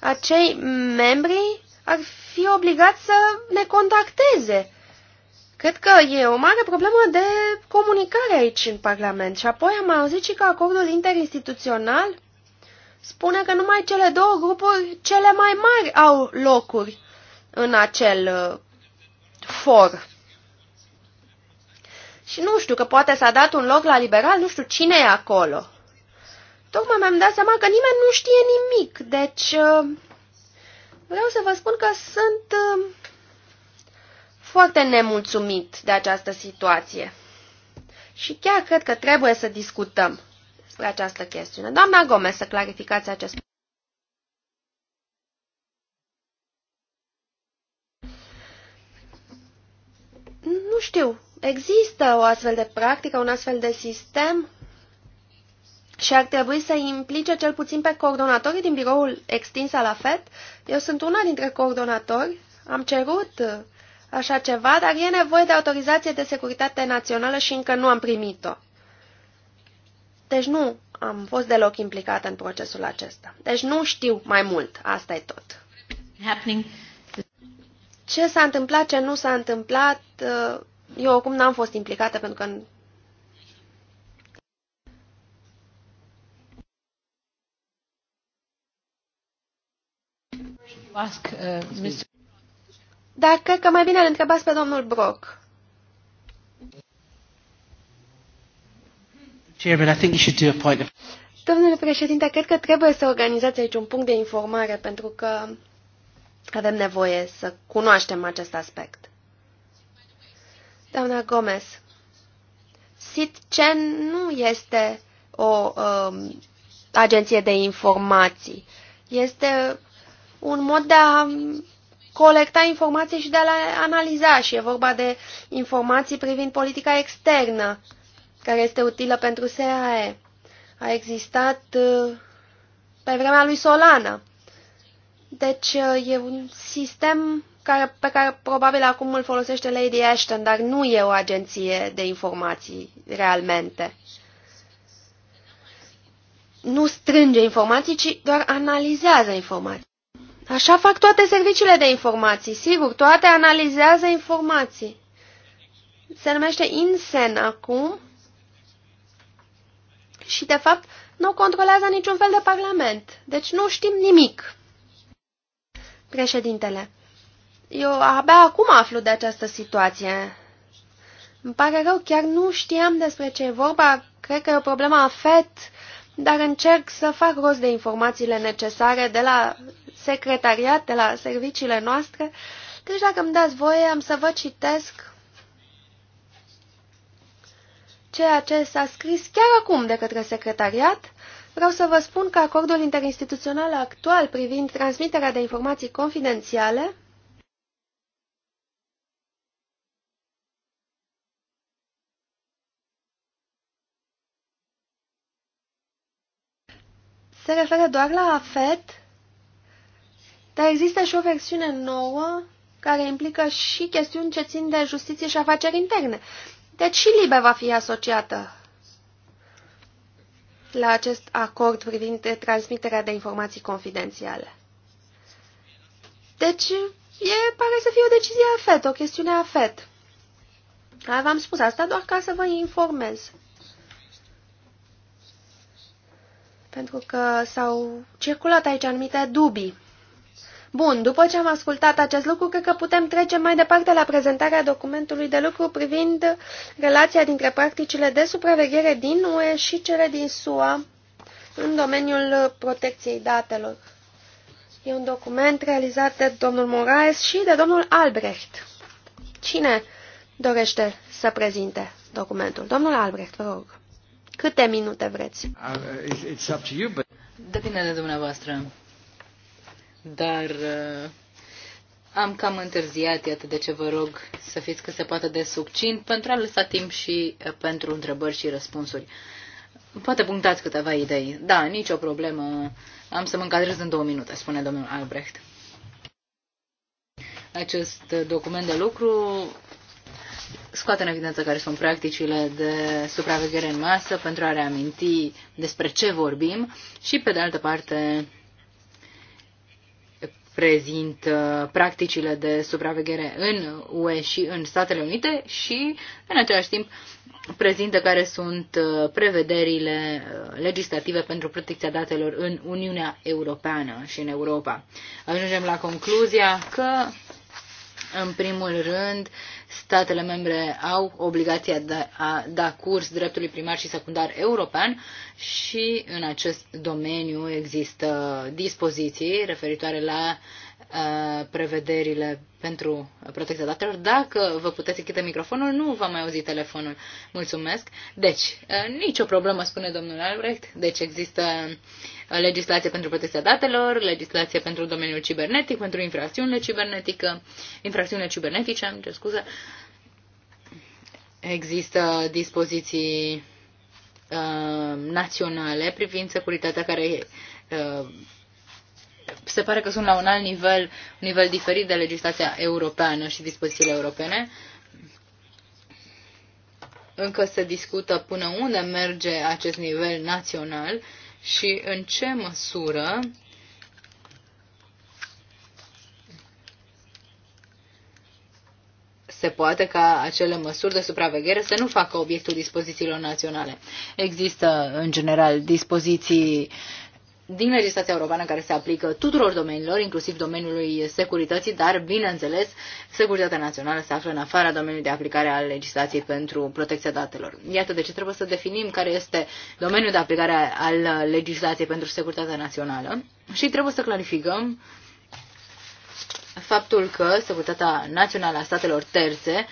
acei membri ar fi obligați să ne contacteze. Cred că e o mare problemă de comunicare aici în Parlament. Și apoi am auzit și că acordul interinstituțional spune că numai cele două grupuri cele mai mari au locuri în acel uh, for. Și nu știu, că poate s-a dat un loc la liberal, nu știu cine e acolo. Tocmai mi-am dat seama că nimeni nu știe nimic, deci uh, vreau să vă spun că sunt uh, foarte nemulțumit de această situație. Și chiar cred că trebuie să discutăm despre această chestiune. Doamna Gomez, să clarificați acest punct. Nu știu, există o astfel de practică, un astfel de sistem? și ar trebui să implice cel puțin pe coordonatorii din biroul extins al AFET. Eu sunt una dintre coordonatori, am cerut uh, așa ceva, dar e nevoie de autorizație de securitate națională și încă nu am primit-o. Deci nu am fost deloc implicată în procesul acesta. Deci nu știu mai mult, asta e tot. Ce s-a întâmplat, ce nu s-a întâmplat, uh, eu oricum n-am fost implicată pentru că ask, uh, Mr. Dar cred că mai bine îl întrebați pe domnul Brock. Chairman, I think you should do a point of... Domnule președinte, cred că trebuie să organizați aici un punct de informare pentru că avem nevoie să cunoaștem acest aspect. Doamna Gomez, Chen nu este o um, agenție de informații. Este un mod de a colecta informații și de a le analiza și e vorba de informații privind politica externă care este utilă pentru SAE. A existat uh, pe vremea lui Solana. Deci uh, e un sistem care, pe care probabil acum îl folosește Lady Ashton, dar nu e o agenție de informații realmente. Nu strânge informații, ci doar analizează informații. Așa fac toate serviciile de informații, sigur, toate analizează informații. Se numește INSEN acum și, de fapt, nu controlează niciun fel de parlament, deci nu știm nimic. Președintele, eu abia acum aflu de această situație. Îmi pare rău, chiar nu știam despre ce e vorba, cred că e o problemă a FET, dar încerc să fac rost de informațiile necesare de la secretariat, de la serviciile noastre. Deci dacă îmi dați voie, am să vă citesc ceea ce s-a scris chiar acum de către secretariat. Vreau să vă spun că acordul interinstituțional actual privind transmiterea de informații confidențiale se referă doar la AFET dar există și o versiune nouă care implică și chestiuni ce țin de justiție și afaceri interne. Deci și Libe va fi asociată la acest acord privind transmiterea de informații confidențiale. Deci, e, pare să fie o decizie a FED, o chestiune a FED. V-am spus asta doar ca să vă informez. Pentru că s-au circulat aici anumite dubii. Bun, după ce am ascultat acest lucru, cred că putem trece mai departe la prezentarea documentului de lucru privind relația dintre practicile de supraveghere din UE și cele din SUA în domeniul protecției datelor. E un document realizat de domnul Moraes și de domnul Albrecht. Cine dorește să prezinte documentul? Domnul Albrecht, vă rog. Câte minute vreți? Uh, Depinde de dumneavoastră dar uh, am cam întârziat, iată de ce vă rog să fiți cât se poate de succin pentru a lăsa timp și uh, pentru întrebări și răspunsuri. Poate punctați câteva idei. Da, nicio problemă. Am să mă încadrez în două minute, spune domnul Albrecht. Acest document de lucru scoate în evidență care sunt practicile de supraveghere în masă pentru a reaminti despre ce vorbim și, pe de altă parte, prezintă practicile de supraveghere în UE și în Statele Unite și, în același timp, prezintă care sunt uh, prevederile uh, legislative pentru protecția datelor în Uniunea Europeană și în Europa. Ajungem la concluzia că în primul rând, statele membre au obligația de a da curs dreptului primar și secundar european și în acest domeniu există dispoziții referitoare la prevederile pentru protecția datelor. Dacă vă puteți închide microfonul, nu vă mai auzi telefonul. Mulțumesc. Deci, nicio problemă, spune domnul Albrecht. Deci există legislație pentru protecția datelor, legislație pentru domeniul cibernetic, pentru infracțiunile cibernetică, infracțiunile cibernetice, am ce scuze. Există dispoziții uh, naționale privind securitatea care uh, se pare că sunt la un alt nivel, un nivel diferit de legislația europeană și dispozițiile europene. Încă se discută până unde merge acest nivel național și în ce măsură se poate ca acele măsuri de supraveghere să nu facă obiectul dispozițiilor naționale. Există, în general, dispoziții din legislația europeană care se aplică tuturor domeniilor, inclusiv domeniului securității, dar, bineînțeles, securitatea națională se află în afara domeniului de aplicare al legislației pentru protecția datelor. Iată de ce trebuie să definim care este domeniul de aplicare al legislației pentru securitatea națională și trebuie să clarificăm faptul că securitatea națională a statelor terțe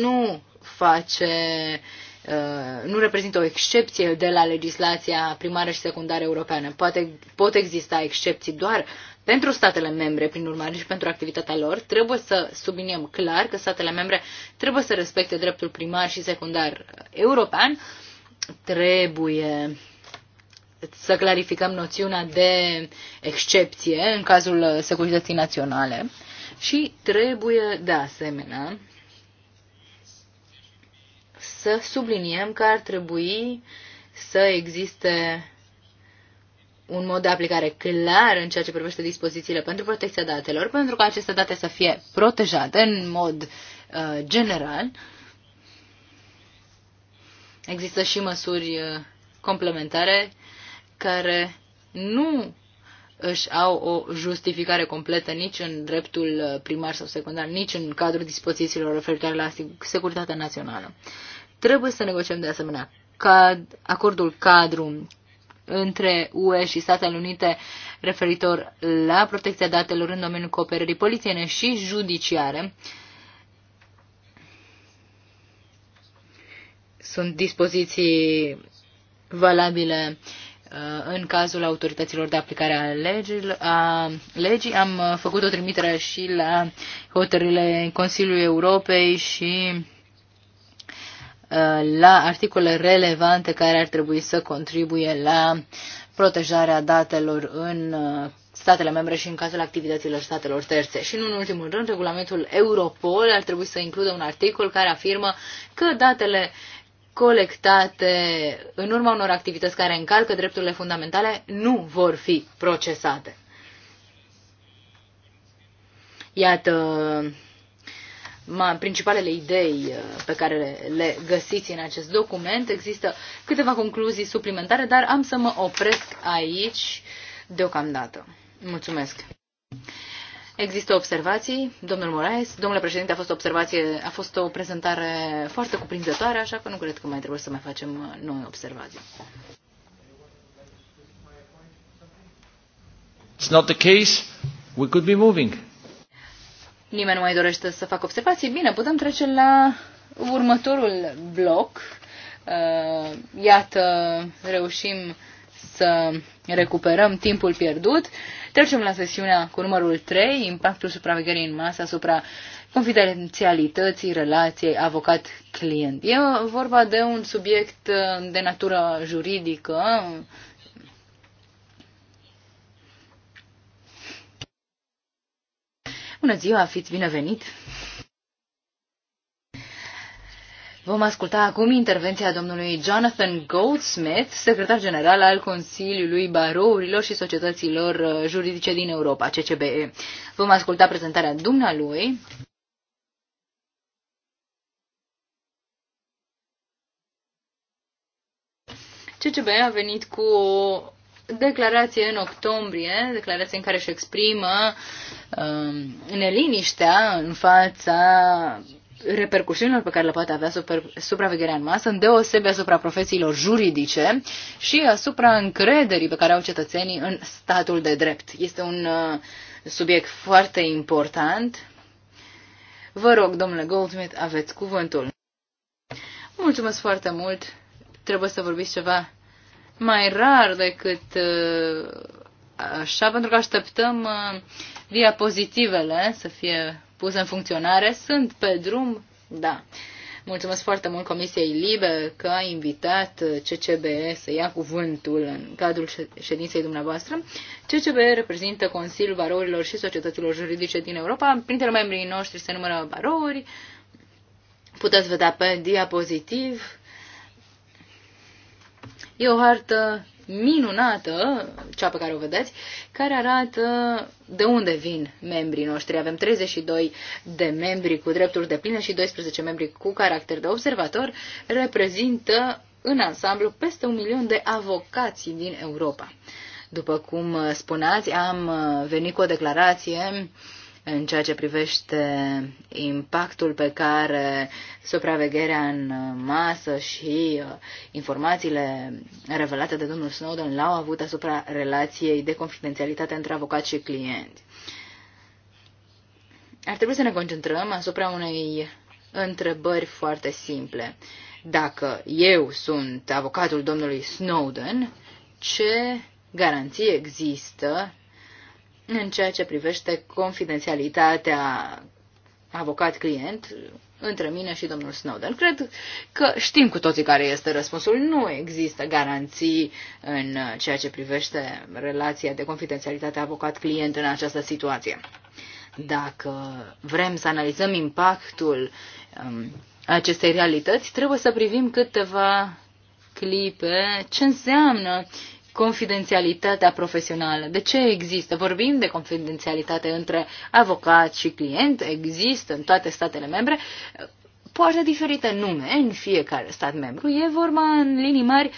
nu face uh, Uh, nu reprezintă o excepție de la legislația primară și secundară europeană. Poate, pot exista excepții doar pentru statele membre, prin urmare, și pentru activitatea lor. Trebuie să subliniem clar că statele membre trebuie să respecte dreptul primar și secundar european. Trebuie să clarificăm noțiunea de excepție în cazul securității naționale și trebuie, de asemenea, să subliniem că ar trebui să existe un mod de aplicare clar în ceea ce privește dispozițiile pentru protecția datelor, pentru ca aceste date să fie protejate în mod uh, general. Există și măsuri uh, complementare care nu își au o justificare completă nici în dreptul uh, primar sau secundar, nici în cadrul dispozițiilor referitoare la securitatea națională. Trebuie să negociem de asemenea cad, acordul cadru între UE și Statele Unite referitor la protecția datelor în domeniul cooperării polițiene și judiciare. Sunt dispoziții valabile uh, în cazul autorităților de aplicare a legii. A legii. Am făcut o trimitere și la hotările Consiliului Europei și Uh, la articole relevante care ar trebui să contribuie la protejarea datelor în uh, statele membre și în cazul activităților statelor terțe. Și nu în ultimul rând, regulamentul Europol ar trebui să includă un articol care afirmă că datele colectate în urma unor activități care încalcă drepturile fundamentale nu vor fi procesate. Iată principalele idei uh, pe care le găsiți în acest document. Există câteva concluzii suplimentare, dar am să mă opresc aici deocamdată. Mulțumesc. Există observații, domnul Moraes, domnule președinte, a fost, observație, a fost o prezentare foarte cuprinzătoare, așa că nu cred că mai trebuie să mai facem uh, noi observații. It's not the case. We could be moving. Nimeni nu mai dorește să facă observații. Bine, putem trece la următorul bloc. Uh, iată, reușim să recuperăm timpul pierdut. Trecem la sesiunea cu numărul 3, impactul supravegherii în masă asupra confidențialității relației avocat-client. E vorba de un subiect de natură juridică, Bună ziua, fiți binevenit! Vom asculta acum intervenția domnului Jonathan Goldsmith, secretar general al Consiliului Barourilor și Societăților uh, Juridice din Europa, CCBE. Vom asculta prezentarea dumnealui. CCBE a venit cu o declarație în octombrie, declarație în care își exprimă uh, neliniștea în fața repercusiunilor pe care le poate avea super, supravegherea în masă, deosebe asupra profesiilor juridice și asupra încrederii pe care au cetățenii în statul de drept. Este un uh, subiect foarte important. Vă rog, domnule Goldsmith, aveți cuvântul. Mulțumesc foarte mult. Trebuie să vorbiți ceva mai rar decât uh, așa, pentru că așteptăm uh, diapozitivele să fie puse în funcționare. Sunt pe drum? Da. Mulțumesc foarte mult Comisiei Libe că a invitat uh, CCBE să ia cuvântul în cadrul ședinței dumneavoastră. CCBE reprezintă Consiliul Barourilor și Societăților Juridice din Europa. Printre membrii noștri se numără barouri. Puteți vedea pe diapozitiv E o hartă minunată, cea pe care o vedeți, care arată de unde vin membrii noștri. Avem 32 de membri cu drepturi de pline și 12 membri cu caracter de observator, reprezintă în ansamblu peste un milion de avocații din Europa. După cum spuneați, am venit cu o declarație în ceea ce privește impactul pe care supravegherea în masă și uh, informațiile revelate de domnul Snowden l-au avut asupra relației de confidențialitate între avocat și client. Ar trebui să ne concentrăm asupra unei întrebări foarte simple. Dacă eu sunt avocatul domnului Snowden, ce garanție există în ceea ce privește confidențialitatea avocat-client între mine și domnul Snowden. Cred că știm cu toții care este răspunsul. Nu există garanții în ceea ce privește relația de confidențialitate avocat-client în această situație. Dacă vrem să analizăm impactul um, acestei realități, trebuie să privim câteva clipe ce înseamnă confidențialitatea profesională. De ce există? Vorbim de confidențialitate între avocat și client, există în toate statele membre, poartă diferite nume în fiecare stat membru. E vorba în linii mari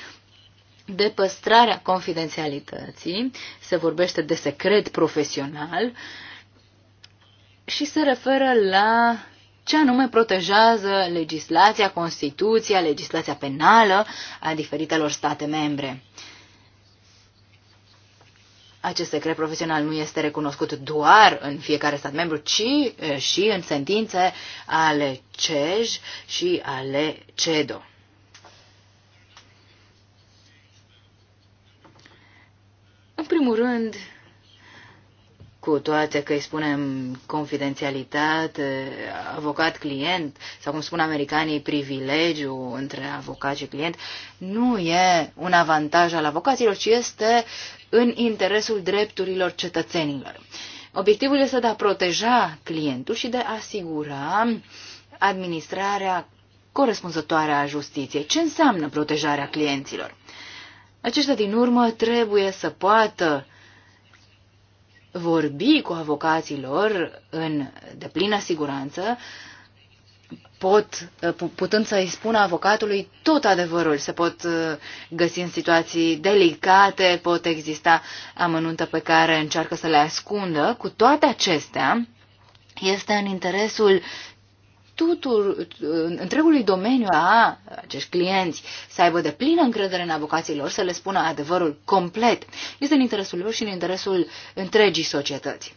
de păstrarea confidențialității, se vorbește de secret profesional și se referă la ce anume protejează legislația, Constituția, legislația penală a diferitelor state membre acest secret profesional nu este recunoscut doar în fiecare stat membru, ci și în sentințe ale CEJ și ale CEDO. În primul rând, cu toate că îi spunem confidențialitate, avocat-client, sau cum spun americanii, privilegiu între avocat și client, nu e un avantaj al avocaților, ci este în interesul drepturilor cetățenilor. Obiectivul este de a proteja clientul și de a asigura administrarea corespunzătoare a justiției. Ce înseamnă protejarea clienților? Aceștia din urmă trebuie să poată vorbi cu avocații lor în deplină siguranță, pot, putând să-i spună avocatului tot adevărul. Se pot uh, găsi în situații delicate, pot exista amănuntă pe care încearcă să le ascundă. Cu toate acestea, este în interesul tutur, întregului domeniu a acești clienți să aibă de plină încredere în avocații lor, să le spună adevărul complet. Este în interesul lor și în interesul întregii societăți.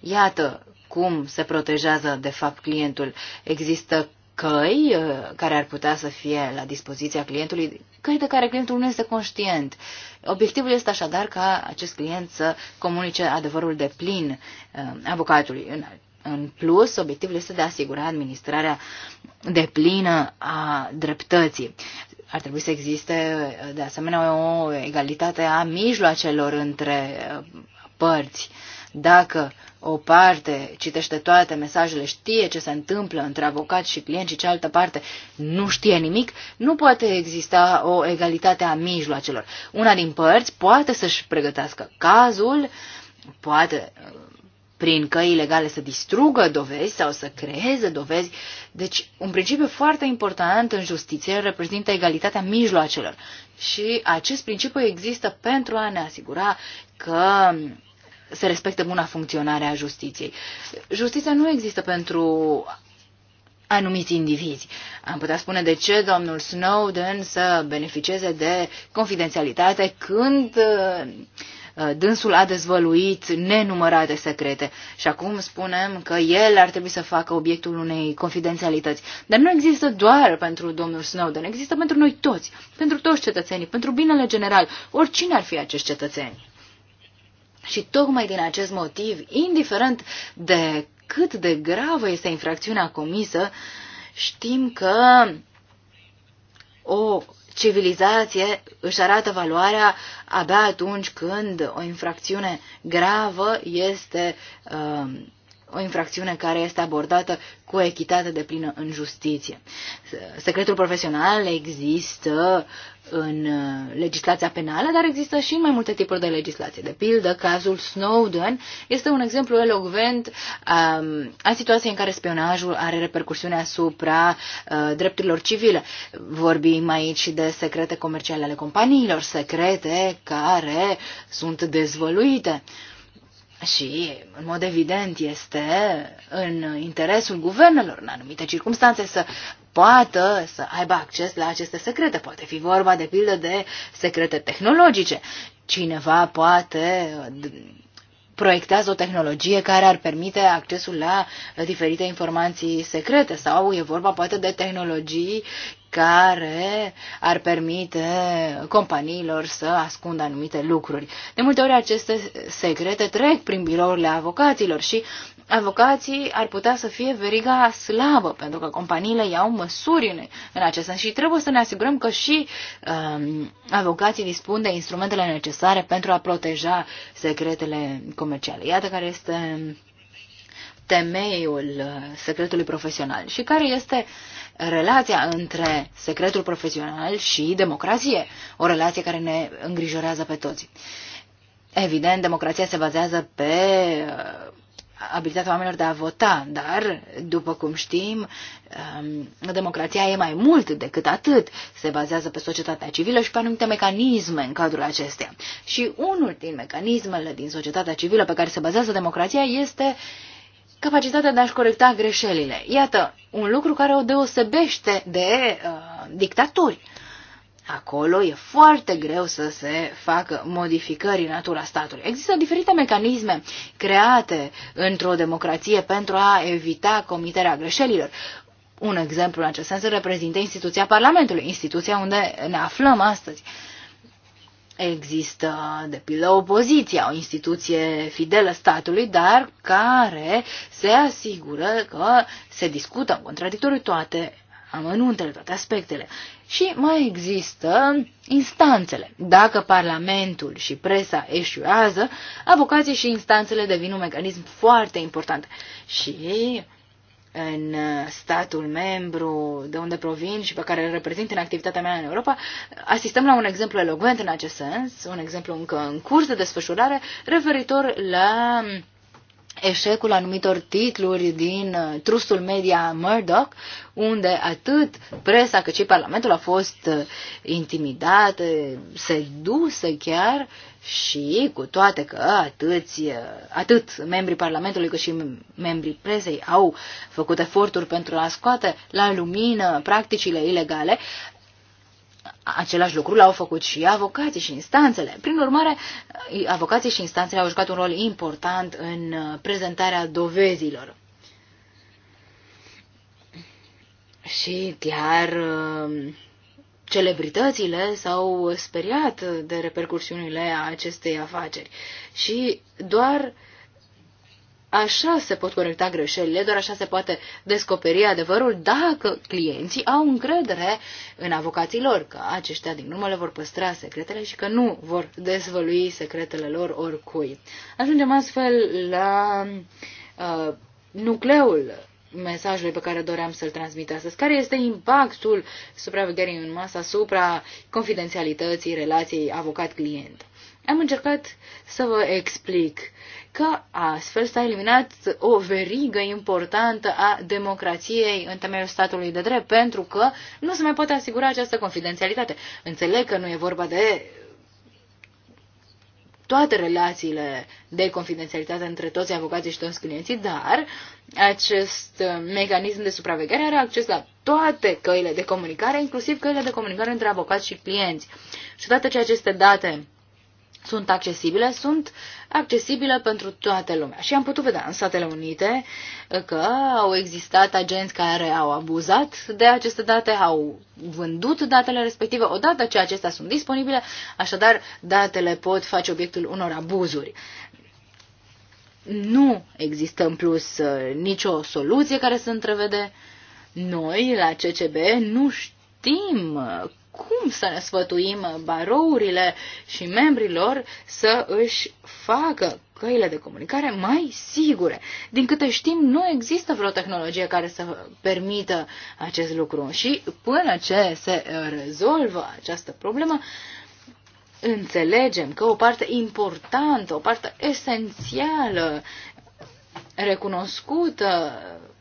Iată cum se protejează de fapt clientul. Există căi uh, care ar putea să fie la dispoziția clientului, căi de care clientul nu este conștient. Obiectivul este așadar ca acest client să comunice adevărul de plin uh, avocatului. În în plus, obiectivul este de a asigura administrarea deplină a dreptății. Ar trebui să existe, de asemenea, o egalitate a mijloacelor între uh, părți. Dacă o parte citește toate mesajele, știe ce se întâmplă între avocat și client și cealaltă parte nu știe nimic, nu poate exista o egalitate a mijloacelor. Una din părți poate să-și pregătească cazul, poate prin căi ilegale să distrugă dovezi sau să creeze dovezi. Deci, un principiu foarte important în justiție reprezintă egalitatea mijloacelor. Și acest principiu există pentru a ne asigura că se respectă buna funcționare a justiției. Justiția nu există pentru anumiți indivizi. Am putea spune de ce domnul Snowden să beneficieze de confidențialitate când Uh, dânsul a dezvăluit nenumărate secrete și acum spunem că el ar trebui să facă obiectul unei confidențialități. Dar nu există doar pentru domnul Snowden, există pentru noi toți, pentru toți cetățenii, pentru binele general, oricine ar fi acești cetățeni. Și tocmai din acest motiv, indiferent de cât de gravă este infracțiunea comisă, știm că o civilizație își arată valoarea abia atunci când o infracțiune gravă este uh, o infracțiune care este abordată cu echitate de plină în justiție. Secretul profesional există în legislația penală, dar există și în mai multe tipuri de legislație. De pildă, cazul Snowden este un exemplu elogvent a, um, a situației în care spionajul are repercusiune asupra a, uh, drepturilor civile. Vorbim aici de secrete comerciale ale companiilor, secrete care sunt dezvăluite. Și, în mod evident, este în interesul guvernelor, în anumite circunstanțe, să poată să aibă acces la aceste secrete. Poate fi vorba, de pildă, de secrete tehnologice. Cineva poate proiectează o tehnologie care ar permite accesul la diferite informații secrete sau e vorba poate de tehnologii care ar permite companiilor să ascundă anumite lucruri. De multe ori aceste secrete trec prin birourile avocaților și avocații ar putea să fie veriga slabă, pentru că companiile iau măsuri în acest sens și trebuie să ne asigurăm că și um, avocații dispun de instrumentele necesare pentru a proteja secretele comerciale. Iată care este temeiul uh, secretului profesional și care este relația între secretul profesional și democrație, o relație care ne îngrijorează pe toți. Evident, democrația se bazează pe uh, abilitatea oamenilor de a vota, dar, după cum știm, um, democrația e mai mult decât atât. Se bazează pe societatea civilă și pe anumite mecanisme în cadrul acesteia. Și unul din mecanismele din societatea civilă pe care se bazează democrația este capacitatea de a-și corecta greșelile. Iată, un lucru care o deosebește de uh, dictaturi. Acolo e foarte greu să se facă modificări în natura statului. Există diferite mecanisme create într-o democrație pentru a evita comiterea greșelilor. Un exemplu în acest sens reprezintă instituția Parlamentului, instituția unde ne aflăm astăzi. Există, de pildă, opoziția, o instituție fidelă statului, dar care se asigură că se discută în contradictoriu toate amănuntele, toate aspectele. Și mai există instanțele. Dacă Parlamentul și presa eșuează, avocații și instanțele devin un mecanism foarte important. Și în statul membru de unde provin și pe care îl reprezint în activitatea mea în Europa, asistăm la un exemplu elogvent în acest sens, un exemplu încă în curs de desfășurare, referitor la uh, eșecul anumitor titluri din uh, trustul media Murdoch, unde atât presa cât și Parlamentul a fost uh, intimidate, seduse chiar și cu toate că atâți, uh, atât membrii Parlamentului cât și membrii presei au făcut eforturi pentru a scoate la lumină practicile ilegale, Același lucru l-au făcut și avocații și instanțele. Prin urmare, avocații și instanțele au jucat un rol important în uh, prezentarea dovezilor. Și chiar uh, celebritățile s-au speriat de repercursiunile acestei afaceri. Și doar uh, Așa se pot corecta greșelile, doar așa se poate descoperi adevărul dacă clienții au încredere în avocații lor, că aceștia din urmă le vor păstra secretele și că nu vor dezvălui secretele lor oricui. Ajungem astfel la uh, nucleul mesajului pe care doream să-l transmit astăzi. Care este impactul supravegherii în masă asupra confidențialității relației avocat-client? Am încercat să vă explic că astfel s-a eliminat o verigă importantă a democrației în temeiul statului de drept, pentru că nu se mai poate asigura această confidențialitate. Înțeleg că nu e vorba de toate relațiile de confidențialitate între toți avocații și toți clienții, dar acest uh, mecanism de supraveghere are acces la toate căile de comunicare, inclusiv căile de comunicare între avocați și clienți. Și toate aceste date sunt accesibile, sunt accesibile pentru toată lumea. Și am putut vedea în Statele Unite uh, că au existat agenți care au abuzat de aceste date, au vândut datele respective odată ce acestea sunt disponibile, așadar datele pot face obiectul unor abuzuri. Nu există în plus uh, nicio soluție care se întrevede. Noi, la CCB, nu știm cum să ne sfătuim barourile și membrilor să își facă căile de comunicare mai sigure. Din câte știm, nu există vreo tehnologie care să permită acest lucru și până ce se rezolvă această problemă, înțelegem că o parte importantă, o parte esențială, recunoscută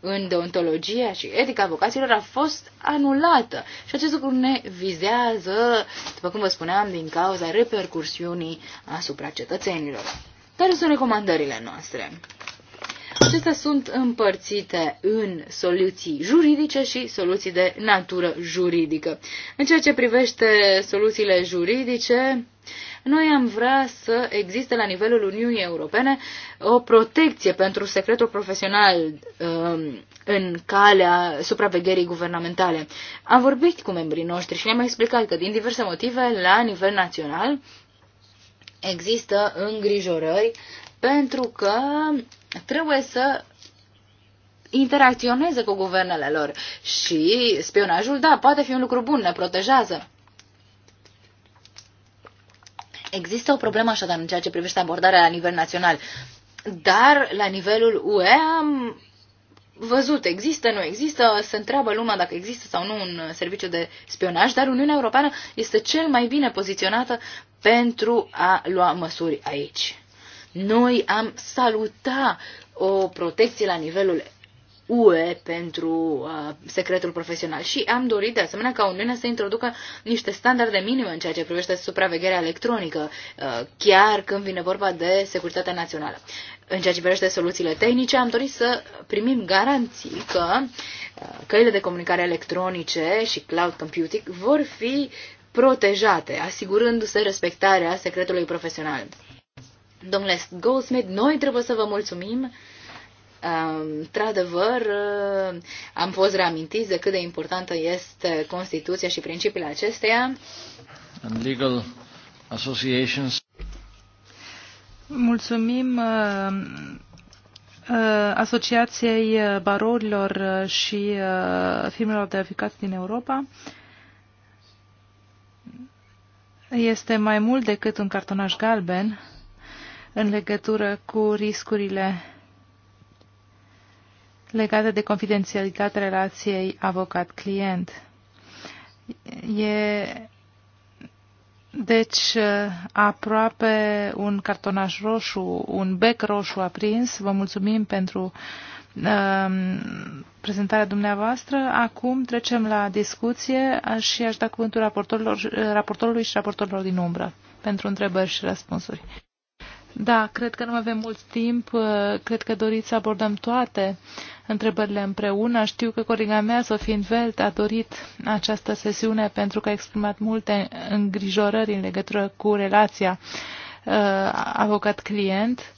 în deontologia și etica vocațiilor a fost anulată. Și acest lucru ne vizează, după cum vă spuneam, din cauza repercursiunii asupra cetățenilor. Care sunt recomandările noastre? Acestea sunt împărțite în soluții juridice și soluții de natură juridică. În ceea ce privește soluțiile juridice, noi am vrea să existe la nivelul Uniunii Europene o protecție pentru secretul profesional um, în calea supravegherii guvernamentale. Am vorbit cu membrii noștri și le-am explicat că din diverse motive, la nivel național, există îngrijorări pentru că trebuie să interacționeze cu guvernele lor. Și spionajul, da, poate fi un lucru bun, ne protejează. Există o problemă așadar în ceea ce privește abordarea la nivel național. Dar la nivelul UE am văzut, există, nu există, se întreabă lumea dacă există sau nu un serviciu de spionaj, dar Uniunea Europeană este cel mai bine poziționată pentru a lua măsuri aici. Noi am salutat o protecție la nivelul UE pentru uh, secretul profesional și am dorit de asemenea ca Uniunea să introducă niște standarde minime în ceea ce privește supravegherea electronică, uh, chiar când vine vorba de securitatea națională. În ceea ce privește soluțiile tehnice, am dorit să primim garanții că uh, căile de comunicare electronice și cloud computing vor fi protejate, asigurându-se respectarea secretului profesional. Domnule Goldsmith, noi trebuie să vă mulțumim. Într-adevăr, am fost reamintiți de cât de importantă este Constituția și principiile acesteia. And legal associations. Mulțumim uh, uh, Asociației Barorilor și uh, Firmelor de Aficați din Europa. Este mai mult decât un cartonaș galben în legătură cu riscurile legate de confidențialitatea relației avocat-client. E deci, aproape un cartonaj roșu, un bec roșu aprins. Vă mulțumim pentru um, prezentarea dumneavoastră. Acum trecem la discuție și aș da cuvântul raportorului și raportorilor din umbră pentru întrebări și răspunsuri. Da, cred că nu avem mult timp. Uh, cred că doriți să abordăm toate întrebările împreună. Știu că colega mea, Sofie Velt, a dorit această sesiune pentru că a exprimat multe îngrijorări în legătură cu relația uh, avocat-client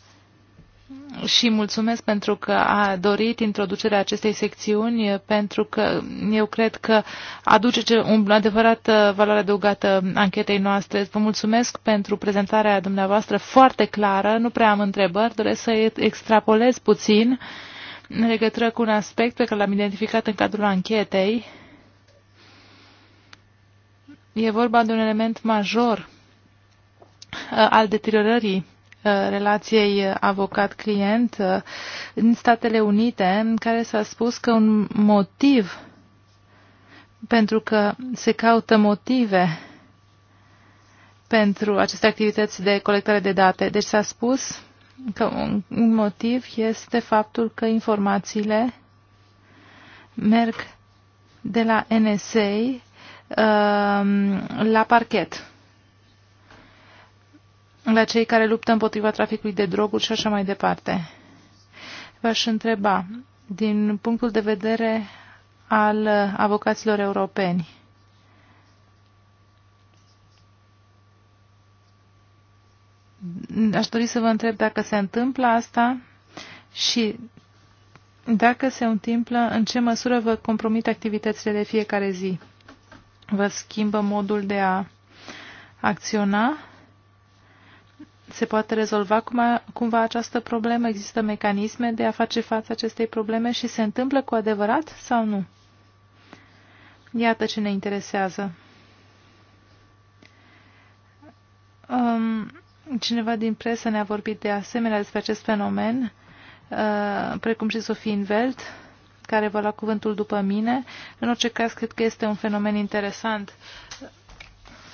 și mulțumesc pentru că a dorit introducerea acestei secțiuni, pentru că eu cred că aduce un adevărat uh, valoare adăugată anchetei noastre. Vă mulțumesc pentru prezentarea dumneavoastră foarte clară, nu prea am întrebări, doresc să extrapolez puțin în legătură cu un aspect pe care l-am identificat în cadrul anchetei. E vorba de un element major uh, al deteriorării Uh, relației avocat-client uh, în Statele Unite, în care s-a spus că un motiv, pentru că se caută motive pentru aceste activități de colectare de date. Deci s-a spus că un motiv este faptul că informațiile merg de la NSA uh, la parchet la cei care luptă împotriva traficului de droguri și așa mai departe. V-aș întreba, din punctul de vedere al avocaților europeni, aș dori să vă întreb dacă se întâmplă asta și dacă se întâmplă, în ce măsură vă compromit activitățile de fiecare zi? Vă schimbă modul de a acționa? Se poate rezolva cum cumva această problemă? Există mecanisme de a face față acestei probleme și se întâmplă cu adevărat sau nu? Iată ce ne interesează. Um, cineva din presă ne-a vorbit de asemenea despre acest fenomen, uh, precum și Sofie Invelt, care va lua cuvântul după mine. În orice caz, cred că este un fenomen interesant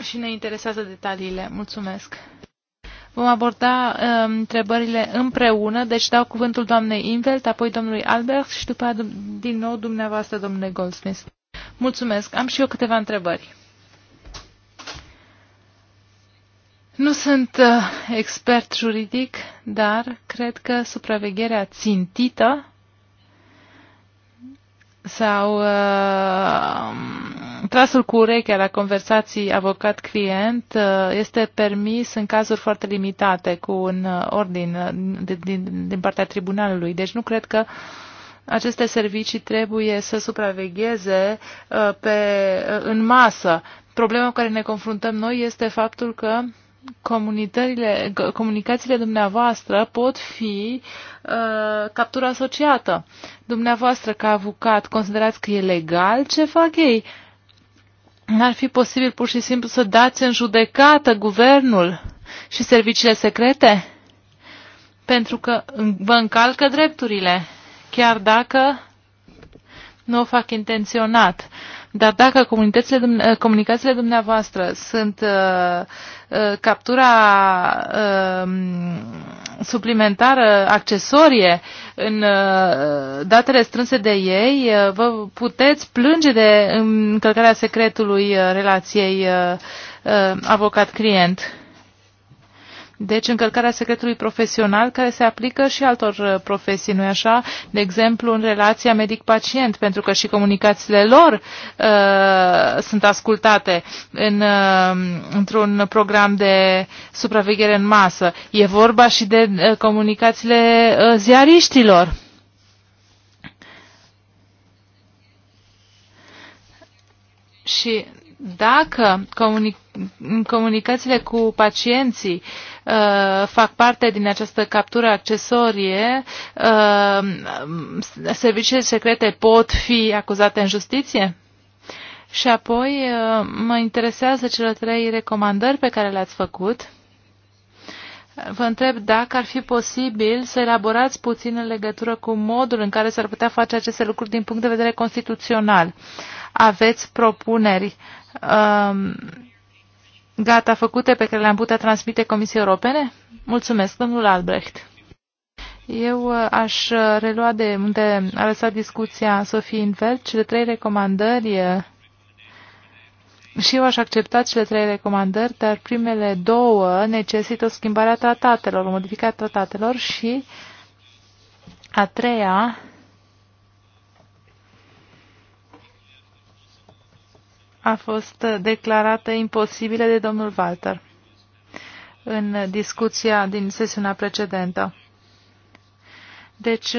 și ne interesează detaliile. Mulțumesc! Vom aborda um, întrebările împreună, deci dau cuvântul doamnei Invelt, apoi domnului Albert și după din nou dumneavoastră, domnule Goldsmith. Mulțumesc. Am și eu câteva întrebări. Nu sunt uh, expert juridic, dar cred că supravegherea țintită sau uh, trasul cu urechea la conversații avocat-client uh, este permis în cazuri foarte limitate cu un uh, ordin uh, din, din partea tribunalului. Deci nu cred că aceste servicii trebuie să supravegheze uh, pe, uh, în masă. Problema cu care ne confruntăm noi este faptul că uh, comunicațiile dumneavoastră pot fi uh, captura asociată. Dumneavoastră, ca avocat, considerați că e legal ce fac ei? N-ar fi posibil pur și simplu să dați în judecată guvernul și serviciile secrete? Pentru că vă încalcă drepturile, chiar dacă nu o fac intenționat. Uh, dar dacă comunitățile, comunicațiile dumneavoastră sunt uh, uh, captura uh, suplimentară, accesorie în uh, datele strânse de ei, uh, vă puteți plânge de încălcarea secretului uh, relației uh, uh avocat-client. Deci încălcarea secretului profesional care se aplică și altor uh, profesii, nu-i așa? De exemplu, în relația medic-pacient, pentru că și comunicațiile lor uh, sunt ascultate în, uh, într-un program de supraveghere în masă. E vorba și de uh, comunicațiile uh, ziariștilor. Și dacă comuni comunicațiile cu pacienții uh, Uh, fac parte din această captură accesorie, uh, serviciile secrete pot fi acuzate în justiție? Și apoi uh, mă interesează cele trei recomandări pe care le-ați făcut. Vă întreb dacă ar fi posibil să elaborați puțin în legătură cu modul în care s-ar putea face aceste lucruri din punct de vedere constituțional. Aveți propuneri um, gata făcute pe care le-am putea transmite Comisiei Europene? Mulțumesc, domnul Albrecht. Eu uh, aș uh, relua de unde a lăsat discuția Sofie Invert, cele trei recomandări uh, și eu aș accepta cele trei recomandări, dar primele două necesită schimbarea tratatelor, modificarea tratatelor și a treia a fost declarată imposibilă de domnul Walter în discuția din sesiunea precedentă. Deci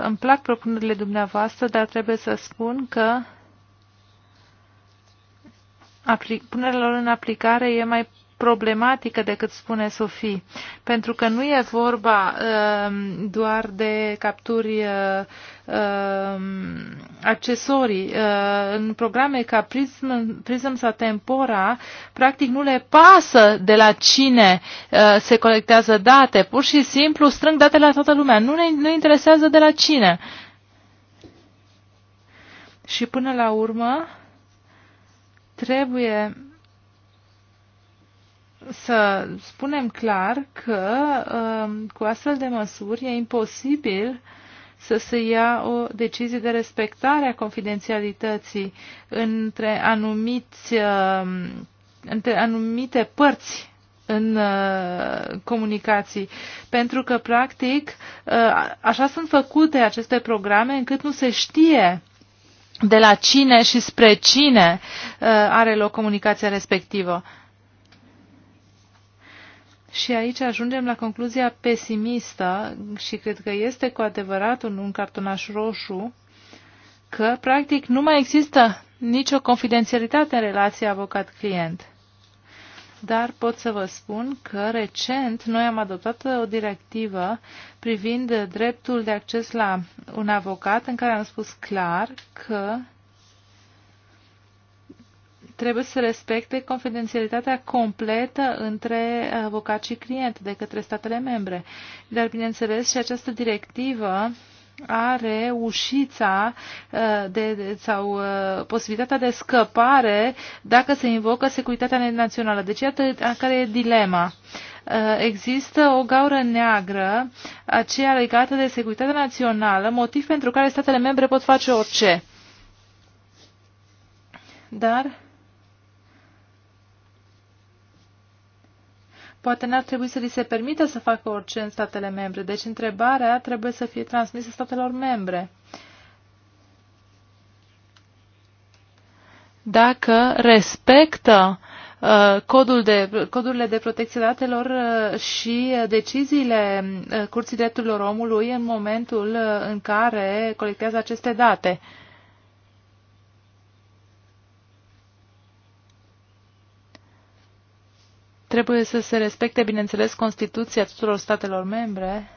îmi plac propunerile dumneavoastră, dar trebuie să spun că punerea lor în aplicare e mai problematică decât spune Sofie, pentru că nu e vorba uh, doar de capturi uh, um, accesorii. Uh, în programe ca Prism, Prism sau Tempora, practic nu le pasă de la cine uh, se colectează date. Pur și simplu strâng date la toată lumea. Nu ne nu interesează de la cine. Și până la urmă, trebuie să spunem clar că um, cu astfel de măsuri e imposibil să se ia o decizie de respectare a confidențialității între, anumiți, um, între anumite părți în uh, comunicații. Pentru că, practic, uh, așa sunt făcute aceste programe încât nu se știe de la cine și spre cine uh, are loc comunicația respectivă. Și aici ajungem la concluzia pesimistă și cred că este cu adevărat un, un cartonaș roșu că, practic, nu mai există nicio confidențialitate în relația avocat-client. Dar pot să vă spun că recent noi am adoptat o directivă privind dreptul de acces la un avocat în care am spus clar că trebuie să respecte confidențialitatea completă între avocat și client de către statele membre. Dar, bineînțeles, și această directivă are ușița uh, de, sau uh, posibilitatea de scăpare dacă se invocă securitatea națională. Deci iată care e dilema. Uh, există o gaură neagră, aceea legată de securitatea națională, motiv pentru care statele membre pot face orice. Dar Poate n-ar trebui să li se permită să facă orice în statele membre. Deci întrebarea trebuie să fie transmisă statelor membre. Dacă respectă uh, codul de, codurile de protecție datelor uh, și deciziile uh, Curții Drepturilor Omului în momentul uh, în care colectează aceste date. Trebuie să se respecte, bineînțeles, Constituția tuturor statelor membre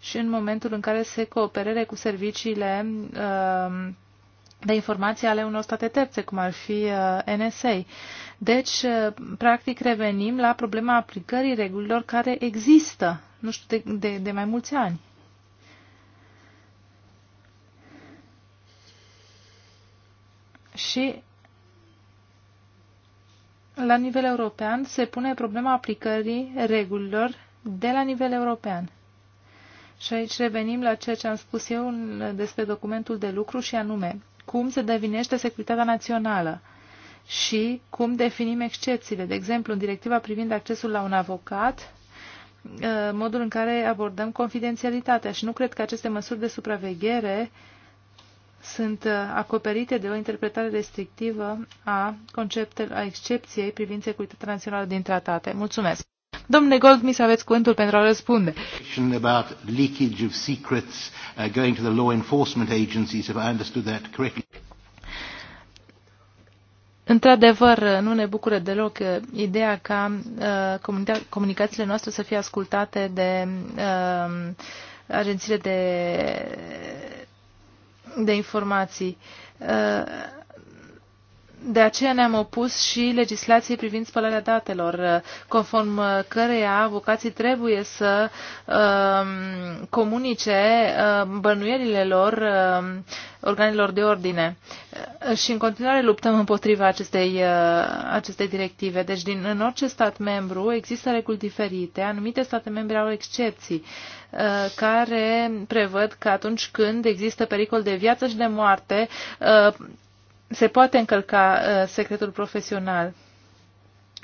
și în momentul în care se cooperere cu serviciile uh, de informații ale unor state terțe, cum ar fi uh, NSA. Deci, uh, practic, revenim la problema aplicării regulilor care există, nu știu, de, de, de mai mulți ani. Și la nivel european se pune problema aplicării regulilor de la nivel european. Și aici revenim la ceea ce am spus eu despre documentul de lucru și anume cum se devinește securitatea națională și cum definim excepțiile. De exemplu, în directiva privind accesul la un avocat, ă, modul în care abordăm confidențialitatea și nu cred că aceste măsuri de supraveghere uh, sunt uh, acoperite de o interpretare restrictivă a conceptelor, a excepției privind securitatea națională din tratate. Mulțumesc. Domnule Goldsmith, aveți cuvântul pentru a răspunde. About leakage of secrets uh, going to the law enforcement agencies, if I understood that correctly. Într-adevăr, nu ne bucură deloc uh, ideea ca uh, comunicațiile noastre să fie ascultate de uh, agențiile de de informații. Uh, de aceea ne-am opus și legislației privind spălarea datelor, conform căreia avocații trebuie să uh, comunice uh, um, bănuierile lor uh, organelor de ordine. Și în continuare luptăm împotriva acestei, uh, acestei directive. Deci din, în orice stat membru există reguli diferite. Anumite state membre au excepții uh, care prevăd că atunci când există pericol de viață și de moarte, uh, se poate încălca uh, secretul profesional.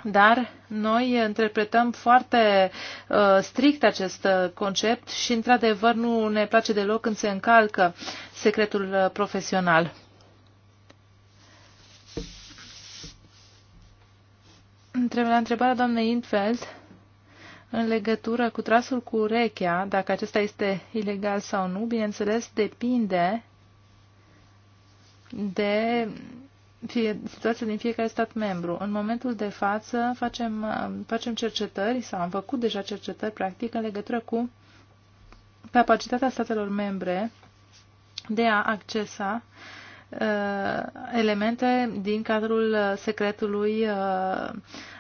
Dar noi interpretăm foarte uh, strict acest uh, concept și, într-adevăr, nu ne place deloc când se încalcă secretul uh, profesional. La întrebarea doamnei Intfeld, în legătură cu trasul cu urechea, dacă acesta este ilegal sau nu, bineînțeles, depinde de fie, situația din fiecare stat membru. În momentul de față facem, facem cercetări sau am făcut deja cercetări practic în legătură cu capacitatea statelor membre de a accesa Uh, elemente din cadrul uh, secretului uh,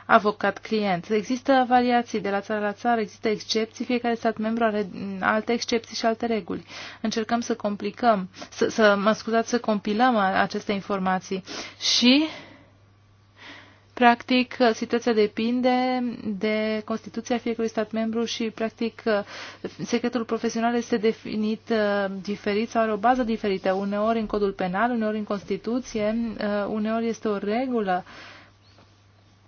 avocat-client. Există variații de la țară la țară, există excepții, fiecare stat membru are alte excepții și alte reguli. Încercăm să complicăm, să, să mă scuzați, să compilăm aceste informații și uh, Practic, situația depinde de Constituția fiecărui stat membru și, practic, secretul profesional este definit uh, diferit sau are o bază diferită. Uneori în codul penal, uneori în Constituție, uh, uneori este o regulă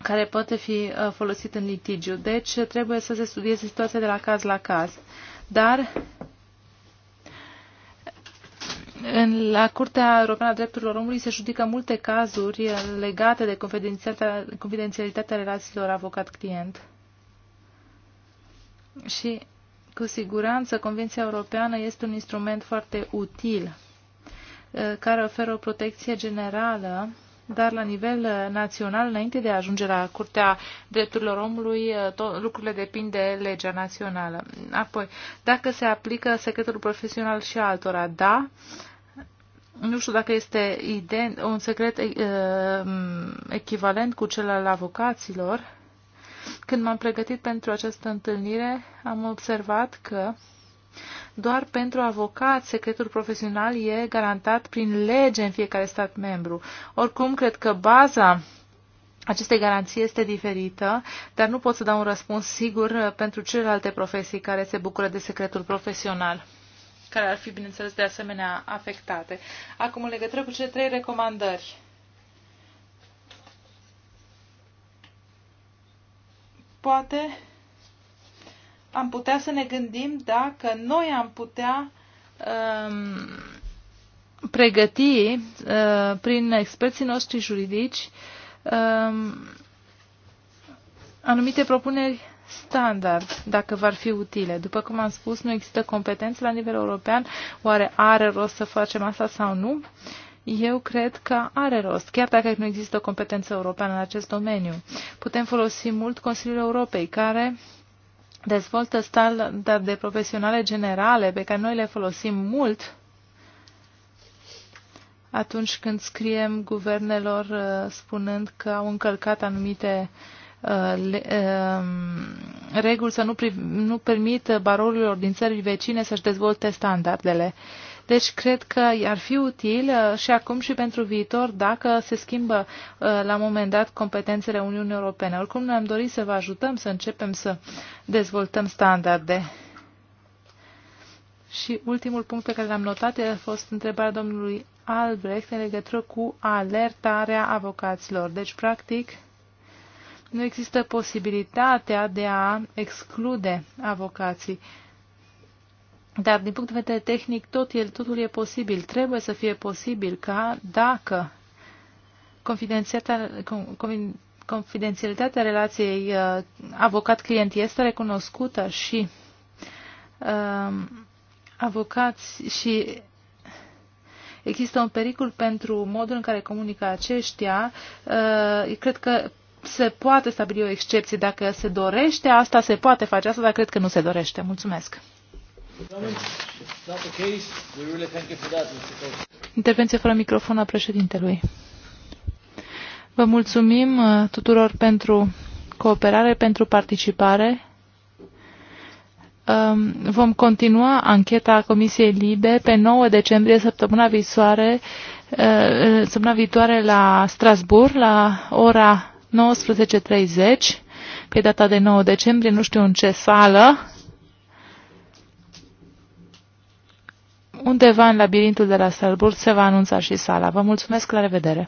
care poate fi uh, folosită în litigiu. Deci trebuie să se studieze situația de la caz la caz. Dar în, la Curtea Europeană a Drepturilor Omului se judică multe cazuri legate de confidențialitatea, confidențialitatea relațiilor avocat-client. Și, cu siguranță, Convenția Europeană este un instrument foarte util eh, care oferă o protecție generală, dar la nivel eh, național, înainte de a ajunge la Curtea Drepturilor Omului, eh, tot, lucrurile depind de legea națională. Apoi, dacă se aplică secretul profesional și altora, da, nu știu dacă este ident, un secret eh, echivalent cu cel al avocaților. Când m-am pregătit pentru această întâlnire, am observat că doar pentru avocat secretul profesional e garantat prin lege în fiecare stat membru. Oricum, cred că baza acestei garanții este diferită, dar nu pot să dau un răspuns sigur eh, pentru celelalte profesii care se bucură de secretul profesional care ar fi, bineînțeles, de asemenea afectate. Acum, în legătură cu cele trei recomandări. Poate am putea să ne gândim dacă noi am putea um, pregăti uh, prin experții noștri juridici um, anumite propuneri standard, dacă vor fi utile. După cum am spus, nu există competențe la nivel european. Oare are rost să facem asta sau nu? Eu cred că are rost, chiar dacă nu există o competență europeană în acest domeniu. Putem folosi mult Consiliul Europei, care dezvoltă standarde profesionale generale pe care noi le folosim mult atunci când scriem guvernelor uh, spunând că au încălcat anumite uh, Uh, le, uh, reguli să nu, nu permită barorilor din țări vecine să-și dezvolte standardele. Deci cred că ar fi util uh, și acum și pentru viitor dacă se schimbă la un moment dat competențele Uniunii Europene. Oricum noi am dorit să vă ajutăm să începem să dezvoltăm standarde. Și ultimul punct pe care l-am notat a fost întrebarea domnului Albrecht în legătură cu alertarea avocaților. Deci, practic, nu există posibilitatea de a exclude avocații. Dar din punct de vedere tehnic, tot el, totul e posibil. Trebuie să fie posibil ca dacă confidențialitatea, confidențialitatea relației uh, avocat-client este recunoscută și uh, avocați și există un pericol pentru modul în care comunică aceștia. Uh, cred că se poate stabili o excepție. Dacă se dorește asta, se poate face asta, dar cred că nu se dorește. Mulțumesc. Intervenție fără microfon a președintelui. Vă mulțumim uh, tuturor pentru cooperare, pentru participare. Um, vom continua ancheta Comisiei Libe pe 9 decembrie, săptămâna viitoare, uh, săptămâna viitoare la Strasbourg, la ora 19.30, pe data de 9 decembrie, nu știu în ce sală, undeva în labirintul de la Salbur se va anunța și sala. Vă mulțumesc, la revedere!